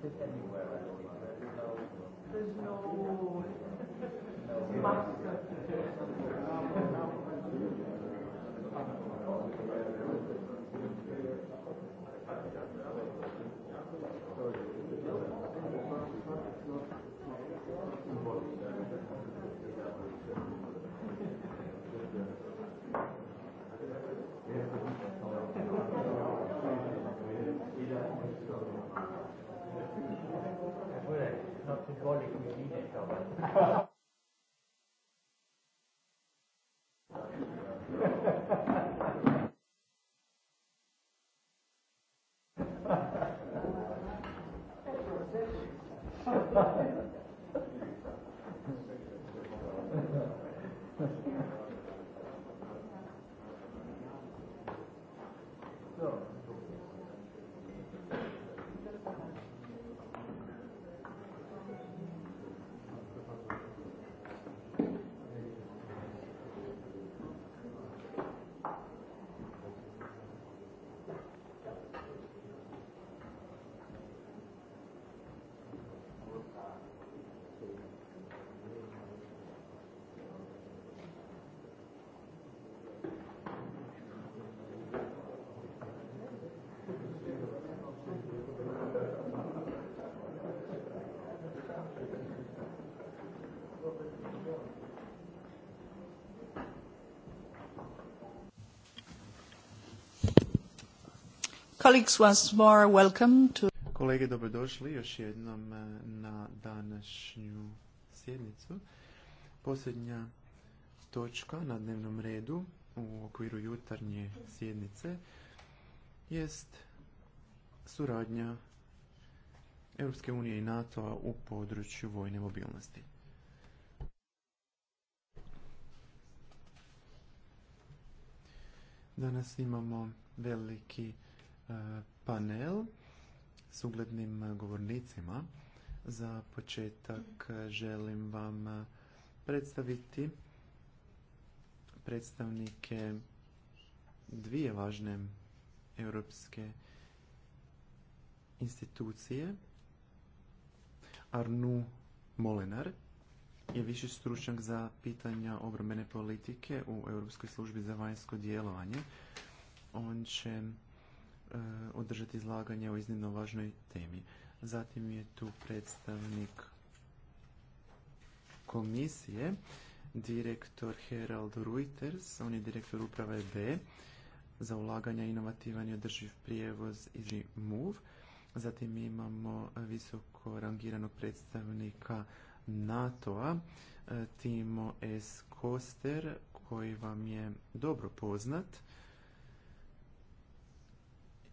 te Colleagues, once more, welcome Kolege, dobrodošli još jednom eh, na današnju sjednicu. Posljednja točka na dnevnom redu u okviru jutarnje sjednice jest suradnja Europske unije i NATO-a u području vojne mobilnosti. Danas imamo veliki E, panel s uglednim govornicima. Za početak želim vam predstaviti predstavnike dvije važne europske institucije. Arnu Molinar je viši stručnjak za pitanja obrambene politike u Europskoj službi za vanjsko djelovanje. On će E, održati izlaganje o iznimno važnoj temi. Zatim je tu predstavnik komisije, direktor Herald Reuters, on je direktor uprave B za ulaganja inovativan i održiv prijevoz i MOVE. Zatim imamo visoko rangiranog predstavnika NATO-a, e, Timo S. Koster, koji vam je dobro poznat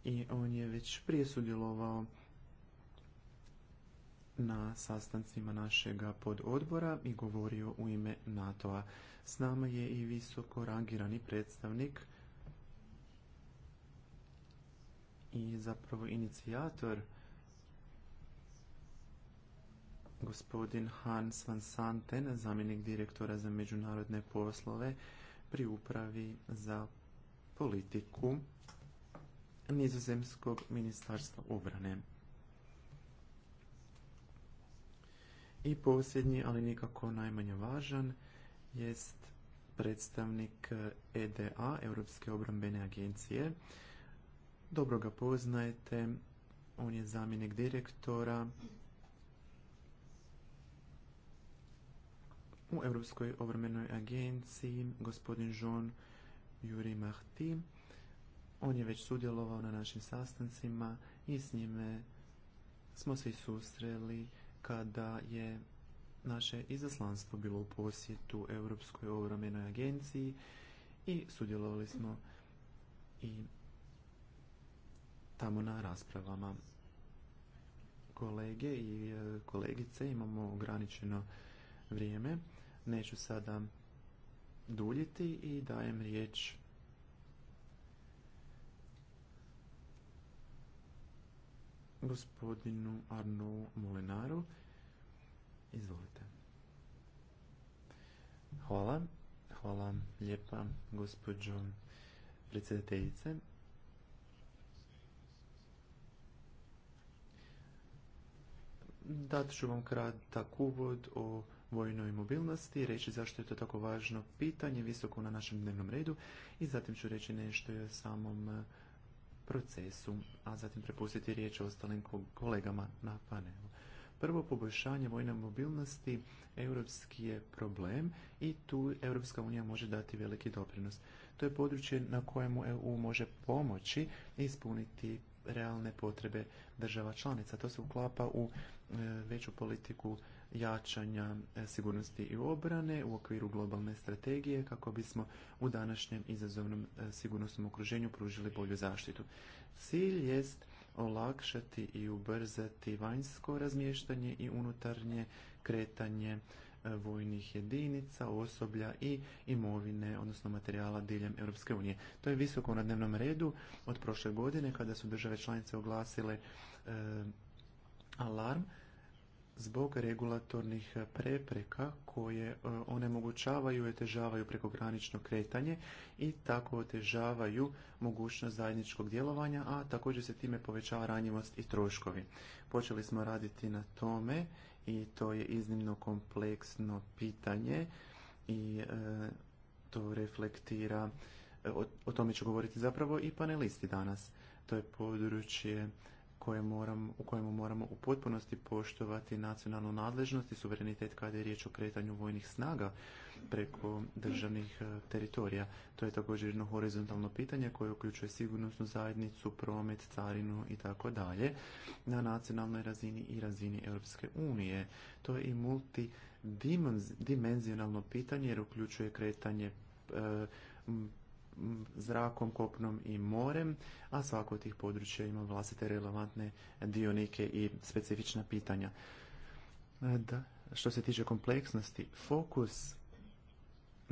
i on je već prije sudjelovao na sastancima našega pododbora i govorio u ime NATO-a. S nama je i visoko rangirani predstavnik i zapravo inicijator gospodin Hans van Santen, zamjenik direktora za međunarodne poslove pri upravi za politiku nizozemskog ministarstva obrane. I posljednji, ali nikako najmanje važan, jest predstavnik EDA, Europske obrambene agencije. Dobro ga poznajete, on je zamjenik direktora u Europskoj obrambenoj agenciji, gospodin Jean Juri Marti. On je već sudjelovao na našim sastancima i s njime smo se susreli kada je naše izaslanstvo bilo u posjetu Europskoj obrambenoj agenciji i sudjelovali smo i tamo na raspravama. Kolege i e, kolegice, imamo ograničeno vrijeme. Neću sada duljiti i dajem riječ gospodinu Arnu Molinaru. Izvolite. Hvala. Hvala lijepa gospođo predsjedateljice. Dat ću vam kratak uvod o vojnoj mobilnosti, reći zašto je to tako važno pitanje, visoko na našem dnevnom redu i zatim ću reći nešto o samom procesu, a zatim prepustiti riječ ostalim kolegama na panelu. Prvo poboljšanje vojne mobilnosti europski je problem i tu Europska unija može dati veliki doprinos. To je područje na kojemu EU može pomoći ispuniti realne potrebe država članica. To se uklapa u e, veću politiku jačanja e, sigurnosti i obrane u okviru globalne strategije kako bismo u današnjem izazovnom e, sigurnosnom okruženju pružili bolju zaštitu. Cilj jest olakšati i ubrzati vanjsko razmještanje i unutarnje kretanje vojnih jedinica, osoblja i imovine, odnosno materijala diljem Europske unije. To je visoko na dnevnom redu od prošle godine kada su države članice oglasile e, alarm zbog regulatornih prepreka koje e, onemogućavaju i otežavaju prekogranično kretanje i tako otežavaju mogućnost zajedničkog djelovanja, a također se time povećava ranjivost i troškovi. Počeli smo raditi na tome i to je iznimno kompleksno pitanje i e, to reflektira, e, o, tome ću govoriti zapravo i panelisti danas. To je područje koje moram, u kojemu moramo u potpunosti poštovati nacionalnu nadležnost i suverenitet kada je riječ o kretanju vojnih snaga preko državnih e, teritorija. To je također jedno horizontalno pitanje koje uključuje sigurnosnu zajednicu, promet, carinu i tako dalje na nacionalnoj razini i razini Europske unije. To je i multidimenzionalno pitanje jer uključuje kretanje e, zrakom, kopnom i morem, a svako od tih područja ima vlastite relevantne dionike i specifična pitanja. E, da, što se tiče kompleksnosti, fokus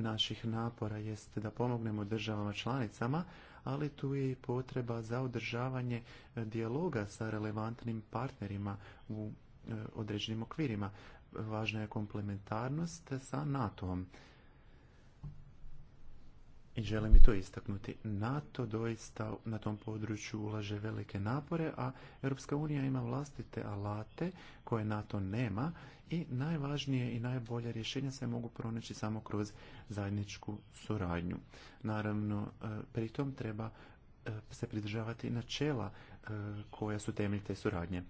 naših napora jest da pomognemo državama članicama, ali tu je i potreba za održavanje e, dijaloga sa relevantnim partnerima u e, određenim okvirima. Važna je komplementarnost sa NATO-om. I želim i to istaknuti. NATO doista na tom području ulaže velike napore, a Europska unija ima vlastite alate koje NATO nema i najvažnije i najbolje rješenja se mogu pronaći samo kroz zajedničku suradnju. Naravno, e, pritom treba e, se pridržavati načela e, koja su temelj te suradnje.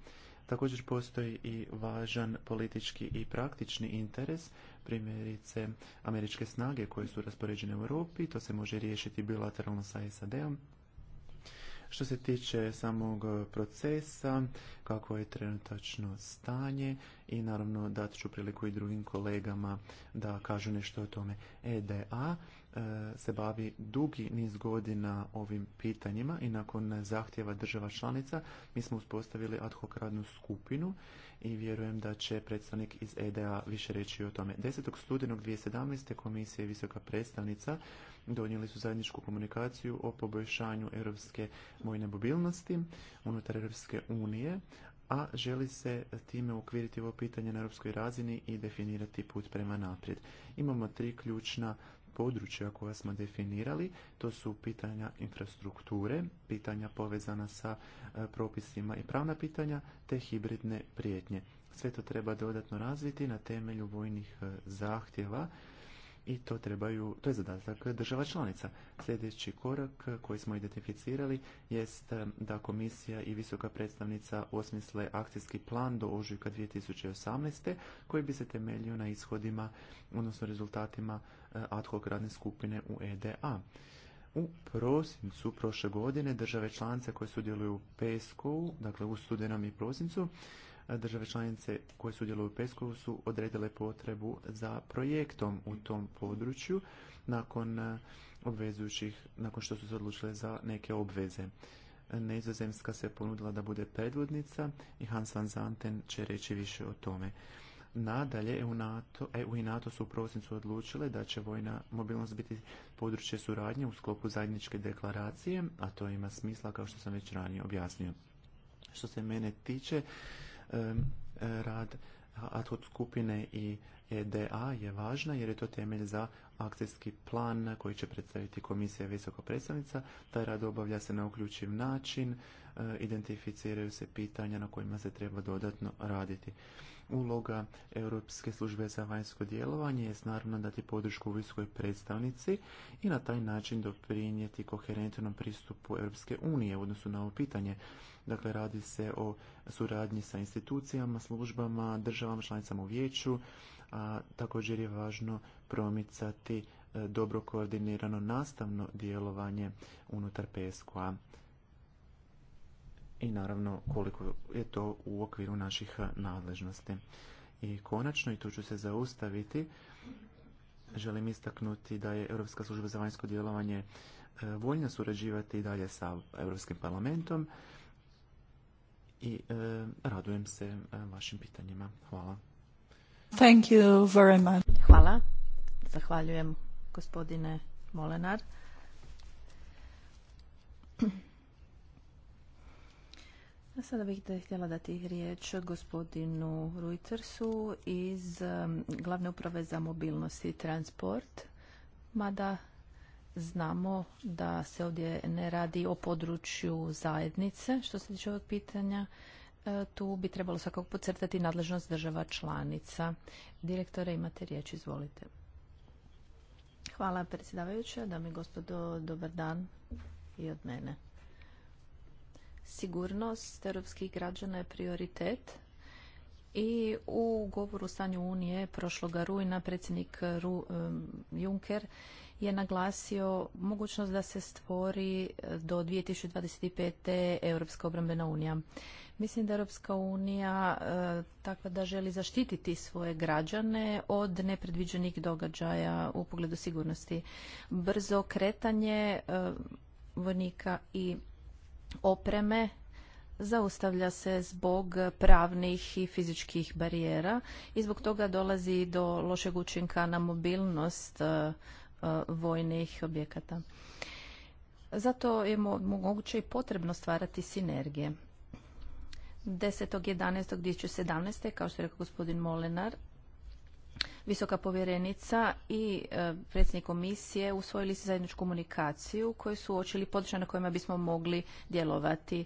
Također postoji i važan politički i praktični interes, primjerice američke snage koje su raspoređene u Europi, to se može riješiti bilateralno sa SAD-om. Što se tiče samog procesa, kako je trenutačno stanje i naravno dat ću priliku i drugim kolegama da kažu nešto o tome. EDA E, se bavi dugi niz godina ovim pitanjima i nakon zahtjeva država članica mi smo uspostavili ad hoc radnu skupinu i vjerujem da će predstavnik iz EDA više reći o tome. 10. studenog 2017. komisija i visoka predstavnica donijeli su zajedničku komunikaciju o poboljšanju europske vojne mobilnosti unutar Europske unije, a želi se time ukviriti ovo pitanje na europskoj razini i definirati put prema naprijed. Imamo tri ključna područja koja smo definirali. To su pitanja infrastrukture, pitanja povezana sa e, propisima i pravna pitanja, te hibridne prijetnje. Sve to treba dodatno razviti na temelju vojnih e, zahtjeva i to trebaju, to je zadatak država članica. Sljedeći korak koji smo identificirali jest eh, da komisija i visoka predstavnica osmisle akcijski plan do ožujka 2018. koji bi se temeljio na ishodima, odnosno rezultatima eh, ad hoc radne skupine u EDA. U prosincu prošle godine države članice koje sudjeluju u pesco dakle u studenom i prosincu, države članice koje sudjeluju u PESCO su odredile potrebu za projektom u tom području nakon e, obvezujućih, nakon što su se odlučile za neke obveze. Nizozemska se ponudila da bude predvodnica i Hans van Zanten će reći više o tome. Nadalje, EU, NATO, EU i NATO su u prosincu odlučile da će vojna mobilnost biti područje suradnje u sklopu zajedničke deklaracije, a to ima smisla kao što sam već ranije objasnio. Što se mene tiče, E, rad ad hoc skupine i EDA je važna jer je to temelj za akcijski plan koji će predstaviti komisija visoka predstavnica. Taj rad obavlja se na uključiv način, e, identificiraju se pitanja na kojima se treba dodatno raditi. Uloga Europske službe za vanjsko djelovanje je naravno dati podršku visokoj predstavnici i na taj način doprinijeti koherentnom pristupu Europske unije u odnosu na ovo pitanje. Dakle, radi se o suradnji sa institucijama, službama, državama, članicama u vijeću, a također je važno promicati e, dobro koordinirano nastavno djelovanje unutar PSQ-a i naravno koliko je to u okviru naših e, nadležnosti. I konačno, i tu ću se zaustaviti, želim istaknuti da je Europska služba za vanjsko djelovanje e, voljna surađivati i dalje sa Europskim parlamentom i e, radujem se e, vašim pitanjima. Hvala. Thank you very much. Hvala. Zahvaljujem gospodine Molenar. A sada bih da htjela dati riječ gospodinu rujcersu iz e, Glavne uprave za mobilnost i transport, mada znamo da se ovdje ne radi o području zajednice što se tiče ovog pitanja. E, tu bi trebalo svakako podcrtati nadležnost država članica. Direktore, imate riječ, izvolite. Hvala predsjedavajuća, dame i gospodo, dobar dan i od mene. Sigurnost europskih građana je prioritet i u govoru o stanju Unije prošloga rujna predsjednik Juncker je naglasio mogućnost da se stvori e, do 2025. Europska obrambena unija. Mislim da Europska unija e, takva da želi zaštititi svoje građane od nepredviđenih događaja u pogledu sigurnosti. Brzo kretanje e, vojnika i opreme zaustavlja se zbog pravnih i fizičkih barijera i zbog toga dolazi do lošeg učinka na mobilnost E, vojnih objekata. Zato je moguće i potrebno stvarati sinergije. 10.11.2017. kao što je rekao gospodin Molenar, visoka povjerenica i e, predsjednik komisije usvojili se zajedničku komunikaciju koju su uočili područja na kojima bismo mogli djelovati. E,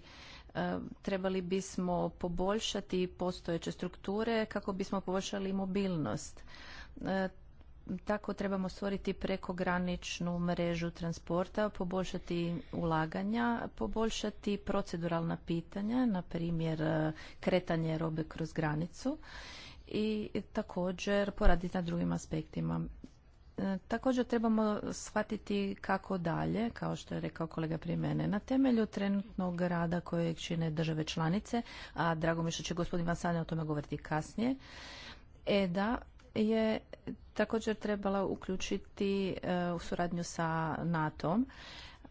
trebali bismo poboljšati postojeće strukture kako bismo poboljšali mobilnost tako trebamo stvoriti prekograničnu mrežu transporta, poboljšati ulaganja, poboljšati proceduralna pitanja, na primjer e, kretanje robe kroz granicu i također poraditi na drugim aspektima. E, također trebamo shvatiti kako dalje, kao što je rekao kolega prije mene. Na temelju trenutnog rada kojeg čine države članice, a drago mi što će gospodin Vansane o tome govoriti kasnije, EDA je također trebala uključiti e, u suradnju sa NATO-om.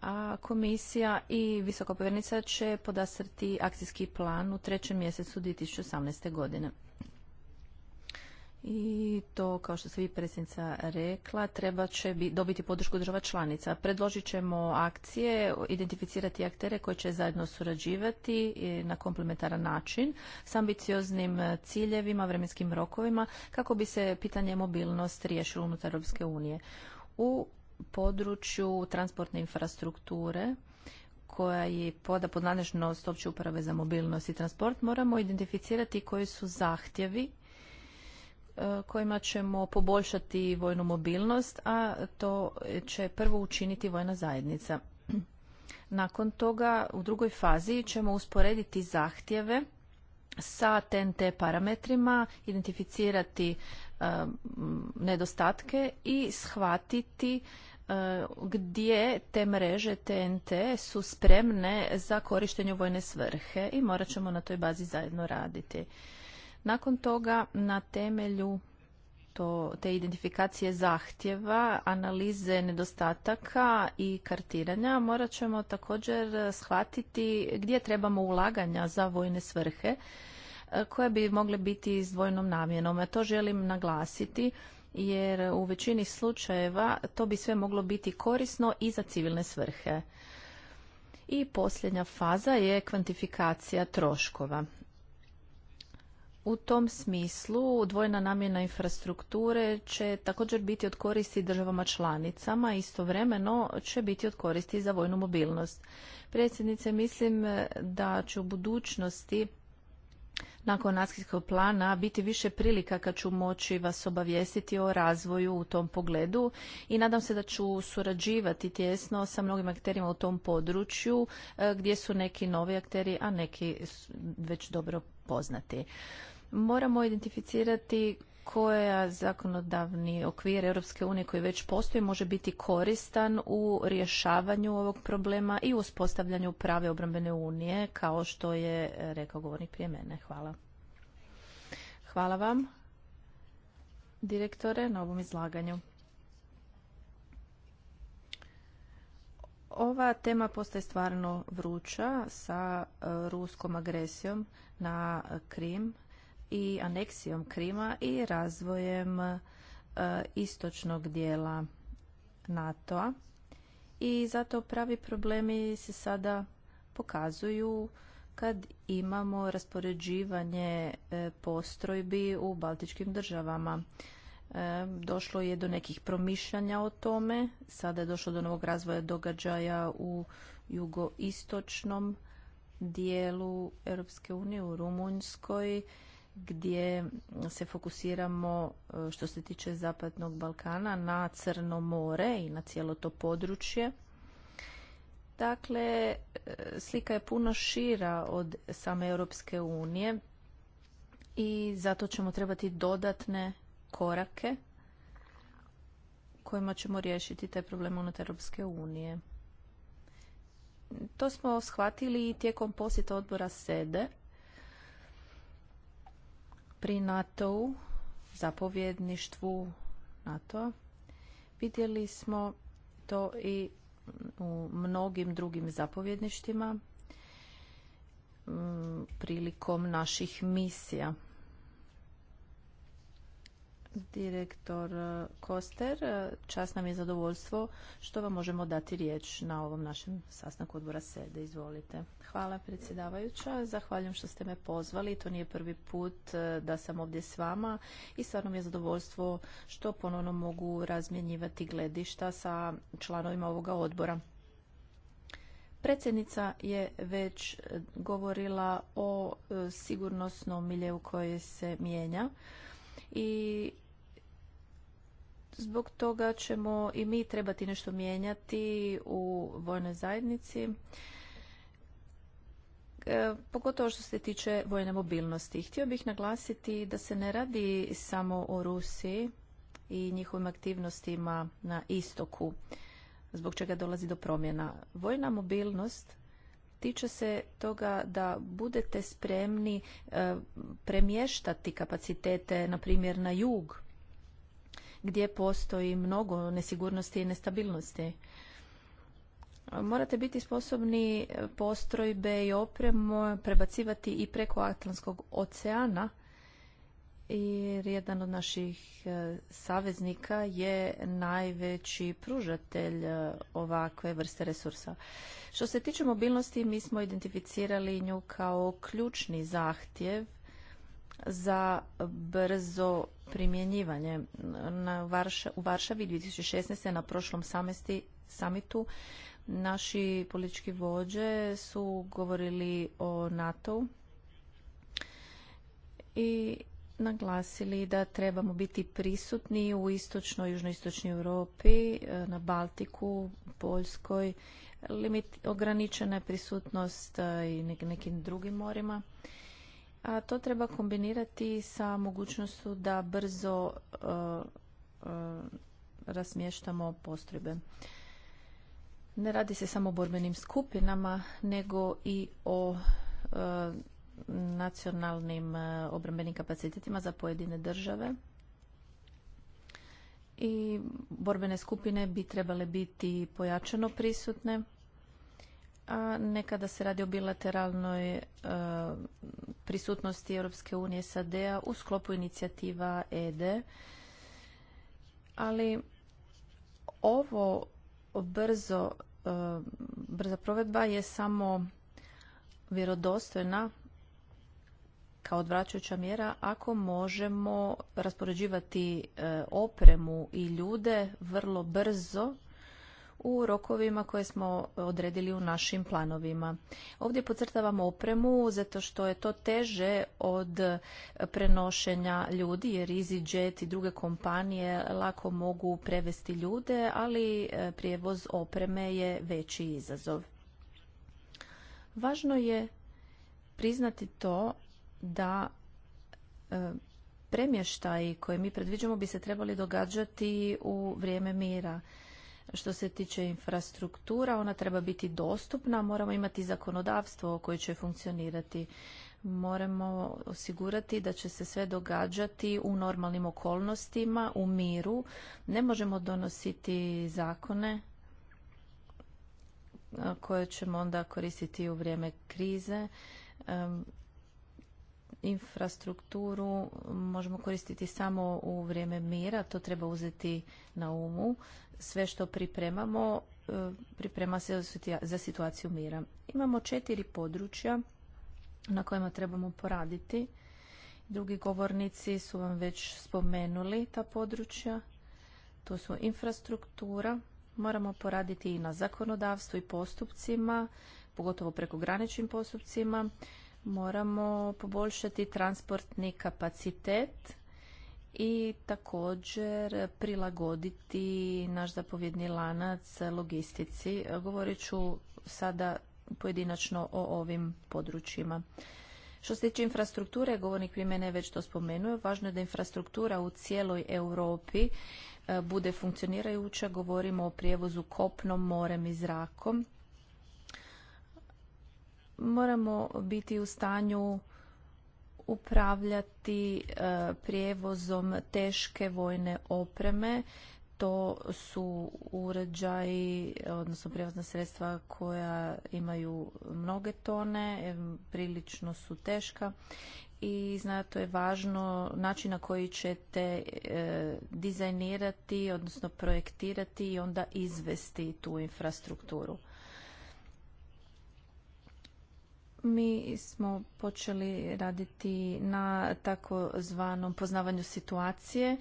A komisija i visoka povjernica će podasrti akcijski plan u trećem mjesecu 2018. godine i to, kao što se vi predsjednica rekla, treba će dobiti podršku država članica. Predložit ćemo akcije, identificirati aktere koji će zajedno surađivati e, na komplementaran način s ambicioznim e, ciljevima, vremenskim rokovima, kako bi se pitanje mobilnost riješilo unutar Europske unije. U području transportne infrastrukture, koja je poda pod nadležnost opće uprave za mobilnost i transport, moramo identificirati koji su zahtjevi E, kojima ćemo poboljšati vojnu mobilnost, a to će prvo učiniti vojna zajednica. Nakon toga u drugoj fazi ćemo usporediti zahtjeve sa TNT parametrima, identificirati e, nedostatke i shvatiti e, gdje te mreže TNT su spremne za korištenje vojne svrhe i morat ćemo na toj bazi zajedno raditi. Nakon toga na temelju to, te identifikacije zahtjeva, analize nedostataka i kartiranja morat ćemo također shvatiti gdje trebamo ulaganja za vojne svrhe e, koje bi mogle biti s dvojnom namjenom. to želim naglasiti jer u većini slučajeva to bi sve moglo biti korisno i za civilne svrhe. I posljednja faza je kvantifikacija troškova. U tom smislu dvojna namjena infrastrukture će također biti od koristi državama članicama, istovremeno će biti od koristi za vojnu mobilnost. Predsjednice, mislim da će u budućnosti nakon akcijskog plana biti više prilika kad ću moći vas obavijestiti o razvoju u tom pogledu i nadam se da ću surađivati tjesno sa mnogim akterima u tom području e, gdje su neki novi akteri, a neki već dobro poznati moramo identificirati koja zakonodavni okvir Europske unije koji već postoji može biti koristan u rješavanju ovog problema i u uspostavljanju prave obrambene unije, kao što je rekao govornik prije mene. Hvala. Hvala vam, direktore, na ovom izlaganju. Ova tema postaje stvarno vruća sa e, ruskom agresijom na Krim i aneksijom Krima i razvojem e, istočnog dijela NATO-a. I zato pravi problemi se sada pokazuju kad imamo raspoređivanje e, postrojbi u baltičkim državama. E, došlo je do nekih promišljanja o tome, sada je došlo do novog razvoja događaja u jugoistočnom dijelu Europske unije, u Rumunjskoj gdje se fokusiramo e, što se tiče Zapadnog Balkana na Crno more i na cijelo to područje. Dakle, e, slika je puno šira od same Europske unije i zato ćemo trebati dodatne korake kojima ćemo riješiti taj problem unutar Europske unije. To smo shvatili i tijekom posjeta odbora SEDE pri nato zapovjedništvu nato Vidjeli smo to i u mnogim drugim zapovjedništima mm, prilikom naših misija. Direktor e, Koster, e, čast nam je zadovoljstvo što vam možemo dati riječ na ovom našem sastanku odbora SEDE. Izvolite. Hvala predsjedavajuća. Zahvaljujem što ste me pozvali. To nije prvi put e, da sam ovdje s vama i stvarno mi je zadovoljstvo što ponovno mogu razmjenjivati gledišta sa članovima ovoga odbora. Predsjednica je već govorila o sigurnosnom miljeu koje se mijenja i Zbog toga ćemo i mi trebati nešto mijenjati u vojnoj zajednici, e, pogotovo što se tiče vojne mobilnosti. Htio bih naglasiti da se ne radi samo o Rusiji i njihovim aktivnostima na istoku, zbog čega dolazi do promjena. Vojna mobilnost tiče se toga da budete spremni e, premještati kapacitete, na primjer, na jug gdje postoji mnogo nesigurnosti i nestabilnosti. Morate biti sposobni postrojbe i opremu prebacivati i preko Atlantskog oceana jer jedan od naših e, saveznika je najveći pružatelj e, ovakve vrste resursa. Što se tiče mobilnosti, mi smo identificirali nju kao ključni zahtjev za brzo primjenjivanje. Na Varša, u Varšavi 2016. na prošlom samesti, samitu naši politički vođe su govorili o NATO i naglasili da trebamo biti prisutni u istočnoj i južnoistočnoj Europi, na Baltiku, Poljskoj, limit, ograničena je prisutnost e, i nekim drugim morima a to treba kombinirati sa mogućnostu da brzo e, e, postrojbe. Ne radi se samo o borbenim skupinama, nego i o e, nacionalnim e, obrambenim kapacitetima za pojedine države. I borbene skupine bi trebale biti pojačano prisutne a nekada se radi o bilateralnoj e, prisutnosti Europske unije SAD-a u sklopu inicijativa ED, Ali ovo brzo, e, brza provedba je samo vjerodostojna kao odvraćajuća mjera ako možemo raspoređivati e, opremu i ljude vrlo brzo u rokovima koje smo odredili u našim planovima. Ovdje pocrtavamo opremu zato što je to teže od prenošenja ljudi jer EasyJet i druge kompanije lako mogu prevesti ljude, ali e, prijevoz opreme je veći izazov. Važno je priznati to da e, premještaji koje mi predviđamo bi se trebali događati u vrijeme mira. Što se tiče infrastruktura, ona treba biti dostupna, moramo imati zakonodavstvo koje će funkcionirati. Moramo osigurati da će se sve događati u normalnim okolnostima, u miru. Ne možemo donositi zakone koje ćemo onda koristiti u vrijeme krize. Infrastrukturu možemo koristiti samo u vrijeme mira, to treba uzeti na umu sve što pripremamo e, priprema se za situaciju mira. Imamo četiri područja na kojima trebamo poraditi. Drugi govornici su vam već spomenuli ta područja. To su infrastruktura. Moramo poraditi i na zakonodavstvu i postupcima, pogotovo graničnim postupcima. Moramo poboljšati transportni kapacitet i također prilagoditi naš zapovjedni lanac logistici. Govorit ću sada pojedinačno o ovim područjima. Što se tiče infrastrukture, govornik prije mene već to spomenuo, važno je da infrastruktura u cijeloj Europi e, bude funkcionirajuća. Govorimo o prijevozu kopnom, morem i zrakom. Moramo biti u stanju upravljati e, prijevozom teške vojne opreme. To su uređaji, odnosno prijevozna sredstva koja imaju mnoge tone, e, prilično su teška i znato je važno način na koji ćete e, dizajnirati, odnosno projektirati i onda izvesti tu infrastrukturu. mi smo počeli raditi na takozvanom poznavanju situacije.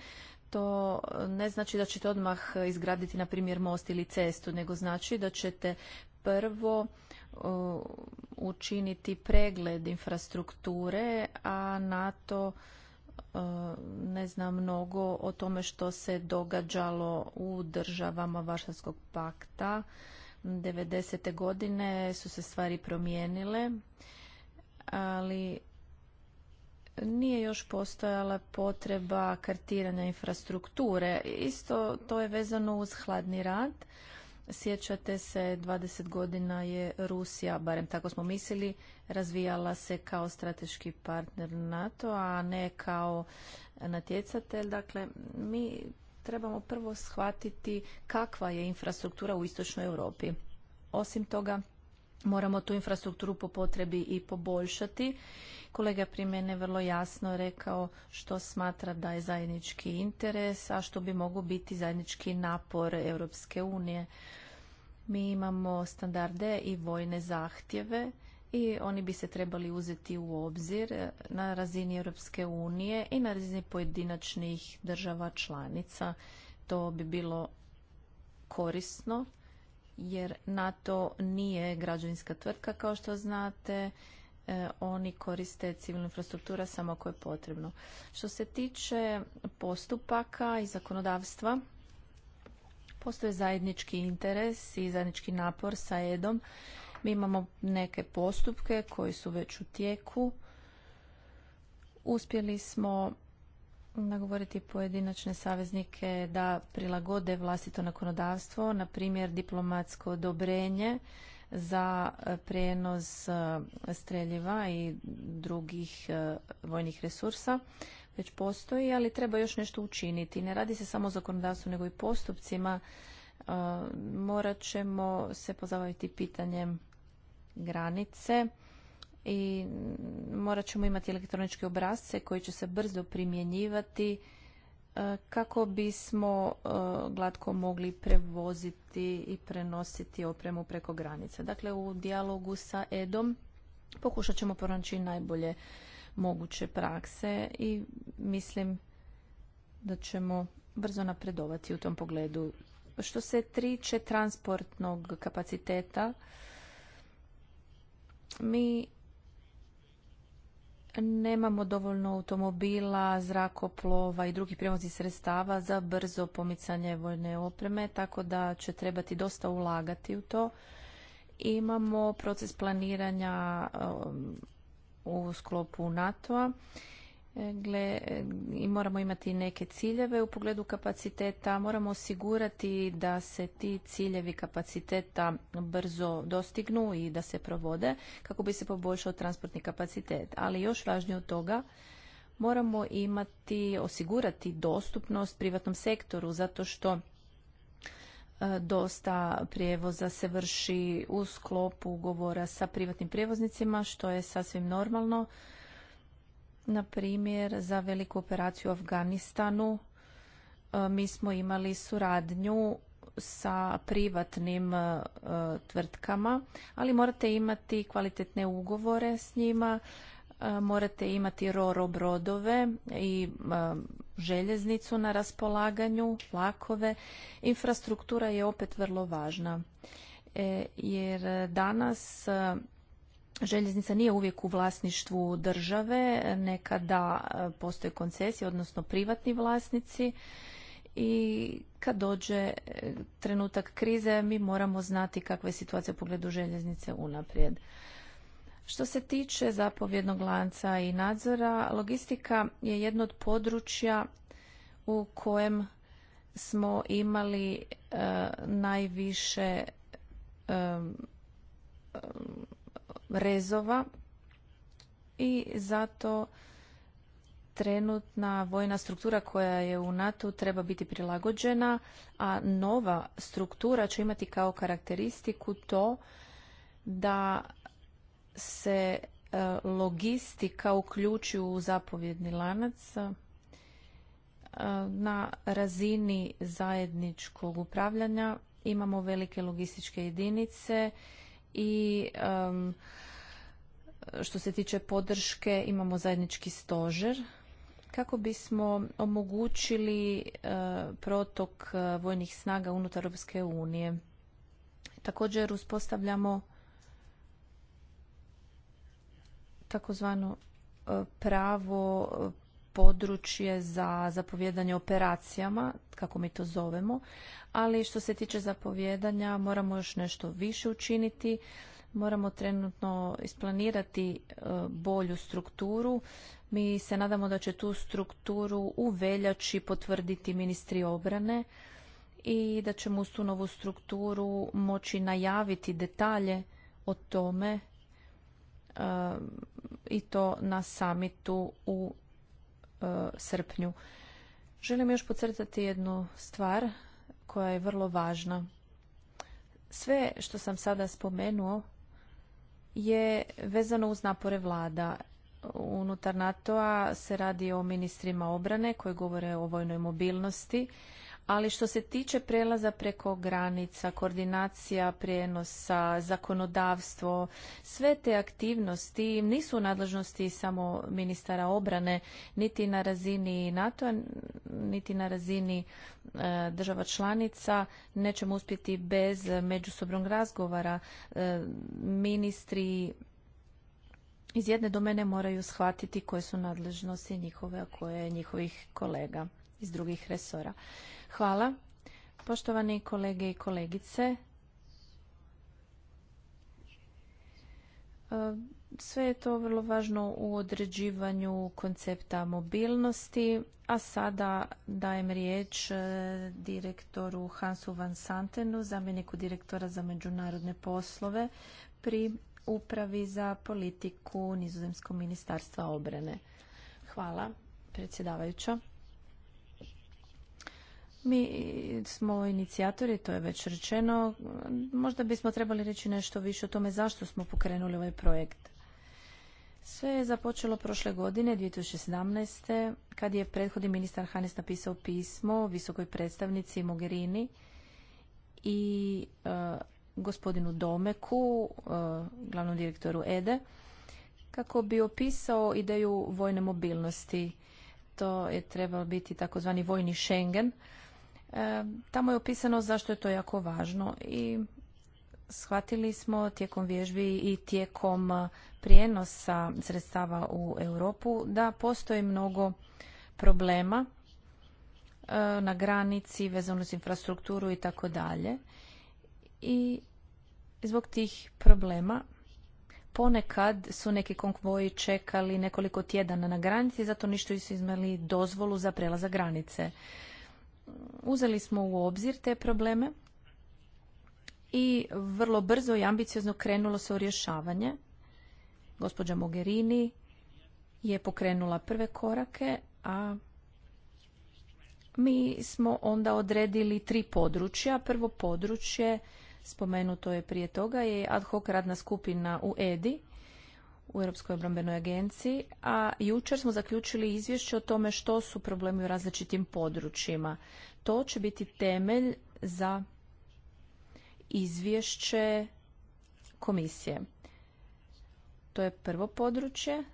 To ne znači da ćete odmah izgraditi, na primjer, most ili cestu, nego znači da ćete prvo učiniti pregled infrastrukture, a na to e, ne znam mnogo o tome što se događalo u državama Varšavskog pakta 90. godine su se stvari promijenile, ali nije još postojala potreba kartiranja infrastrukture. Isto to je vezano uz hladni rad. Sjećate se, 20 godina je Rusija, barem tako smo mislili, razvijala se kao strateški partner NATO, a ne kao natjecatelj. Dakle, mi trebamo prvo shvatiti kakva je infrastruktura u istočnoj Europi. Osim toga, moramo tu infrastrukturu po potrebi i poboljšati. Kolega prije mene vrlo jasno rekao što smatra da je zajednički interes, a što bi mogu biti zajednički napor Europske unije. Mi imamo standarde i vojne zahtjeve i oni bi se trebali uzeti u obzir na razini Europske unije i na razini pojedinačnih država članica. To bi bilo korisno jer NATO nije građevinska tvrtka kao što znate. E, oni koriste civilnu infrastruktura samo ako je potrebno. Što se tiče postupaka i zakonodavstva, postoje zajednički interes i zajednički napor sa EDOM mi imamo neke postupke koji su već u tijeku. Uspjeli smo nagovoriti pojedinačne saveznike da prilagode vlastito nakonodavstvo, na primjer diplomatsko odobrenje za prijenos e, streljiva i drugih e, vojnih resursa već postoji, ali treba još nešto učiniti. Ne radi se samo o zakonodavstvu, nego i postupcima morat ćemo se pozabaviti pitanjem granice i morat ćemo imati elektroničke obrazce koji će se brzo primjenjivati e, kako bismo e, glatko mogli prevoziti i prenositi opremu preko granice. Dakle, u dijalogu sa Edom pokušat ćemo pronaći najbolje moguće prakse i mislim da ćemo brzo napredovati u tom pogledu. Što se triče transportnog kapaciteta, mi nemamo dovoljno automobila, zrakoplova i drugih prijevoznih sredstava za brzo pomicanje vojne opreme, tako da će trebati dosta ulagati u to. Imamo proces planiranja um, u sklopu NATO-a Gle, i moramo imati neke ciljeve u pogledu kapaciteta, moramo osigurati da se ti ciljevi kapaciteta brzo dostignu i da se provode kako bi se poboljšao transportni kapacitet. Ali još važnije od toga, moramo imati, osigurati dostupnost privatnom sektoru zato što e, dosta prijevoza se vrši u sklopu ugovora sa privatnim prijevoznicima, što je sasvim normalno na primjer, za veliku operaciju u Afganistanu e, mi smo imali suradnju sa privatnim e, tvrtkama, ali morate imati kvalitetne ugovore s njima, e, morate imati roro brodove i željeznicu na raspolaganju, vlakove. Infrastruktura je opet vrlo važna jer danas željeznica nije uvijek u vlasništvu države, nekada e, postoje koncesije, odnosno privatni vlasnici i kad dođe e, trenutak krize mi moramo znati kakva je situacija u pogledu željeznice unaprijed. Što se tiče zapovjednog lanca i nadzora, logistika je jedno od područja u kojem smo imali e, najviše rezova i zato trenutna vojna struktura koja je u NATO treba biti prilagođena, a nova struktura će imati kao karakteristiku to da se e, logistika uključi u zapovjedni lanac e, na razini zajedničkog upravljanja imamo velike logističke jedinice i što se tiče podrške imamo zajednički stožer kako bismo omogućili e, protok e, vojnih snaga unutar Europske unije. Također uspostavljamo takozvano e, pravo područje za zapovjedanje operacijama, kako mi to zovemo, ali što se tiče zapovjedanja moramo još nešto više učiniti. Moramo trenutno isplanirati e, bolju strukturu. Mi se nadamo da će tu strukturu u veljači potvrditi ministri obrane i da ćemo uz tu novu strukturu moći najaviti detalje o tome e, i to na samitu u E, srpnju. Želim još podcrtati jednu stvar koja je vrlo važna. Sve što sam sada spomenuo je vezano uz napore vlada. Unutar NATO-a se radi o ministrima obrane koji govore o vojnoj mobilnosti, ali što se tiče prelaza preko granica, koordinacija prijenosa, zakonodavstvo, sve te aktivnosti nisu u nadležnosti samo ministara obrane, niti na razini NATO, niti na razini e, država članica. Nećemo uspjeti bez međusobnog razgovara. E, ministri iz jedne domene moraju shvatiti koje su nadležnosti njihove, a koje njihovih kolega iz drugih resora. Hvala. Poštovani kolege i kolegice, e, sve je to vrlo važno u određivanju koncepta mobilnosti, a sada dajem riječ e, direktoru Hansu Van Santenu, zamjeniku direktora za međunarodne poslove pri Upravi za politiku Nizozemskog ministarstva obrane. Hvala, predsjedavajuća. Mi smo inicijatori, to je već rečeno. Možda bismo trebali reći nešto više o tome zašto smo pokrenuli ovaj projekt. Sve je započelo prošle godine, 2017. kad je prethodni ministar Hanes napisao pismo visokoj predstavnici Mogherini i e, gospodinu Domeku, e, glavnom direktoru EDE, kako bi opisao ideju vojne mobilnosti. To je trebalo biti takozvani vojni Schengen, E, tamo je opisano zašto je to jako važno i shvatili smo tijekom vježbi i tijekom prijenosa sredstava u Europu da postoji mnogo problema e, na granici vezano s infrastrukturu i tako dalje. I zbog tih problema ponekad su neki konkvoji čekali nekoliko tjedana na granici zato ništa nisu izmeli dozvolu za prelaza granice uzeli smo u obzir te probleme i vrlo brzo i ambiciozno krenulo se u rješavanje. Gospođa Mogherini je pokrenula prve korake, a mi smo onda odredili tri područja. Prvo područje, spomenuto je prije toga, je ad hoc radna skupina u EDI u Europskoj obrambenoj agenciji, a jučer smo zaključili izvješće o tome što su problemi u različitim područjima. To će biti temelj za izvješće komisije. To je prvo područje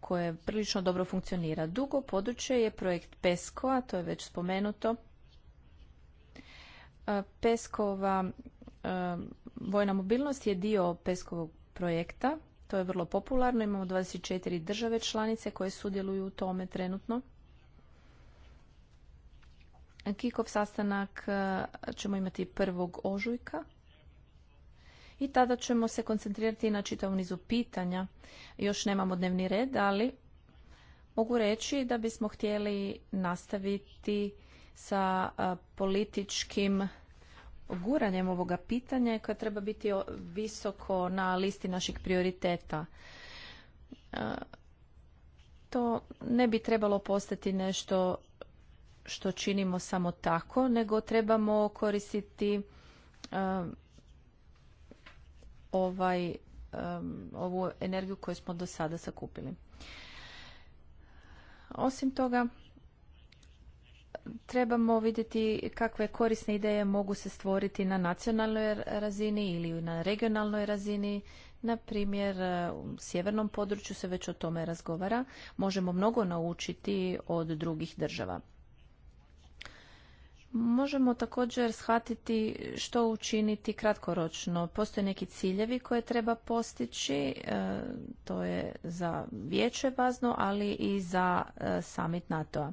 koje prilično dobro funkcionira. Dugo područje je projekt PESCO-a, to je već spomenuto. E, Peskova e, vojna mobilnost je dio Peskovog projekta to je vrlo popularno. Imamo 24 države članice koje sudjeluju u tome trenutno. Kikov sastanak e, ćemo imati 1. ožujka i tada ćemo se koncentrirati na čitav nizu pitanja. Još nemamo dnevni red, ali mogu reći da bismo htjeli nastaviti sa e, političkim guranjem ovoga pitanja koje treba biti visoko na listi naših prioriteta. E, to ne bi trebalo postati nešto što činimo samo tako, nego trebamo koristiti e, ovaj, e, ovu energiju koju smo do sada sakupili. Osim toga, trebamo vidjeti kakve korisne ideje mogu se stvoriti na nacionalnoj razini ili na regionalnoj razini. Na primjer, e, u sjevernom području se već o tome razgovara. Možemo mnogo naučiti od drugih država. Možemo također shvatiti što učiniti kratkoročno. Postoje neki ciljevi koje treba postići, e, to je za vijeće važno, ali i za e, summit NATO-a.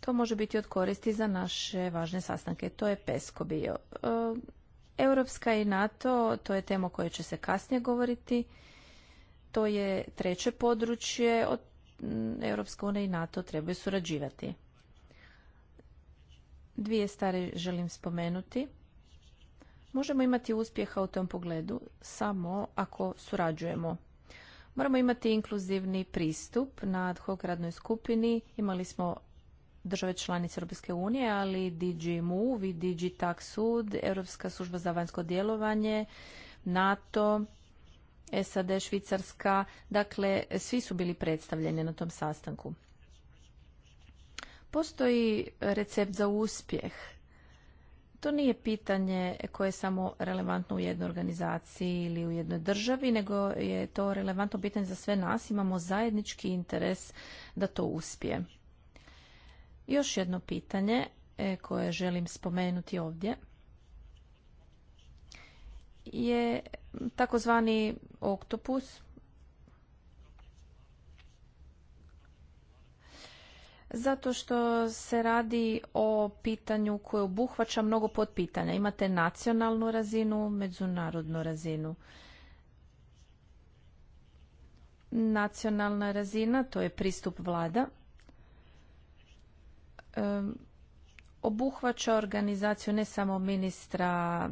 To može biti od koristi za naše važne sastanke. To je PESCO bio. E, Europska i NATO, to je tema o kojoj će se kasnije govoriti. To je treće područje. Od Europska unija i NATO trebaju surađivati. Dvije stare želim spomenuti. Možemo imati uspjeha u tom pogledu samo ako surađujemo. Moramo imati inkluzivni pristup na ad hoc radnoj skupini. Imali smo države članice Europske unije, ali DG Move i DG SUD, Europska služba za vanjsko djelovanje, NATO, SAD, Švicarska, dakle svi su bili predstavljeni na tom sastanku. Postoji recept za uspjeh. To nije pitanje koje je samo relevantno u jednoj organizaciji ili u jednoj državi, nego je to relevantno pitanje za sve nas. Imamo zajednički interes da to uspije. Još jedno pitanje e, koje želim spomenuti ovdje je takozvani oktopus. Zato što se radi o pitanju koje obuhvaća mnogo podpitanja. Imate nacionalnu razinu, međunarodnu razinu. Nacionalna razina, to je pristup vlada obuhvaća organizaciju ne samo ministra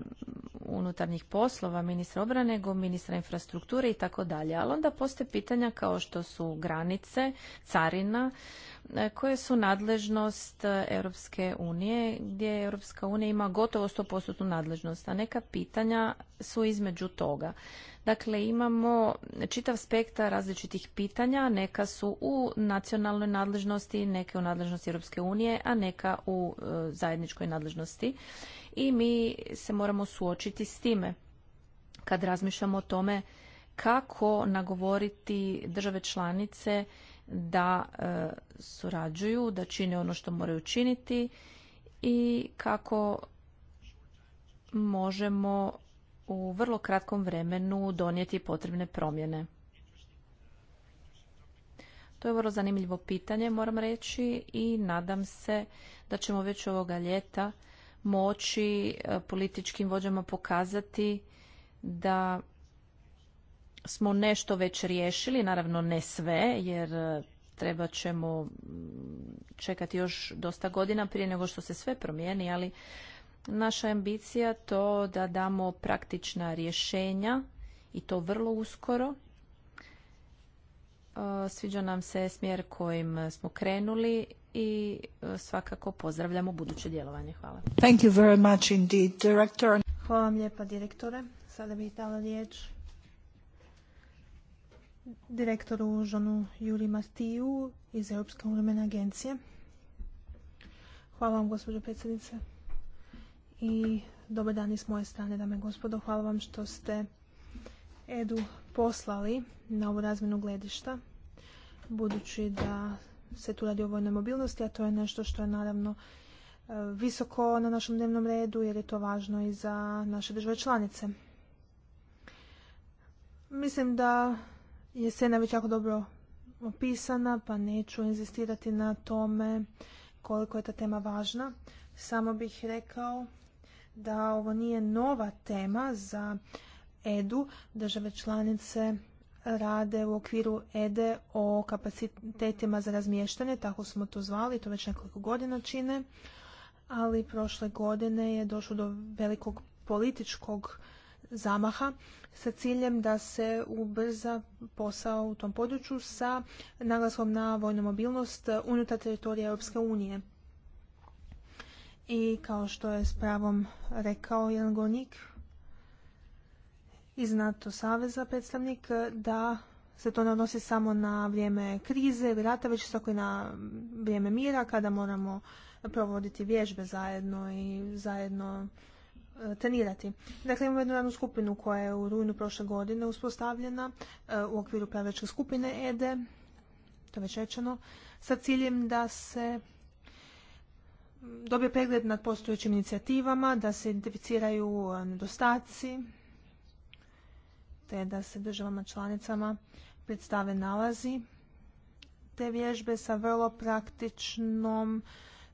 unutarnjih poslova, ministra obrane, nego ministra infrastrukture i tako dalje. Ali onda postoje pitanja kao što su granice, carina, e, koje su nadležnost e, Europske unije, gdje Europska unija ima gotovo 100% nadležnost, a neka pitanja su između toga. Dakle, imamo čitav spektar različitih pitanja, neka su u nacionalnoj nadležnosti, neke u nadležnosti Europske unije, a neka u e, zajedničkoj nadležnosti i mi se moramo suočiti s time kad razmišljamo o tome kako nagovoriti države članice da e, surađuju, da čine ono što moraju činiti i kako možemo u vrlo kratkom vremenu donijeti potrebne promjene. To je vrlo zanimljivo pitanje, moram reći, i nadam se da ćemo već ovoga ljeta moći e, političkim vođama pokazati da smo nešto već riješili, naravno ne sve, jer e, treba ćemo čekati još dosta godina prije nego što se sve promijeni, ali naša ambicija to da damo praktična rješenja i to vrlo uskoro. E, sviđa nam se smjer kojim smo krenuli i e, svakako pozdravljamo buduće djelovanje. Hvala. Thank you very much indeed, director. Hvala vam lijepa, direktore. Sada bih dala riječ direktoru Žonu Juri Martiju iz Europske uvremene agencije. Hvala vam, gospođo predsjednice. I dobar dan s moje strane, dame gospodo. Hvala vam što ste Edu poslali na ovu razmjenu gledišta, budući da se tu radi o vojnoj mobilnosti, a to je nešto što je naravno e, visoko na našem dnevnom redu jer je to važno i za naše države članice. Mislim da je scena već jako dobro opisana, pa neću inzistirati na tome koliko je ta tema važna. Samo bih rekao da ovo nije nova tema za EDU. Države članice rade u okviru EDE e o kapacitetima za razmještanje, tako smo to zvali, to već nekoliko godina čine, ali prošle godine je došlo do velikog političkog zamaha sa ciljem da se ubrza posao u tom području sa naglaskom na vojnu mobilnost unutar teritorija Europske unije. I kao što je s pravom rekao jedan govornik, iz NATO saveza predstavnik e, da se to ne odnosi samo na vrijeme krize ili rata, već i na vrijeme mira kada moramo provoditi vježbe zajedno i zajedno e, trenirati. Dakle, imamo jednu radnu skupinu koja je u rujnu prošle godine uspostavljena e, u okviru pravečke skupine EDE, to je već rečeno, sa ciljem da se dobije pregled nad postojećim inicijativama, da se identificiraju nedostaci, te da se državama članicama predstave nalazi te vježbe sa vrlo praktičnom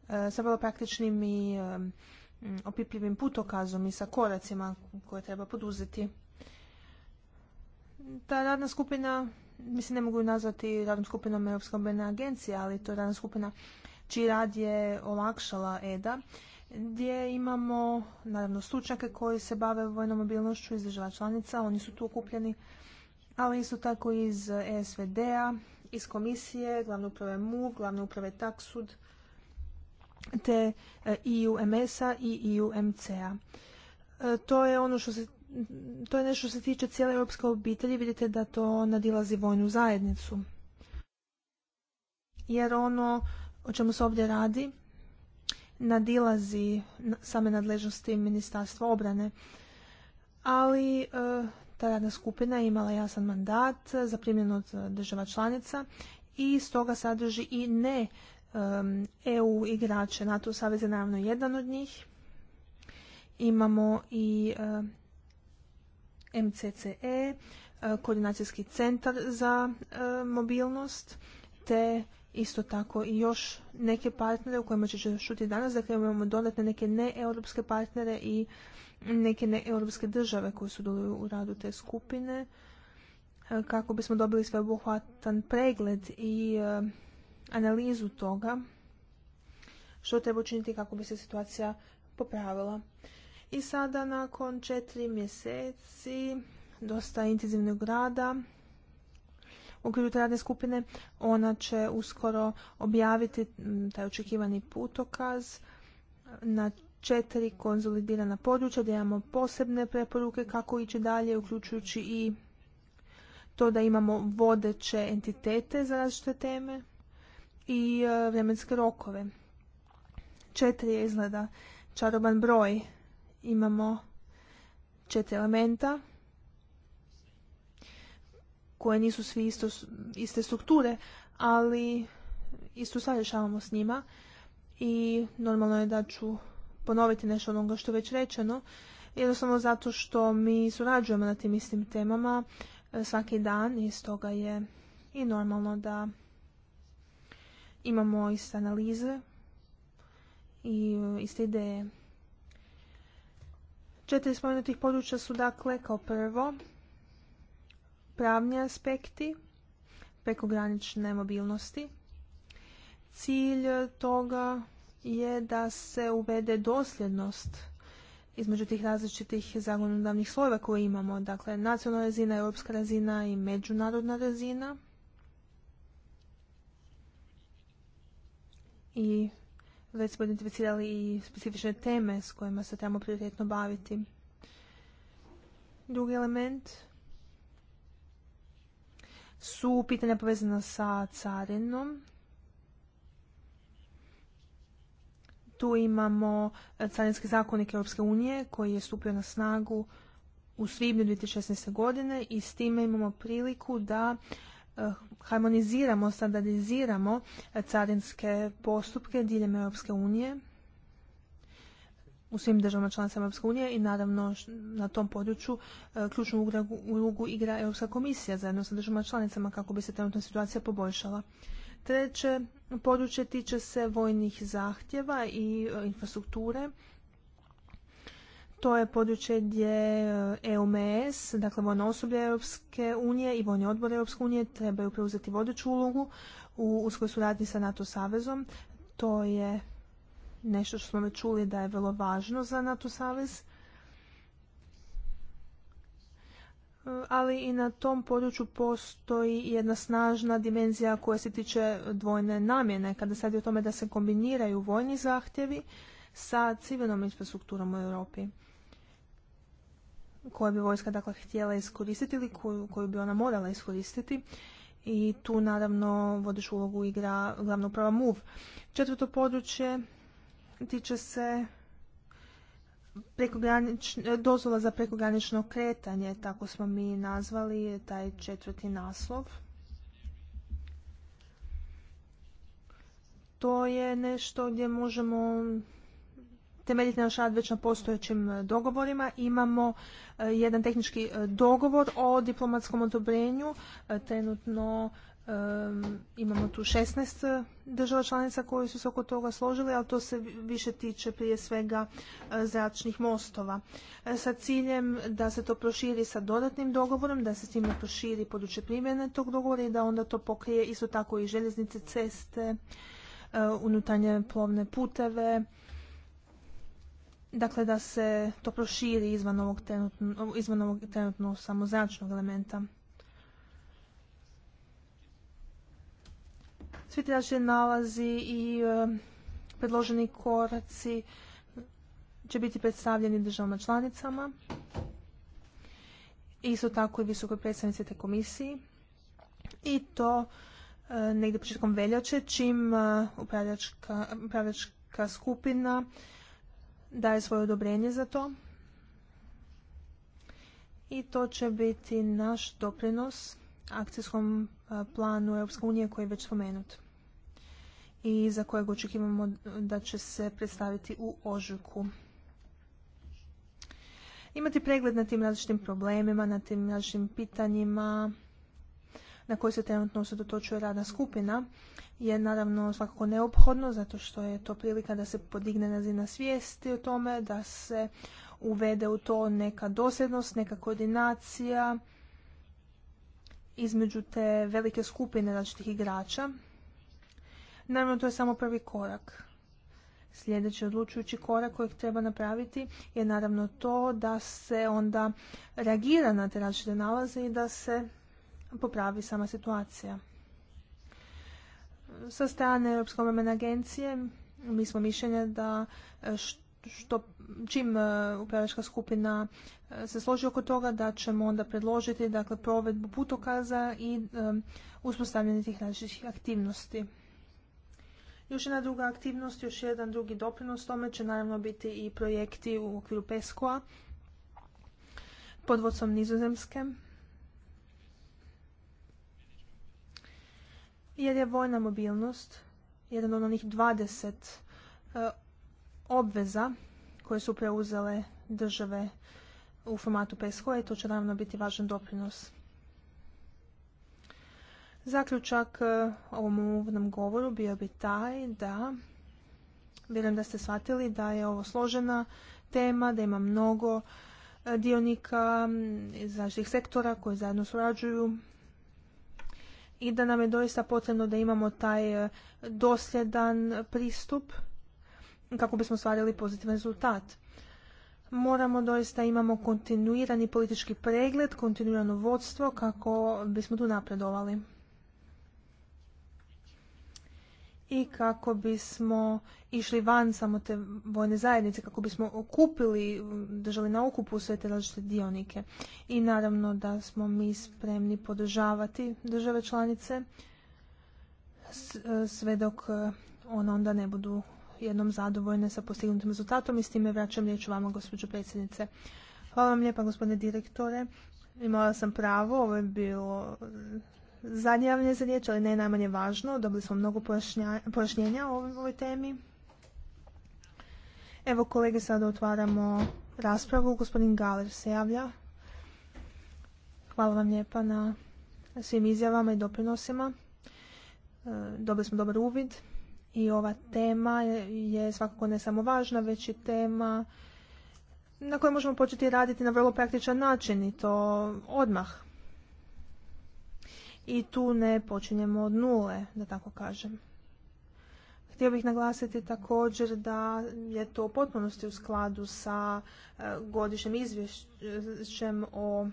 e, sa vrlo praktičnim i e, opipljivim putokazom i sa koracima koje treba poduzeti. Ta radna skupina, mislim ne mogu ju nazvati radnom skupinom Europske obrambene agencije, ali to je radna skupina čiji rad je olakšala EDA gdje imamo naravno stručnjake koji se bave vojnom mobilnošću iz država članica, oni su tu okupljeni, ali isto tako iz esvd a iz komisije, glavne uprave MU, glavne uprave TAKSUD, te EUMS-a i EUMC-a. E, to je ono što se to je nešto što se tiče cijele europske obitelji, vidite da to nadilazi vojnu zajednicu. Jer ono o čemu se ovdje radi nadilazi same nadležnosti Ministarstva obrane. Ali e, ta radna skupina je imala jasan mandat e, zaprimljen od e, država članica i stoga sadrži i ne EU igrače. NATO savez je naravno jedan od njih. Imamo i MCCE, koordinacijski centar za mobilnost, te isto tako i još neke partnere u kojima će šuti danas, dakle imamo dodatne neke neeuropske partnere i neke neeuropske države koje sudjeluju u radu te skupine e, kako bismo dobili sveobuhvatan pregled i e, analizu toga što treba učiniti kako bi se situacija popravila. I sada nakon četiri mjeseci dosta intenzivnog rada u okviru te radne skupine. Ona će uskoro objaviti taj očekivani putokaz na četiri konzolidirana područja da imamo posebne preporuke kako ići dalje, uključujući i to da imamo vodeće entitete za različite teme i e, vremenske rokove. Četiri je izgleda čaroban broj. Imamo četiri elementa koje nisu svi isto, iste strukture, ali isto sad rješavamo s njima i normalno je da ću ponoviti nešto onoga što je već rečeno, jednostavno zato što mi surađujemo na tim istim temama e, svaki dan i stoga je i normalno da imamo iste analize i e, iste ideje. Četiri spomenutih područja su dakle kao prvo pravni aspekti prekogranične mobilnosti. Cilj toga je da se uvede dosljednost između tih različitih zakonodavnih slojeva koje imamo, dakle nacionalna razina, europska razina i međunarodna razina. I već smo identificirali i specifične teme s kojima se trebamo prioritetno baviti. Drugi element su pitanja povezana sa carinom. Tu imamo e, carinski zakonik Europske unije koji je stupio na snagu u svibnju 2016. godine i s time imamo priliku da e, harmoniziramo, standardiziramo e, carinske postupke diljem Europske unije u svim državama članicama Europske unije i naravno na tom području e, ključnu ulogu igra Europska komisija zajedno sa državama članicama kako bi se trenutna situacija poboljšala. Treće područje tiče se vojnih zahtjeva i e, infrastrukture. To je područje gdje EUMS, e dakle vojno osoblje Europske unije i vojni odbor Europske unije trebaju preuzeti vodeću ulogu u uskoj suradnji sa NATO savezom. To je nešto što smo već čuli da je vrlo važno za NATO savez. Ali i na tom području postoji jedna snažna dimenzija koja se tiče dvojne namjene, kada sad je o tome da se kombiniraju vojni zahtjevi sa civilnom infrastrukturom u Europi koje bi vojska dakle htjela iskoristiti ili koju, bi ona morala iskoristiti i tu naravno vodiš ulogu igra glavnog prava MUV. Četvrto područje tiče se e, dozvola za prekogranično kretanje, tako smo mi nazvali taj četvrti naslov. To je nešto gdje možemo temeljiti naš rad već na postojećim e, dogovorima. Imamo e, jedan tehnički dogovor o diplomatskom odobrenju. Trenutno imamo tu 16 eh, država članica koje su se oko toga složili ali to se više tiče prije svega eh, zračnih mostova. E, sa ciljem da se to proširi sa dodatnim dogovorom, da se s time proširi područje primjene tog dogovora i da onda to pokrije isto tako i željeznice, ceste, eh, unutarnje plovne puteve, dakle da se to proširi izvan ovog trenutno, izvan ovog trenutno samo zračnog elementa. svi traženi nalazi i e, predloženi koraci će biti predstavljeni državama članicama. Isto tako i visokoj predstavnici te komisiji. I to e, negdje početkom veljače, čim e, upravljačka skupina daje svoje odobrenje za to. I to će biti naš doprinos akcijskom planu EU koji je već spomenut i za kojeg očekivamo da će se predstaviti u ožujku. Imati pregled na tim različitim problemima, na tim različitim pitanjima na koje se trenutno usredotočuje radna skupina je naravno svakako neophodno zato što je to prilika da se podigne razina svijesti o tome, da se uvede u to neka dosljednost, neka koordinacija, između te velike skupine različitih igrača. Naravno, to je samo prvi korak. Sljedeći odlučujući korak kojeg treba napraviti je naravno to da se onda reagira na te različite nalaze i da se popravi sama situacija. Sa strane Europske obrambene agencije mi smo mišljenja da e, što čim e, upravljačka skupina e, se složi oko toga da ćemo onda predložiti dakle, provedbu putokaza i e, uspostavljanje tih različitih aktivnosti. Još jedna druga aktivnost, još jedan drugi doprinos tome će naravno biti i projekti u okviru pesco pod vodstvom Nizozemske. Jer je vojna mobilnost jedan od onih 20 obveza koje su preuzele države u formatu PSH i to će naravno biti važan doprinos. Zaključak e, ovom uvodnom govoru bio bi taj da vjerujem da ste shvatili da je ovo složena tema, da ima mnogo e, dionika iz različitih sektora koji zajedno surađuju i da nam je doista potrebno da imamo taj e, dosljedan pristup kako bismo stvarili pozitivan rezultat. Moramo doista imamo kontinuirani politički pregled, kontinuirano vodstvo kako bismo tu napredovali. i kako bismo išli van samo te vojne zajednice, kako bismo okupili, držali na okupu sve te različite dionike. I naravno da smo mi spremni podržavati države članice sve dok one onda ne budu jednom zadovoljne sa postignutim rezultatom i s time vraćam riječ vama, gospođo predsjednice. Hvala vam lijepa, gospodine direktore. Imala sam pravo, ovo je bilo zadnje javljanje za riječ, ali ne najmanje važno. Dobili smo mnogo pojašnjenja o ovoj temi. Evo kolege, sada otvaramo raspravu. Gospodin Galer se javlja. Hvala vam lijepa na svim izjavama i doprinosima. E, dobili smo dobar uvid. I ova tema je svakako ne samo važna, već i tema na kojoj možemo početi raditi na vrlo praktičan način i to odmah. I tu ne počinjemo od nule, da tako kažem. Htio bih naglasiti također da je to u potpunosti u skladu sa e, godišnjim izvješćem o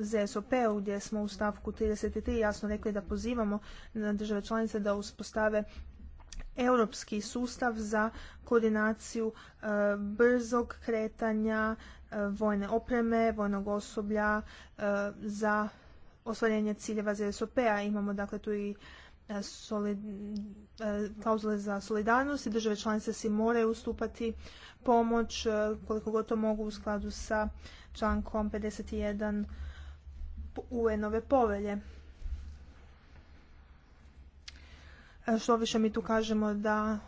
zsop gdje smo u stavku 33 jasno rekli da pozivamo na države članice da uspostave europski sustav za koordinaciju e, brzog kretanja e, vojne opreme, vojnog osoblja e, za ostvarenje ciljeva ZSOP-a. Imamo dakle tu i klauzule za solidarnost i države članice si moraju ustupati pomoć koliko god to mogu u skladu sa člankom 51 UN-ove povelje. E, Što više mi tu kažemo da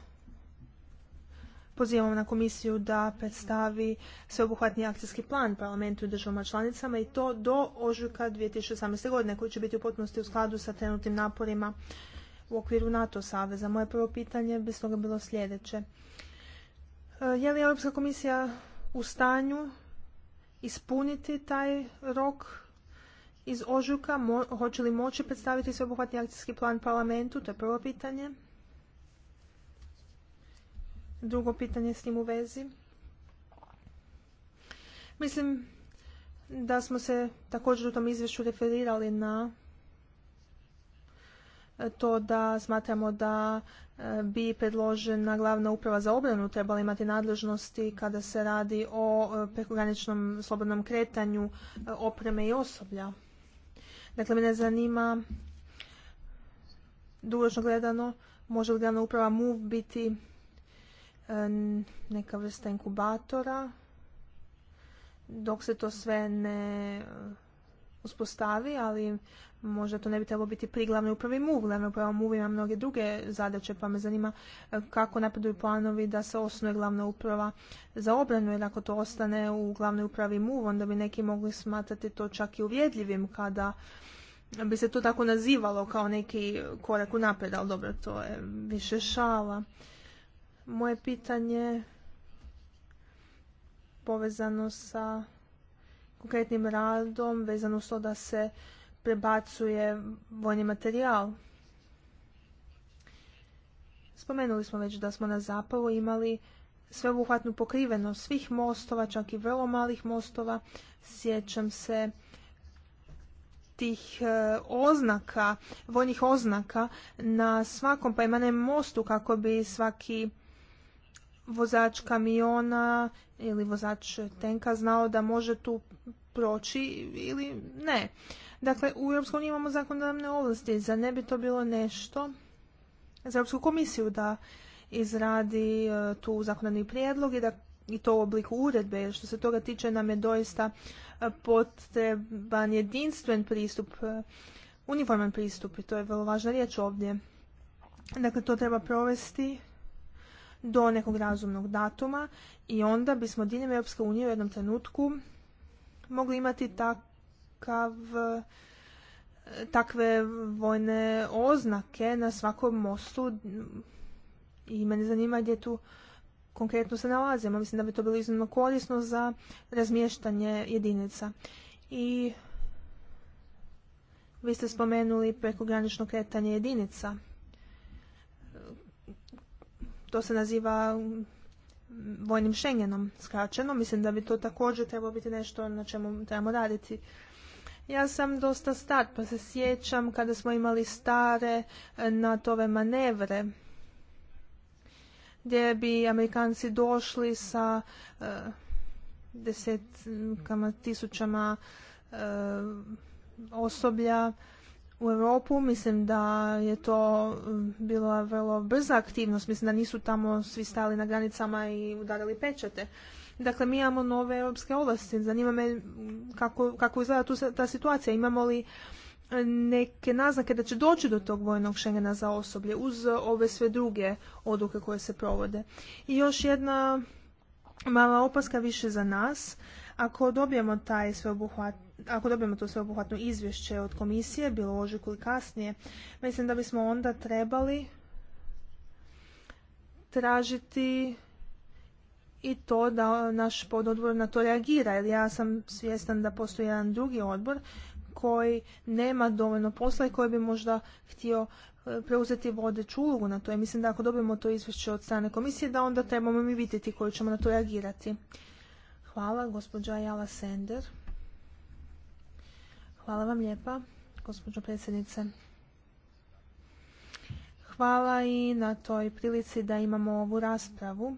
pozivamo na komisiju da predstavi sveobuhvatni akcijski plan parlamentu i državama članicama i to do ožujka 2018. godine koji će biti u potpunosti u skladu sa trenutnim naporima u okviru NATO saveza. Moje prvo pitanje bi stoga bilo sljedeće. E, je li Europska komisija u stanju ispuniti taj rok iz ožujka hoće li moći predstaviti sveobuhvatni akcijski plan parlamentu? To je prvo pitanje. Drugo pitanje s njim u vezi. Mislim da smo se također u tom izvješću referirali na e, to da smatramo da e, bi predložena glavna uprava za obranu trebala imati nadležnosti kada se radi o e, prekograničnom slobodnom kretanju opreme i osoblja. Dakle, mene zanima dugoročno gledano može li glavna uprava MUV biti e, neka vrsta inkubatora dok se to sve ne uspostavi, ali možda to ne bi trebalo biti pri glavnoj upravi MUV. Glavna uprava MUV ima mnoge druge zadaće, pa me zanima eh, kako napreduju planovi da se osnuje glavna uprava za obranu, jer ako to ostane u glavnoj upravi MUV, onda bi neki mogli smatrati to čak i uvjedljivim kada bi se to tako nazivalo kao neki korak u napred, ali dobro, to je više šala. Moje pitanje povezano sa konkretnim radom vezano s to da se prebacuje vojni materijal. Spomenuli smo već da smo na zapavu imali sveobuhvatnu pokrivenost svih mostova, čak i vrlo malih mostova. Sjećam se tih e, oznaka, vojnih oznaka na svakom pa i mostu kako bi svaki vozač kamiona ili vozač tenka znao da može tu proći ili ne. Dakle, u EU imamo zakonodavne ovlasti. Za ne bi to bilo nešto za Europsku komisiju da izradi e, tu zakonodavni prijedlog i da i to u obliku uredbe, jer što se toga tiče nam je doista e, potreban jedinstven pristup, e, uniforman pristup i to je vrlo važna riječ ovdje. Dakle, to treba provesti do nekog razumnog datuma i onda bismo diljem Europske unije u jednom trenutku mogli imati takav takve vojne oznake na svakom mostu i mene zanima gdje tu konkretno se nalazimo. Mislim da bi to bilo iznimno korisno za razmještanje jedinica. I vi ste spomenuli prekogranično kretanje jedinica to se naziva mm, vojnim Schengenom skraćeno. Mislim da bi to također trebalo biti nešto na čemu trebamo raditi. Ja sam dosta star, pa se sjećam kada smo imali stare e, NATO-ve manevre gdje bi Amerikanci došli sa e, desetkama tisućama e, osoblja u Europu. Mislim da je to mm, bila vrlo brza aktivnost. Mislim da nisu tamo svi stali na granicama i udarali pečate. Dakle, mi imamo nove europske ovlasti. Zanima me mm, kako, kako izgleda tu, ta situacija. Imamo li e, neke naznake da će doći do tog vojnog šengena za osoblje uz ove sve druge odluke koje se provode. I još jedna mala opaska više za nas. Ako dobijemo taj sveobuhvat ako dobijemo to sveobuhvatno izvješće od komisije, bilo u koliko kasnije, mislim da bismo onda trebali tražiti i to da naš pododbor na to reagira. Jer ja sam svjestan da postoji jedan drugi odbor koji nema dovoljno posla i koji bi možda htio e, preuzeti vodeću ulogu na to. I mislim da ako dobijemo to izvješće od strane komisije, da onda trebamo mi vidjeti koji ćemo na to reagirati. Hvala, gospođa Jala Sender. Hvala vam lijepa, gospođo predsjednice. Hvala i na toj prilici da imamo ovu raspravu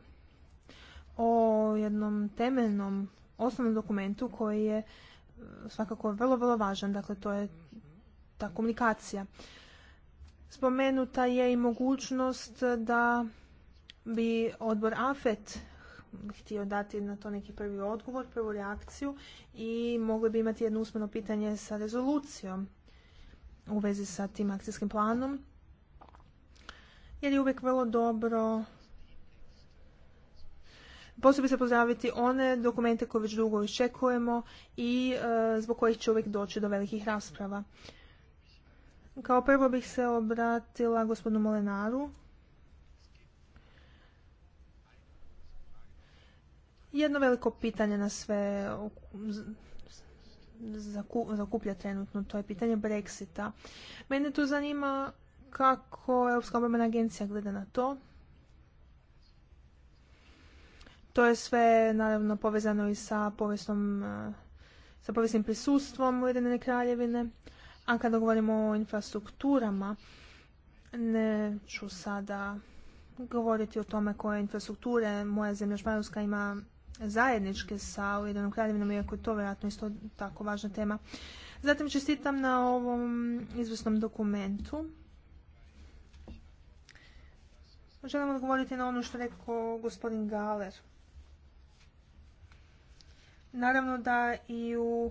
o jednom temeljnom osnovnom dokumentu koji je e, svakako vrlo, vrlo važan. Dakle, to je ta komunikacija. Spomenuta je i mogućnost da bi odbor AFET htio dati na to neki prvi odgovor, prvu reakciju i mogli bi imati jedno usmeno pitanje sa rezolucijom u vezi sa tim akcijskim planom. Jer je uvijek vrlo dobro posebno se pozdraviti one dokumente koje već dugo iščekujemo i e, zbog kojih će uvijek doći do velikih rasprava. Kao prvo bih se obratila gospodinu Molenaru jedno veliko pitanje na sve zakuplja trenutno, to je pitanje Brexita. Mene tu zanima kako Europska obrambena agencija gleda na to. To je sve naravno povezano i sa povijesnom eh, sa povijesnim prisustvom Ujedinjene kraljevine. A kada govorimo o infrastrukturama, neću sada govoriti o tome koje infrastrukture moja zemlja Španjolska ima zajedničke sa Ujedinom kraljevinom, iako je to vjerojatno isto tako važna tema. Zatim čestitam na ovom izvrsnom dokumentu. Želim odgovoriti na ono što rekao gospodin Galer. Naravno da i u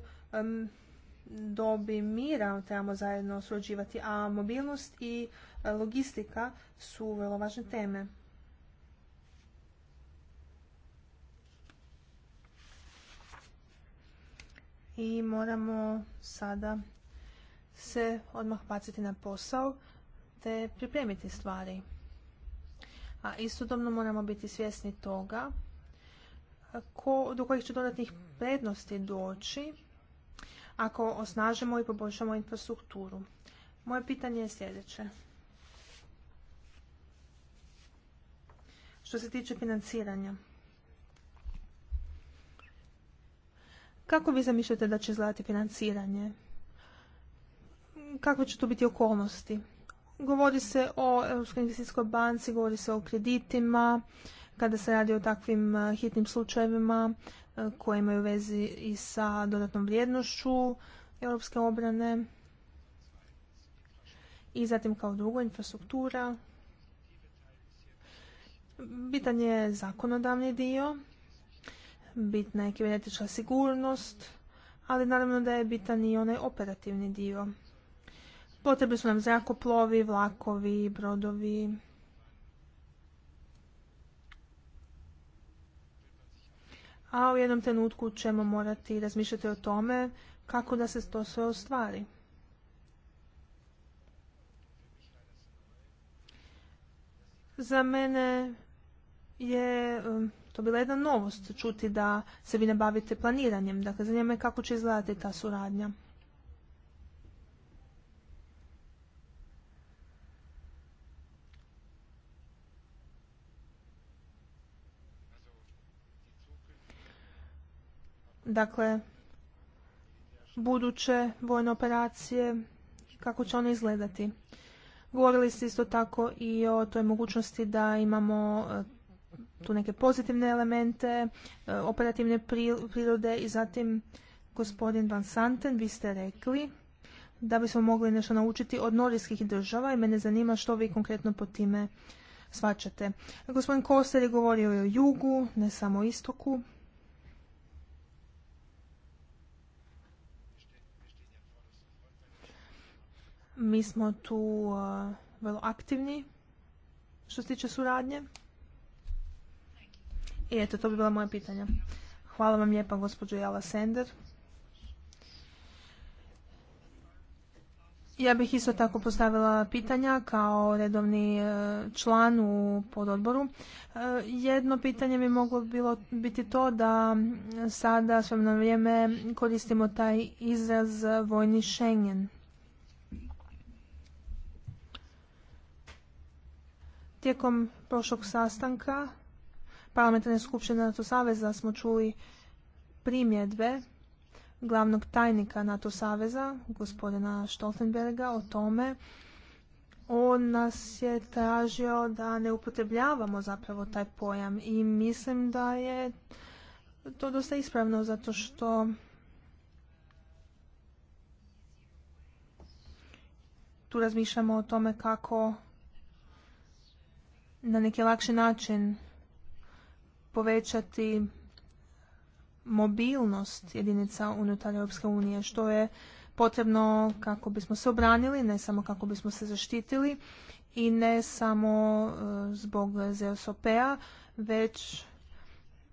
dobi mira trebamo zajedno surađivati, a mobilnost i e, logistika su vrlo važne teme. i moramo sada se odmah baciti na posao te pripremiti stvari. A istodobno moramo biti svjesni toga do kojih će dodatnih prednosti doći ako osnažimo i poboljšamo infrastrukturu. Moje pitanje je sljedeće. Što se tiče financiranja, Kako vi zamišljate da će izgledati financiranje? Kakve će tu biti okolnosti? Govori se o Europskoj investicijskoj banci, govori se o kreditima, kada se radi o takvim eh, hitnim slučajevima eh, koje imaju vezi i sa dodatnom vrijednošću europske obrane. I zatim kao drugo infrastruktura. Bitan je zakonodavni dio bitna je kibernetička sigurnost, ali naravno da je bitan i onaj operativni dio. Potrebni su nam zrakoplovi, vlakovi, brodovi. A u jednom trenutku ćemo morati razmišljati o tome kako da se to sve ostvari. Za mene je um, to je bila jedna novost čuti da se vi ne bavite planiranjem. Dakle, zanima je kako će izgledati ta suradnja. Dakle, buduće vojne operacije, kako će one izgledati. Govorili ste isto tako i o toj mogućnosti da imamo tu neke pozitivne elemente, e, operativne prirode i zatim gospodin Van Santen, vi ste rekli da bismo mogli nešto naučiti od nordijskih država i mene zanima što vi konkretno po time svačate. Gospodin Koster je govorio o jugu, ne samo o istoku. Mi smo tu e, vrlo aktivni što se tiče suradnje. I eto, to bi bila moja pitanja. Hvala vam lijepa, gospođo Jala Sender. Ja bih isto tako postavila pitanja kao redovni e, član u pododboru. E, jedno pitanje bi moglo bilo biti to da sada s na vrijeme koristimo taj izraz vojni Schengen. Tijekom prošlog sastanka parlamentarne skupštine NATO Saveza smo čuli primjedbe glavnog tajnika NATO Saveza, gospodina Stoltenberga, o tome. On nas je tražio da ne upotrebljavamo zapravo taj pojam i mislim da je to dosta ispravno zato što tu razmišljamo o tome kako na neki lakši način povećati mobilnost jedinica unutar Europske unije, što je potrebno kako bismo se obranili, ne samo kako bismo se zaštitili i ne samo eh, zbog ZSOP-a, već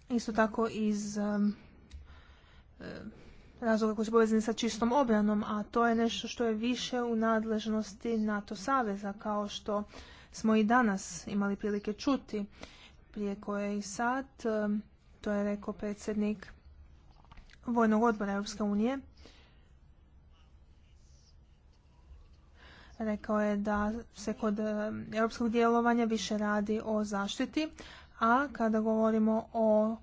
isto tako iz eh, eh, razloga koji su povezani sa čistom obranom, a to je nešto što je više u nadležnosti NATO saveza, kao što smo i danas imali prilike čuti prije koje i sad, to je rekao predsjednik Vojnog odbora Europske unije. Rekao je da se kod europskog djelovanja više radi o zaštiti, a kada govorimo o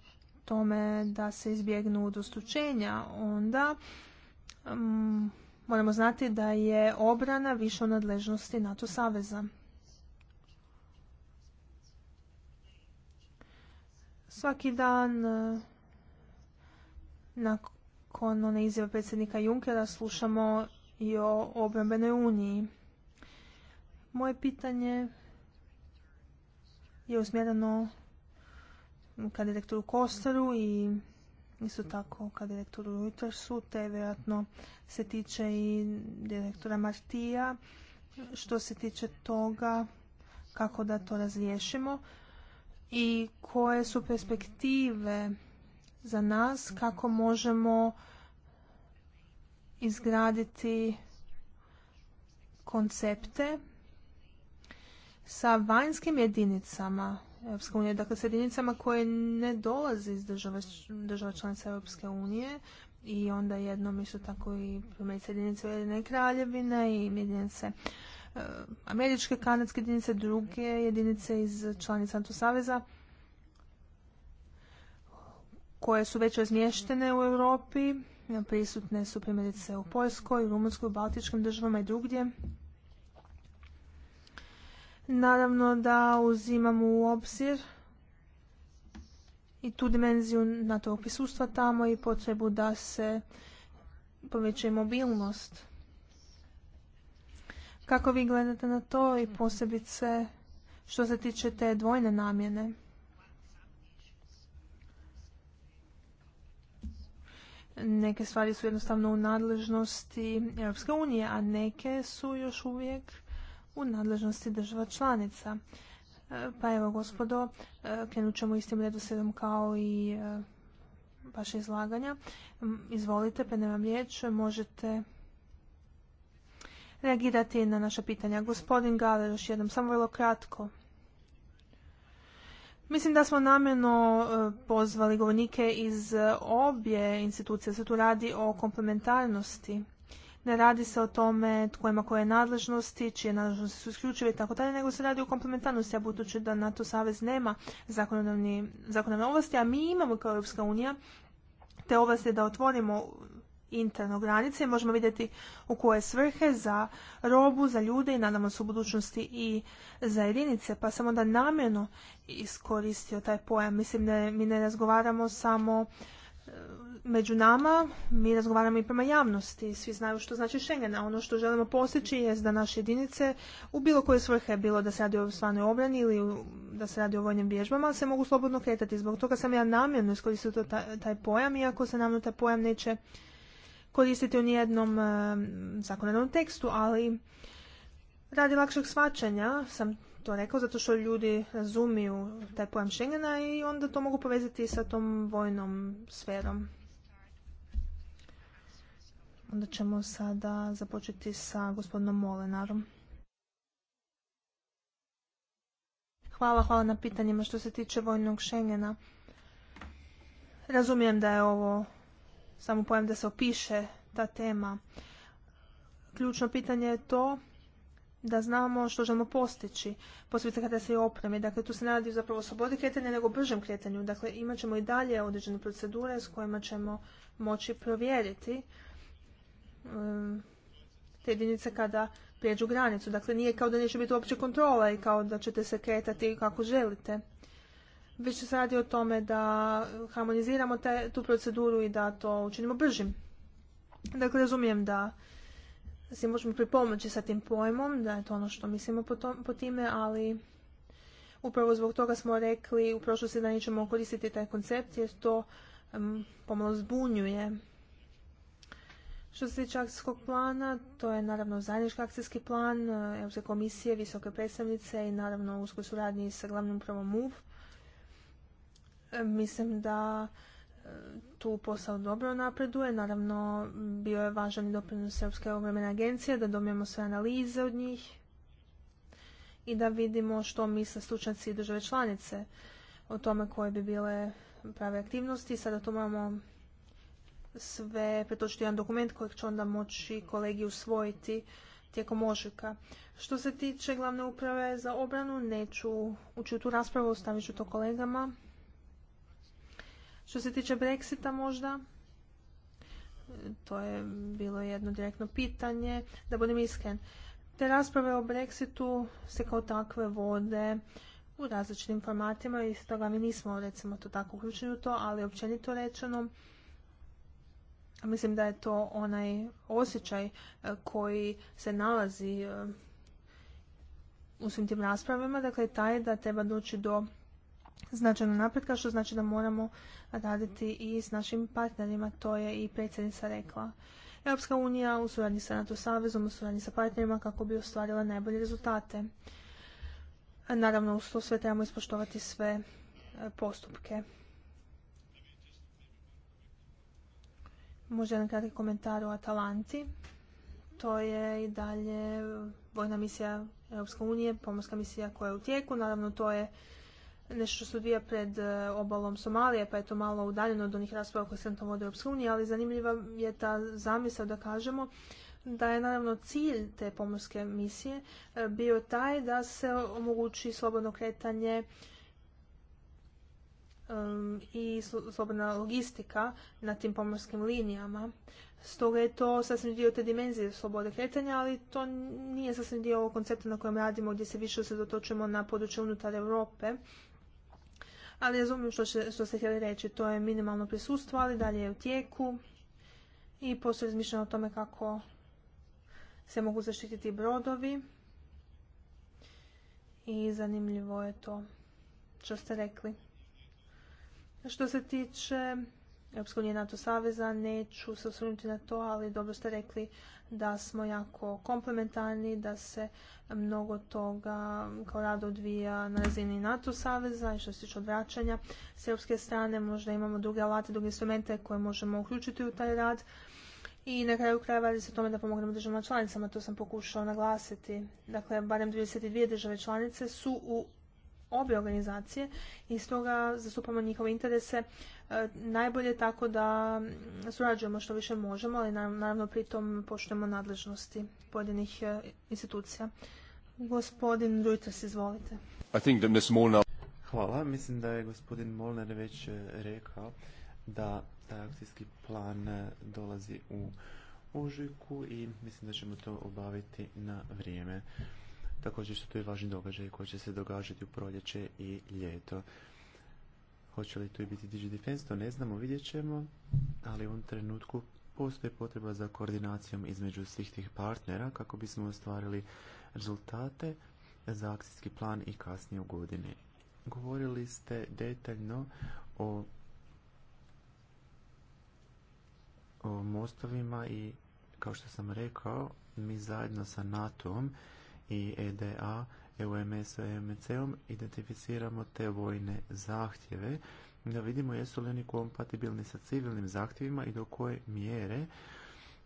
tome da se izbjegnu udostučenja, onda moramo znati da je obrana više u nadležnosti NATO saveza. Svaki dan e, nakon one izjave predsjednika Junkera slušamo i o obrambenoj uniji. Moje pitanje je usmjereno ka direktoru Kosteru i isto tako ka direktoru Reutersu, te vjerojatno se tiče i direktora Martija. Što se tiče toga kako da to razriješimo, i koje su perspektive za nas kako možemo izgraditi koncepte sa vanjskim jedinicama Europske unije, dakle s jedinicama koje ne dolaze iz država, država članica Europske unije i onda jednom isto tako i primjerice jedinice Ujedine kraljevine i jedinice američke, kanadske jedinice, druge jedinice iz članica NATO saveza koje su već razmještene u Europi, prisutne su primjerice u Poljskoj, Rumunskoj, Baltičkim državama i drugdje. Naravno da uzimamo u obzir i tu dimenziju NATO prisustva tamo i potrebu da se poveća mobilnost kako vi gledate na to i mhm. posebice što se tiče te dvojne namjene? Neke stvari su jednostavno u nadležnosti Europske unije, a neke su još uvijek u nadležnosti država članica. E, pa evo, gospodo, e, krenut ćemo istim redoslijedom kao i e, vaše izlaganja. Izvolite, pa vam riječ, možete reagirati na naša pitanja. Gospodin Gale, još jednom, samo vrlo kratko. Mislim da smo namjerno e, pozvali govornike iz e, obje institucije, se tu radi o komplementarnosti. Ne radi se o tome tko ima koje nadležnosti, čije nadležnosti su isključive i tako dalje, nego se radi o komplementarnosti, a budući da NATO savez nema zakonodavne ovlasti, a mi imamo kao Europska unija te ovlasti da otvorimo interno granice možemo vidjeti u koje svrhe za robu, za ljude i nadamo se u budućnosti i za jedinice. Pa sam onda namjerno iskoristio taj pojam. Mislim da mi ne razgovaramo samo e, među nama, mi razgovaramo i prema javnosti. Svi znaju što znači Schengen, a ono što želimo postići je da naše jedinice u bilo koje svrhe, bilo da se radi o stvarnoj obrani ili da se radi o vojnim vježbama, se mogu slobodno kretati. Zbog toga sam ja namjerno iskoristio taj pojam, iako se namno taj pojam neće koristiti u nijednom eh, zakonodavnom tekstu, ali radi lakšeg svačanja sam to rekao zato što ljudi razumiju taj pojam Schengena i onda to mogu povezati sa tom vojnom sferom. Onda ćemo sada započeti sa gospodinom Molenarom. Hvala, hvala na pitanjima što se tiče vojnog Schengena. Razumijem da je ovo samo pojam da se opiše ta tema. Ključno pitanje je to da znamo što želimo postići, posebno kada se i opremi. Dakle, tu se ne radi zapravo o slobodi kretanja, nego bržem kretanju. Dakle, imat ćemo i dalje određene procedure s kojima ćemo moći provjeriti um, te jedinice kada prijeđu granicu. Dakle, nije kao da neće biti uopće kontrola i kao da ćete se kretati kako želite više se radi o tome da harmoniziramo tu proceduru i da to učinimo bržim. Dakle, razumijem da si možemo pripomoći sa tim pojmom, da je to ono što mislimo po, po time, ali upravo zbog toga smo rekli u prošlosti da nećemo koristiti taj koncept jer to pomalo zbunjuje. Što se tiče akcijskog plana, to je naravno zajednički akcijski plan eh, Europske komisije, visoke predstavnice i naravno uskoj suradnji sa glavnom upravom MUV. Mislim da e, tu posao dobro napreduje. Naravno, bio je važan i doprinos Europske obrambene agencije da dobijemo sve analize od njih i da vidimo što misle stručnjaci i države članice o tome koje bi bile prave aktivnosti. Sada to moramo sve pretočiti jedan dokument kojeg će onda moći kolegi usvojiti tijekom ožujka. Što se tiče glavne uprave za obranu, neću ući u tu raspravu, ostavit ću to kolegama što se tiče Brexita možda, to je bilo jedno direktno pitanje, da budem iskren. Te rasprave o Brexitu se kao takve vode u različitim formatima i stoga mi nismo recimo to tako uključeni u to, ali općenito rečeno mislim da je to onaj osjećaj e, koji se nalazi e, u svim tim raspravama, dakle taj da treba doći do značajno napretka, što znači da moramo raditi i s našim partnerima, to je i predsjednica rekla. Europska unija u suradnji sa NATO savezom, u suradnji sa partnerima kako bi ostvarila najbolje rezultate. Naravno, uz to sve trebamo ispoštovati sve e, postupke. Možda jedan kratki komentar o Atalanti. To je i dalje vojna misija Europske unije, pomorska misija koja je u tijeku. Naravno, to je nešto se odvija pred e, obalom Somalije, pa je to malo udaljeno od onih rasprava koje se na tom vode u ali zanimljiva je ta zamisao da kažemo da je naravno cilj te pomorske misije e, bio taj da se omogući slobodno kretanje i slobodna logistika na tim pomorskim linijama. Stoga je to sasvim dio te dimenzije slobode kretanja, ali to nije sasvim dio ovog koncepta na kojem radimo, gdje se više usredotočujemo na područje unutar Europe ali razumijem što, što ste htjeli reći. To je minimalno prisustvo, ali dalje je u tijeku i poslije razmišljeno o tome kako se mogu zaštititi brodovi i zanimljivo je to što ste rekli. Što se tiče Europske unije NATO saveza, neću se osvrnuti na to, ali dobro ste rekli da smo jako komplementarni, da se mnogo toga kao rad odvija na razini NATO saveza i što se tiče odvraćanja s europske strane. Možda imamo druge alate, druge instrumente koje možemo uključiti u taj rad. I na kraju krajeva radi se tome da pomognemo državama članicama, to sam pokušala naglasiti. Dakle, barem 22 države članice su u obje organizacije i stoga zastupamo njihove interese e, najbolje tako da surađujemo što više možemo, ali naravno pritom poštujemo nadležnosti pojedinih e, institucija. Gospodin se izvolite. Hvala. Mislim da je gospodin Molnar već e, rekao da taj akcijski plan dolazi u ožujku i mislim da ćemo to obaviti na vrijeme. Također su tu i važni događaj koji će se događati u proljeće i ljeto. Hoće li tu i biti Digi Defense, to ne znamo, vidjet ćemo, ali u ovom trenutku postoji potreba za koordinacijom između svih tih partnera kako bismo ostvarili rezultate za akcijski plan i kasnije u godini. Govorili ste detaljno o, o mostovima i kao što sam rekao, mi zajedno sa NATO-om i e EDA, EUMS-om e identificiramo te vojne zahtjeve da vidimo jesu li oni kompatibilni sa civilnim zahtjevima i do koje mjere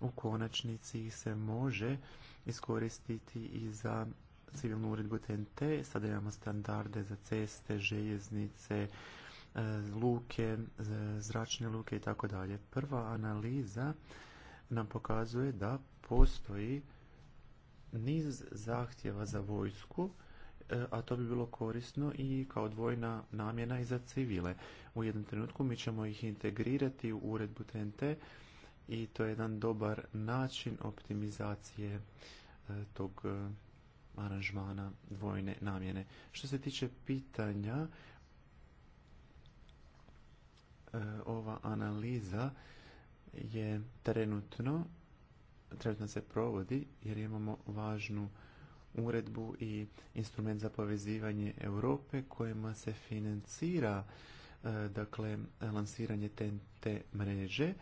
u konačnici se može iskoristiti i za civilnu uredbu TNT. Sada imamo standarde za ceste, željeznice, e, luke, zračne luke i tako dalje. Prva analiza nam pokazuje da postoji niz zahtjeva za vojsku, e, a to bi bilo korisno i kao dvojna namjena i za civile. U jednom trenutku mi ćemo ih integrirati u uredbu TNT i to je jedan dobar način optimizacije e, tog e, aranžmana dvojne namjene. Što se tiče pitanja, ova analiza je trenutno trenutno se provodi jer imamo važnu uredbu i instrument za povezivanje Europe kojima se financira e, dakle lansiranje TNT mreže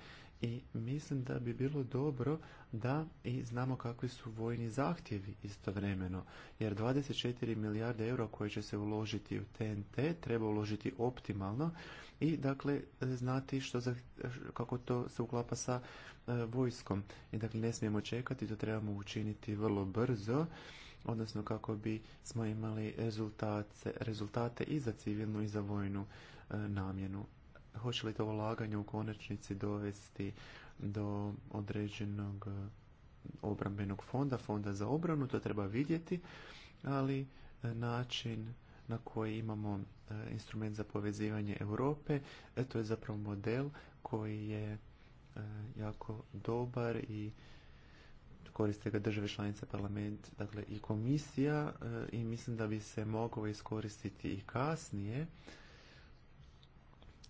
i mislim da bi bilo dobro da i znamo kakvi su vojni zahtjevi istovremeno jer 24 milijarde eura koje će se uložiti u TNT treba uložiti optimalno i dakle znati što za, kako to se uklapa sa E, vojskom. I dakle ne smijemo čekati, to trebamo učiniti vrlo brzo, odnosno kako bi smo imali rezultate, rezultate i za civilnu i za vojnu e, namjenu. Hoće li to ulaganje u konačnici dovesti do određenog e, obrambenog fonda, fonda za obranu, to treba vidjeti, ali način na koji imamo instrument za povezivanje Europe, to je zapravo model koji je E, jako dobar i koriste ga države članice parlament dakle i komisija e, i mislim da bi se mogao iskoristiti i kasnije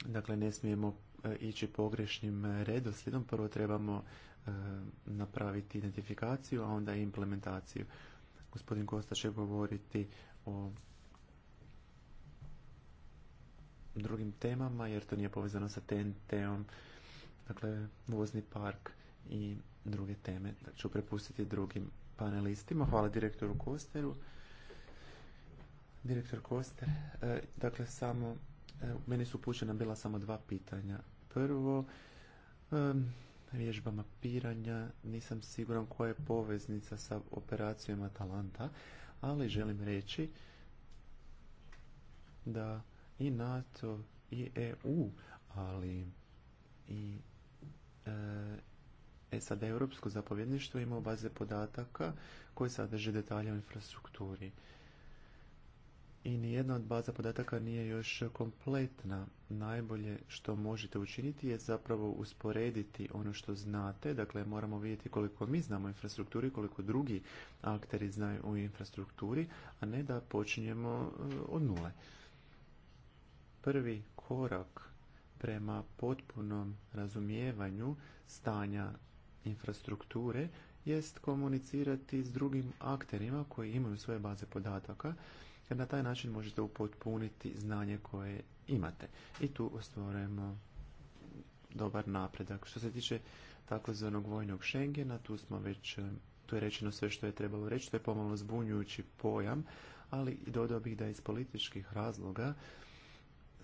dakle ne smijemo e, ići pogrešnim redoslijedom prvo trebamo napraviti identifikaciju a onda i implementaciju gospodin Kosta će govoriti o drugim temama jer to nije povezano sa TNT-om dakle vozni park i druge teme. Da ću prepustiti drugim panelistima. Hvala direktoru Kosteru. Direktor Koster, e, dakle samo, e, meni su upućena bila samo dva pitanja. Prvo, e, vježba mapiranja, nisam siguran koja je poveznica sa operacijom Atalanta, ali želim reći da i NATO i EU, ali i E, e sad, Europsko zapovjedništvo ima baze podataka koje sadrže detalje o infrastrukturi. I nijedna od baza podataka nije još kompletna. Najbolje što možete učiniti je zapravo usporediti ono što znate. Dakle, moramo vidjeti koliko mi znamo o infrastrukturi, koliko drugi akteri znaju o infrastrukturi, a ne da počinjemo e, od nule. Prvi korak prema potpunom razumijevanju stanja infrastrukture jest komunicirati s drugim akterima koji imaju svoje baze podataka jer na taj način možete upotpuniti znanje koje imate i tu ostvarujemo dobar napredak. Što se tiče takozvanog vojnog Schengena, tu smo već tu je rečeno sve što je trebalo reći, to je pomalo zbunjujući pojam, ali dodao bih da iz političkih razloga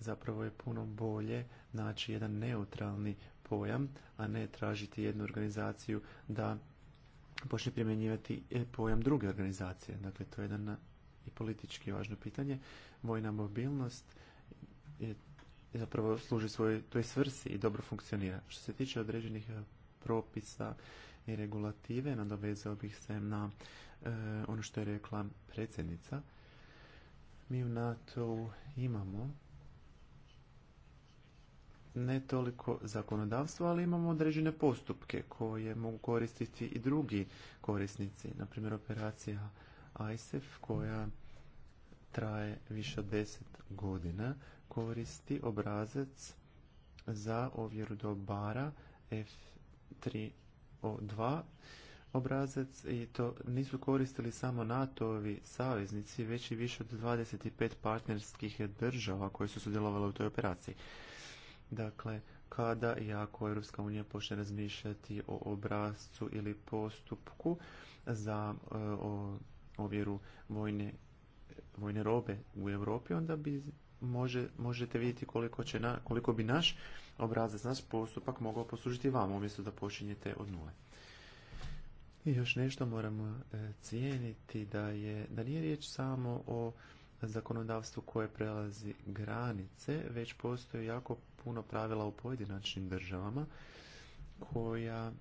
zapravo je puno bolje naći jedan neutralni pojam, a ne tražiti jednu organizaciju da počne primjenjivati e, pojam druge organizacije. Dakle, to je jedan i politički važno pitanje. Vojna mobilnost je, zapravo služi svojoj toj svrsi i dobro funkcionira. Što se tiče određenih e, propisa i regulative, nadovezao bih se na e, ono što je rekla predsjednica. Mi u NATO imamo ne toliko zakonodavstvo, ali imamo određene postupke koje mogu koristiti i drugi korisnici. Naprimjer, operacija ISEF koja traje više od 10 godina koristi obrazac za ovjeru dobara F3O2 obrazac i to nisu koristili samo NATO-ovi saveznici, već i više od 25 partnerskih država koje su sudjelovali u toj operaciji. Dakle, kada i ako Europska unija počne razmišljati o obrazcu ili postupku za e, ovjeru vojne, vojne robe u Europi, onda bi može, možete vidjeti koliko, će na, koliko bi naš obrazac, naš postupak mogao poslužiti vama umjesto da počinjete od nule. I još nešto moramo e, cijeniti da, je, da nije riječ samo o zakonodavstvu koje prelazi granice, već postoji jako puno pravila u pojedinačnim državama koja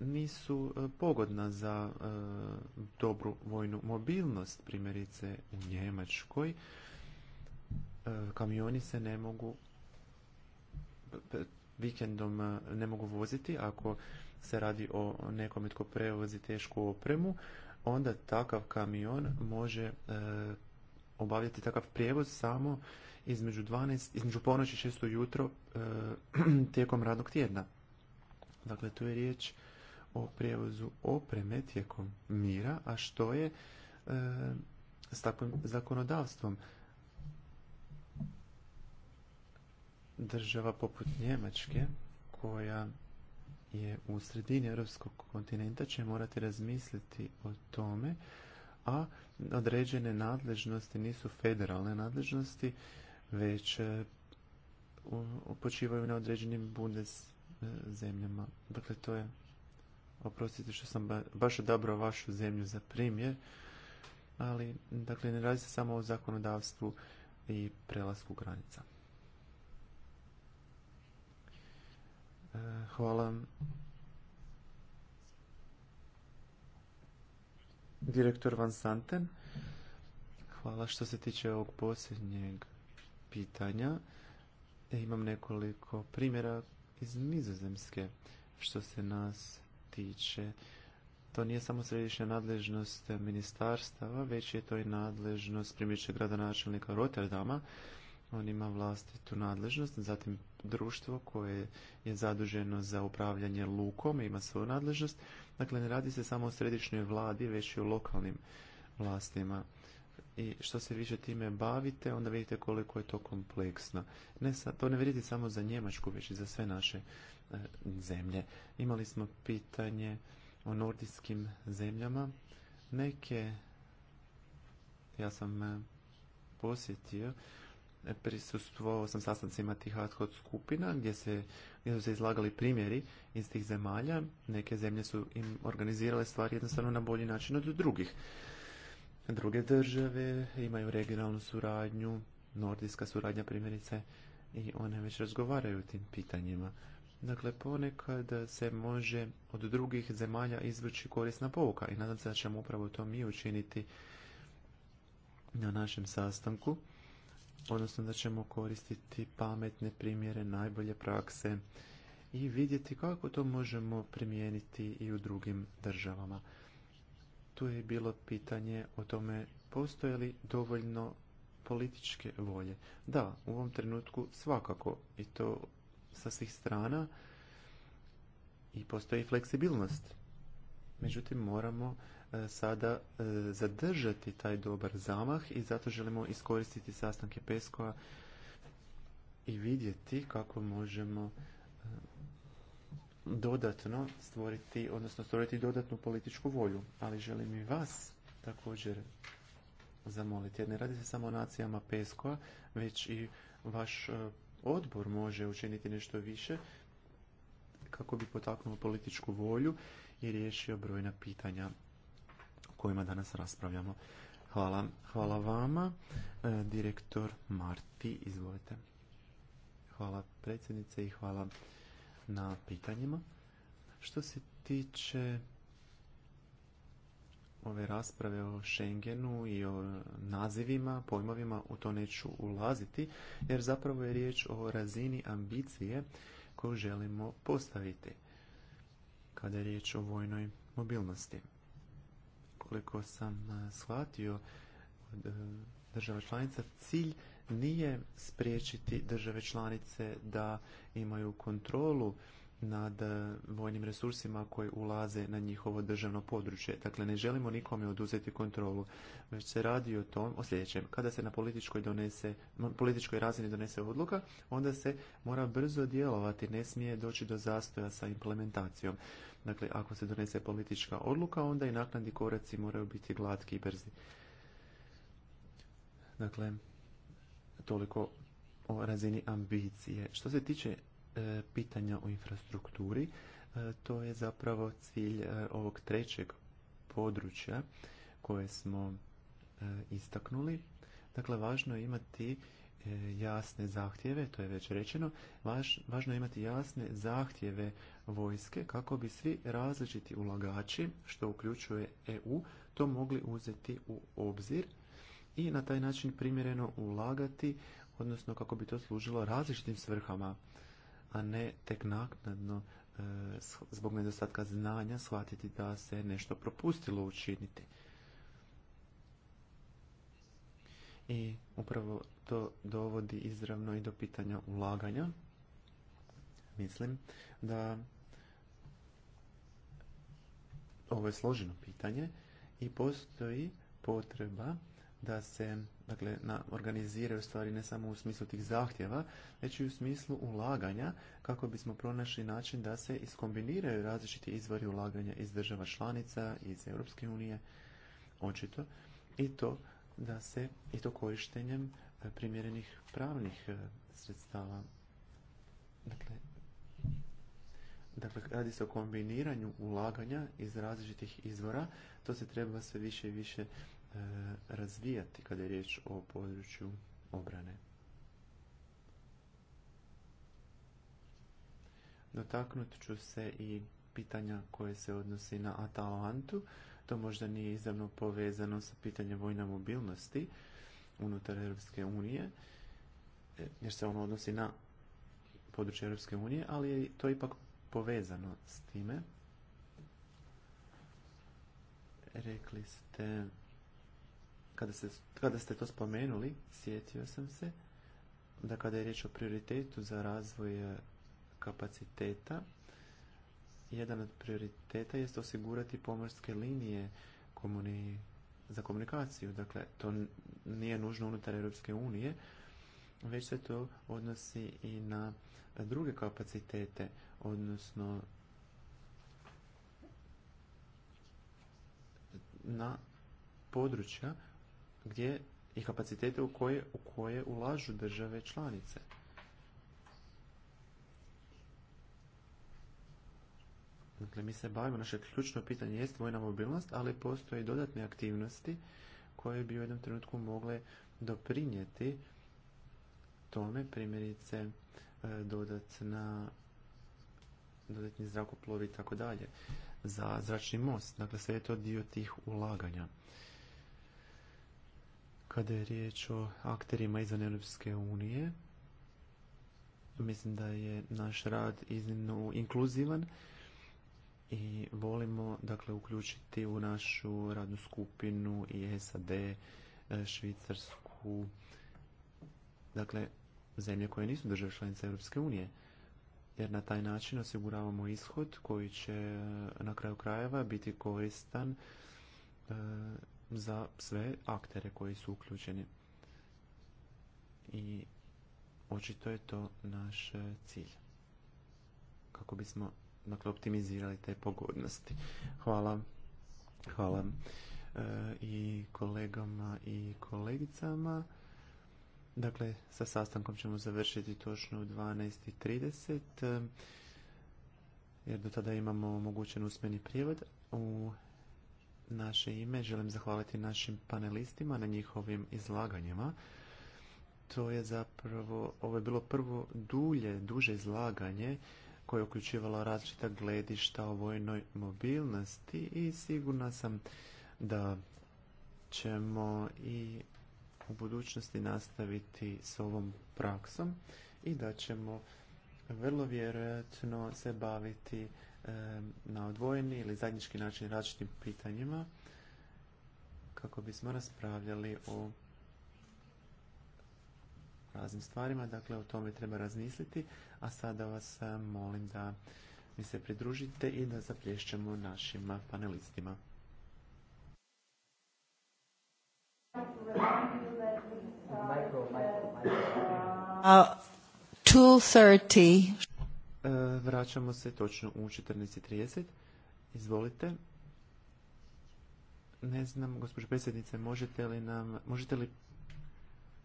nisu e, pogodna za e, dobru vojnu mobilnost, primjerice u Njemačkoj. E, kamioni se ne mogu vikendom ne mogu voziti ako se radi o nekome tko prevozi tešku opremu, onda takav kamion može e, obavljati takav prijevoz samo između, 12, između ponoći i jutro eh, tijekom radnog tjedna. Dakle, tu je riječ o prijevozu opreme tijekom mira, a što je eh, s takvim zakonodavstvom. Država poput Njemačke, koja je u sredini europskog kontinenta, će morati razmisliti o tome, a određene nadležnosti nisu federalne nadležnosti već e, počivaju na određenim bundes e, zemljama. Dakle, to je, oprostite što sam baš odabrao vašu zemlju za primjer, ali dakle, ne radi se samo o zakonodavstvu i prelasku granica. E, hvala. Direktor Van Santen, hvala što se tiče ovog posljednjeg pitanja. E, imam nekoliko primjera iz nizozemske što se nas tiče. To nije samo središnja nadležnost ministarstava, već je to i nadležnost primjeće gradonačelnika Rotterdama. On ima vlastitu nadležnost, zatim društvo koje je zaduženo za upravljanje lukom, ima svoju nadležnost. Dakle, ne radi se samo o središnjoj vladi, već i o lokalnim vlastima i što se više time bavite, onda vidite koliko je to kompleksno. Ne, to ne vrijedi samo za Njemačku, već i za sve naše e, zemlje. Imali smo pitanje o nordijskim zemljama. Neke, ja sam e, posjetio, e, prisustvovao sam sastancima tih ad hoc skupina gdje, se, gdje su se izlagali primjeri iz tih zemalja. Neke zemlje su im organizirale stvari jednostavno na bolji način od drugih druge države imaju regionalnu suradnju, nordijska suradnja primjerice, i one već razgovaraju o tim pitanjima. Dakle, ponekad se može od drugih zemalja izvući korisna pouka i nadam se da ćemo upravo to mi učiniti na našem sastanku, odnosno da ćemo koristiti pametne primjere, najbolje prakse i vidjeti kako to možemo primijeniti i u drugim državama tu je bilo pitanje o tome postoje li dovoljno političke volje. Da, u ovom trenutku svakako i to sa svih strana i postoji fleksibilnost. Međutim, moramo e, sada e, zadržati taj dobar zamah i zato želimo iskoristiti sastanke Peskova i vidjeti kako možemo e, dodatno stvoriti, odnosno stvoriti dodatnu političku volju. Ali želim i vas također zamoliti, jer ne radi se samo o nacijama pesco već i vaš e, odbor može učiniti nešto više kako bi potaknuo političku volju i riješio brojna pitanja o kojima danas raspravljamo. Hvala, hvala vama. E, direktor Marti, izvolite. Hvala predsjednice i hvala na pitanjima. Što se tiče ove rasprave o Schengenu i o nazivima, pojmovima, u to neću ulaziti, jer zapravo je riječ o razini ambicije koju želimo postaviti kada je riječ o vojnoj mobilnosti. Koliko sam shvatio od e, država članica, cilj nije spriječiti države članice da imaju kontrolu nad eh, vojnim resursima koji ulaze na njihovo državno područje. Dakle, ne želimo nikome oduzeti kontrolu, već se radi o tom, o sljedećem. Kada se na političkoj, donese, političkoj razini donese odluka, onda se mora brzo djelovati, ne smije doći do zastoja sa implementacijom. Dakle, ako se donese politička odluka, onda i naknadni koraci moraju biti glatki i brzi. Dakle, toliko o razini ambicije. Što se tiče e, pitanja o infrastrukturi, e, to je zapravo cilj e, ovog trećeg područja koje smo istaknuli. Dakle, važno je imati jasne zahtjeve, to je već rečeno, važno je imati jasne zahtjeve vojske kako bi svi različiti ulagači, što uključuje EU, to mogli uzeti u obzir i na taj način primjereno ulagati, odnosno kako bi to služilo različitim svrhama, a ne tek naknadno e, zbog nedostatka znanja shvatiti da se nešto propustilo učiniti. I upravo to dovodi izravno i do pitanja ulaganja. Mislim da ovo je složeno pitanje i postoji potreba da se dakle, na, organiziraju stvari ne samo u smislu tih zahtjeva, već i u smislu ulaganja kako bismo pronašli način da se iskombiniraju različiti izvori ulaganja iz država članica, iz Europske unije, očito, i to da se i to korištenjem e, primjerenih pravnih e, sredstava. Dakle, dakle, radi se o kombiniranju ulaganja iz različitih izvora, to se treba sve više i više E, razvijati kada je riječ o području obrane. Dotaknut ću se i pitanja koje se odnosi na Atalantu. To možda nije izravno povezano sa pitanjem vojna mobilnosti unutar Europske unije, e, jer se ono odnosi na područje Europske unije, ali je to ipak povezano s time. Rekli ste kada, se, kada ste to spomenuli, sjetio sam se da kada je riječ o prioritetu za razvoj e, kapaciteta, jedan od prioriteta jest osigurati pomorske linije komuni, za komunikaciju. Dakle, to nije nužno unutar Europske unije, već se to odnosi i na druge kapacitete, odnosno na područja gdje i kapacitete u koje, ulažu države članice. Dakle, mi se bavimo, naše ključno pitanje je vojna mobilnost, ali postoje i dodatne aktivnosti koje bi u jednom trenutku mogle doprinijeti tome, primjerice e, dodatna dodatni zrakoplovi i tako dalje za zračni most. Dakle, sve je to dio tih ulaganja kada je riječ o akterima izvan Europske unije. Mislim da je naš rad iznimno inkluzivan i volimo dakle, uključiti u našu radnu skupinu i SAD, e, Švicarsku, dakle zemlje koje nisu države članice Europske unije. Jer na taj način osiguravamo ishod koji će na kraju krajeva biti koristan e, za sve aktere koji su uključeni. I očito je to naš e, cilj. Kako bismo dakle, optimizirali te pogodnosti. Hvala. Hvala e, i kolegama i kolegicama. Dakle, sa sastankom ćemo završiti točno u 12.30 e, jer do tada imamo omogućen usmeni prijevod. U naše ime želim zahvaliti našim panelistima na njihovim izlaganjima. To je zapravo, ovo je bilo prvo dulje, duže izlaganje koje je uključivalo različita gledišta o vojnoj mobilnosti i sigurna sam da ćemo i u budućnosti nastaviti s ovom praksom i da ćemo vrlo vjerojatno se baviti na odvojeni ili zajednički način različitim pitanjima kako bismo raspravljali o raznim stvarima, dakle o tome treba razmisliti, a sada vas molim da mi se pridružite i da zaplješćemo našim panelistima. Uh, 2.30 E, vraćamo se točno u 14.30. Izvolite. Ne znam, gospođo predsjednice, možete li, nam, možete li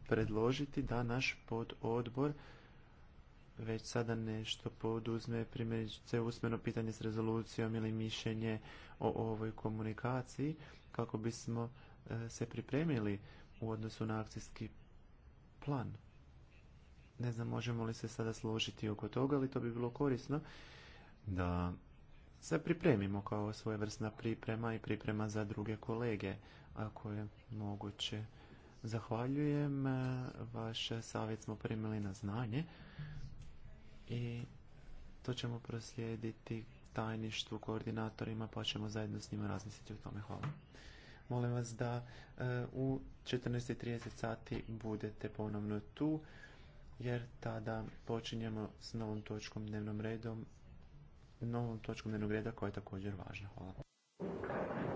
predložiti da naš pododbor već sada nešto poduzme, primjerice usmeno pitanje s rezolucijom ili mišljenje o ovoj komunikaciji, kako bismo e, se pripremili u odnosu na akcijski plan. Ne znam možemo li se sada složiti oko toga, ali to bi bilo korisno da se pripremimo kao svojevrsna priprema i priprema za druge kolege, ako je moguće. Zahvaljujem, vaš savjet smo primili na znanje i to ćemo proslijediti tajništvu, koordinatorima, pa ćemo zajedno s njima razmisliti o tome. Hvala. Molim vas da e, u 14.30 sati budete ponovno tu jer tada počinjemo s novom točkom dnevnom redom, novom točkom dnevnog reda koja je također važna. Hvala.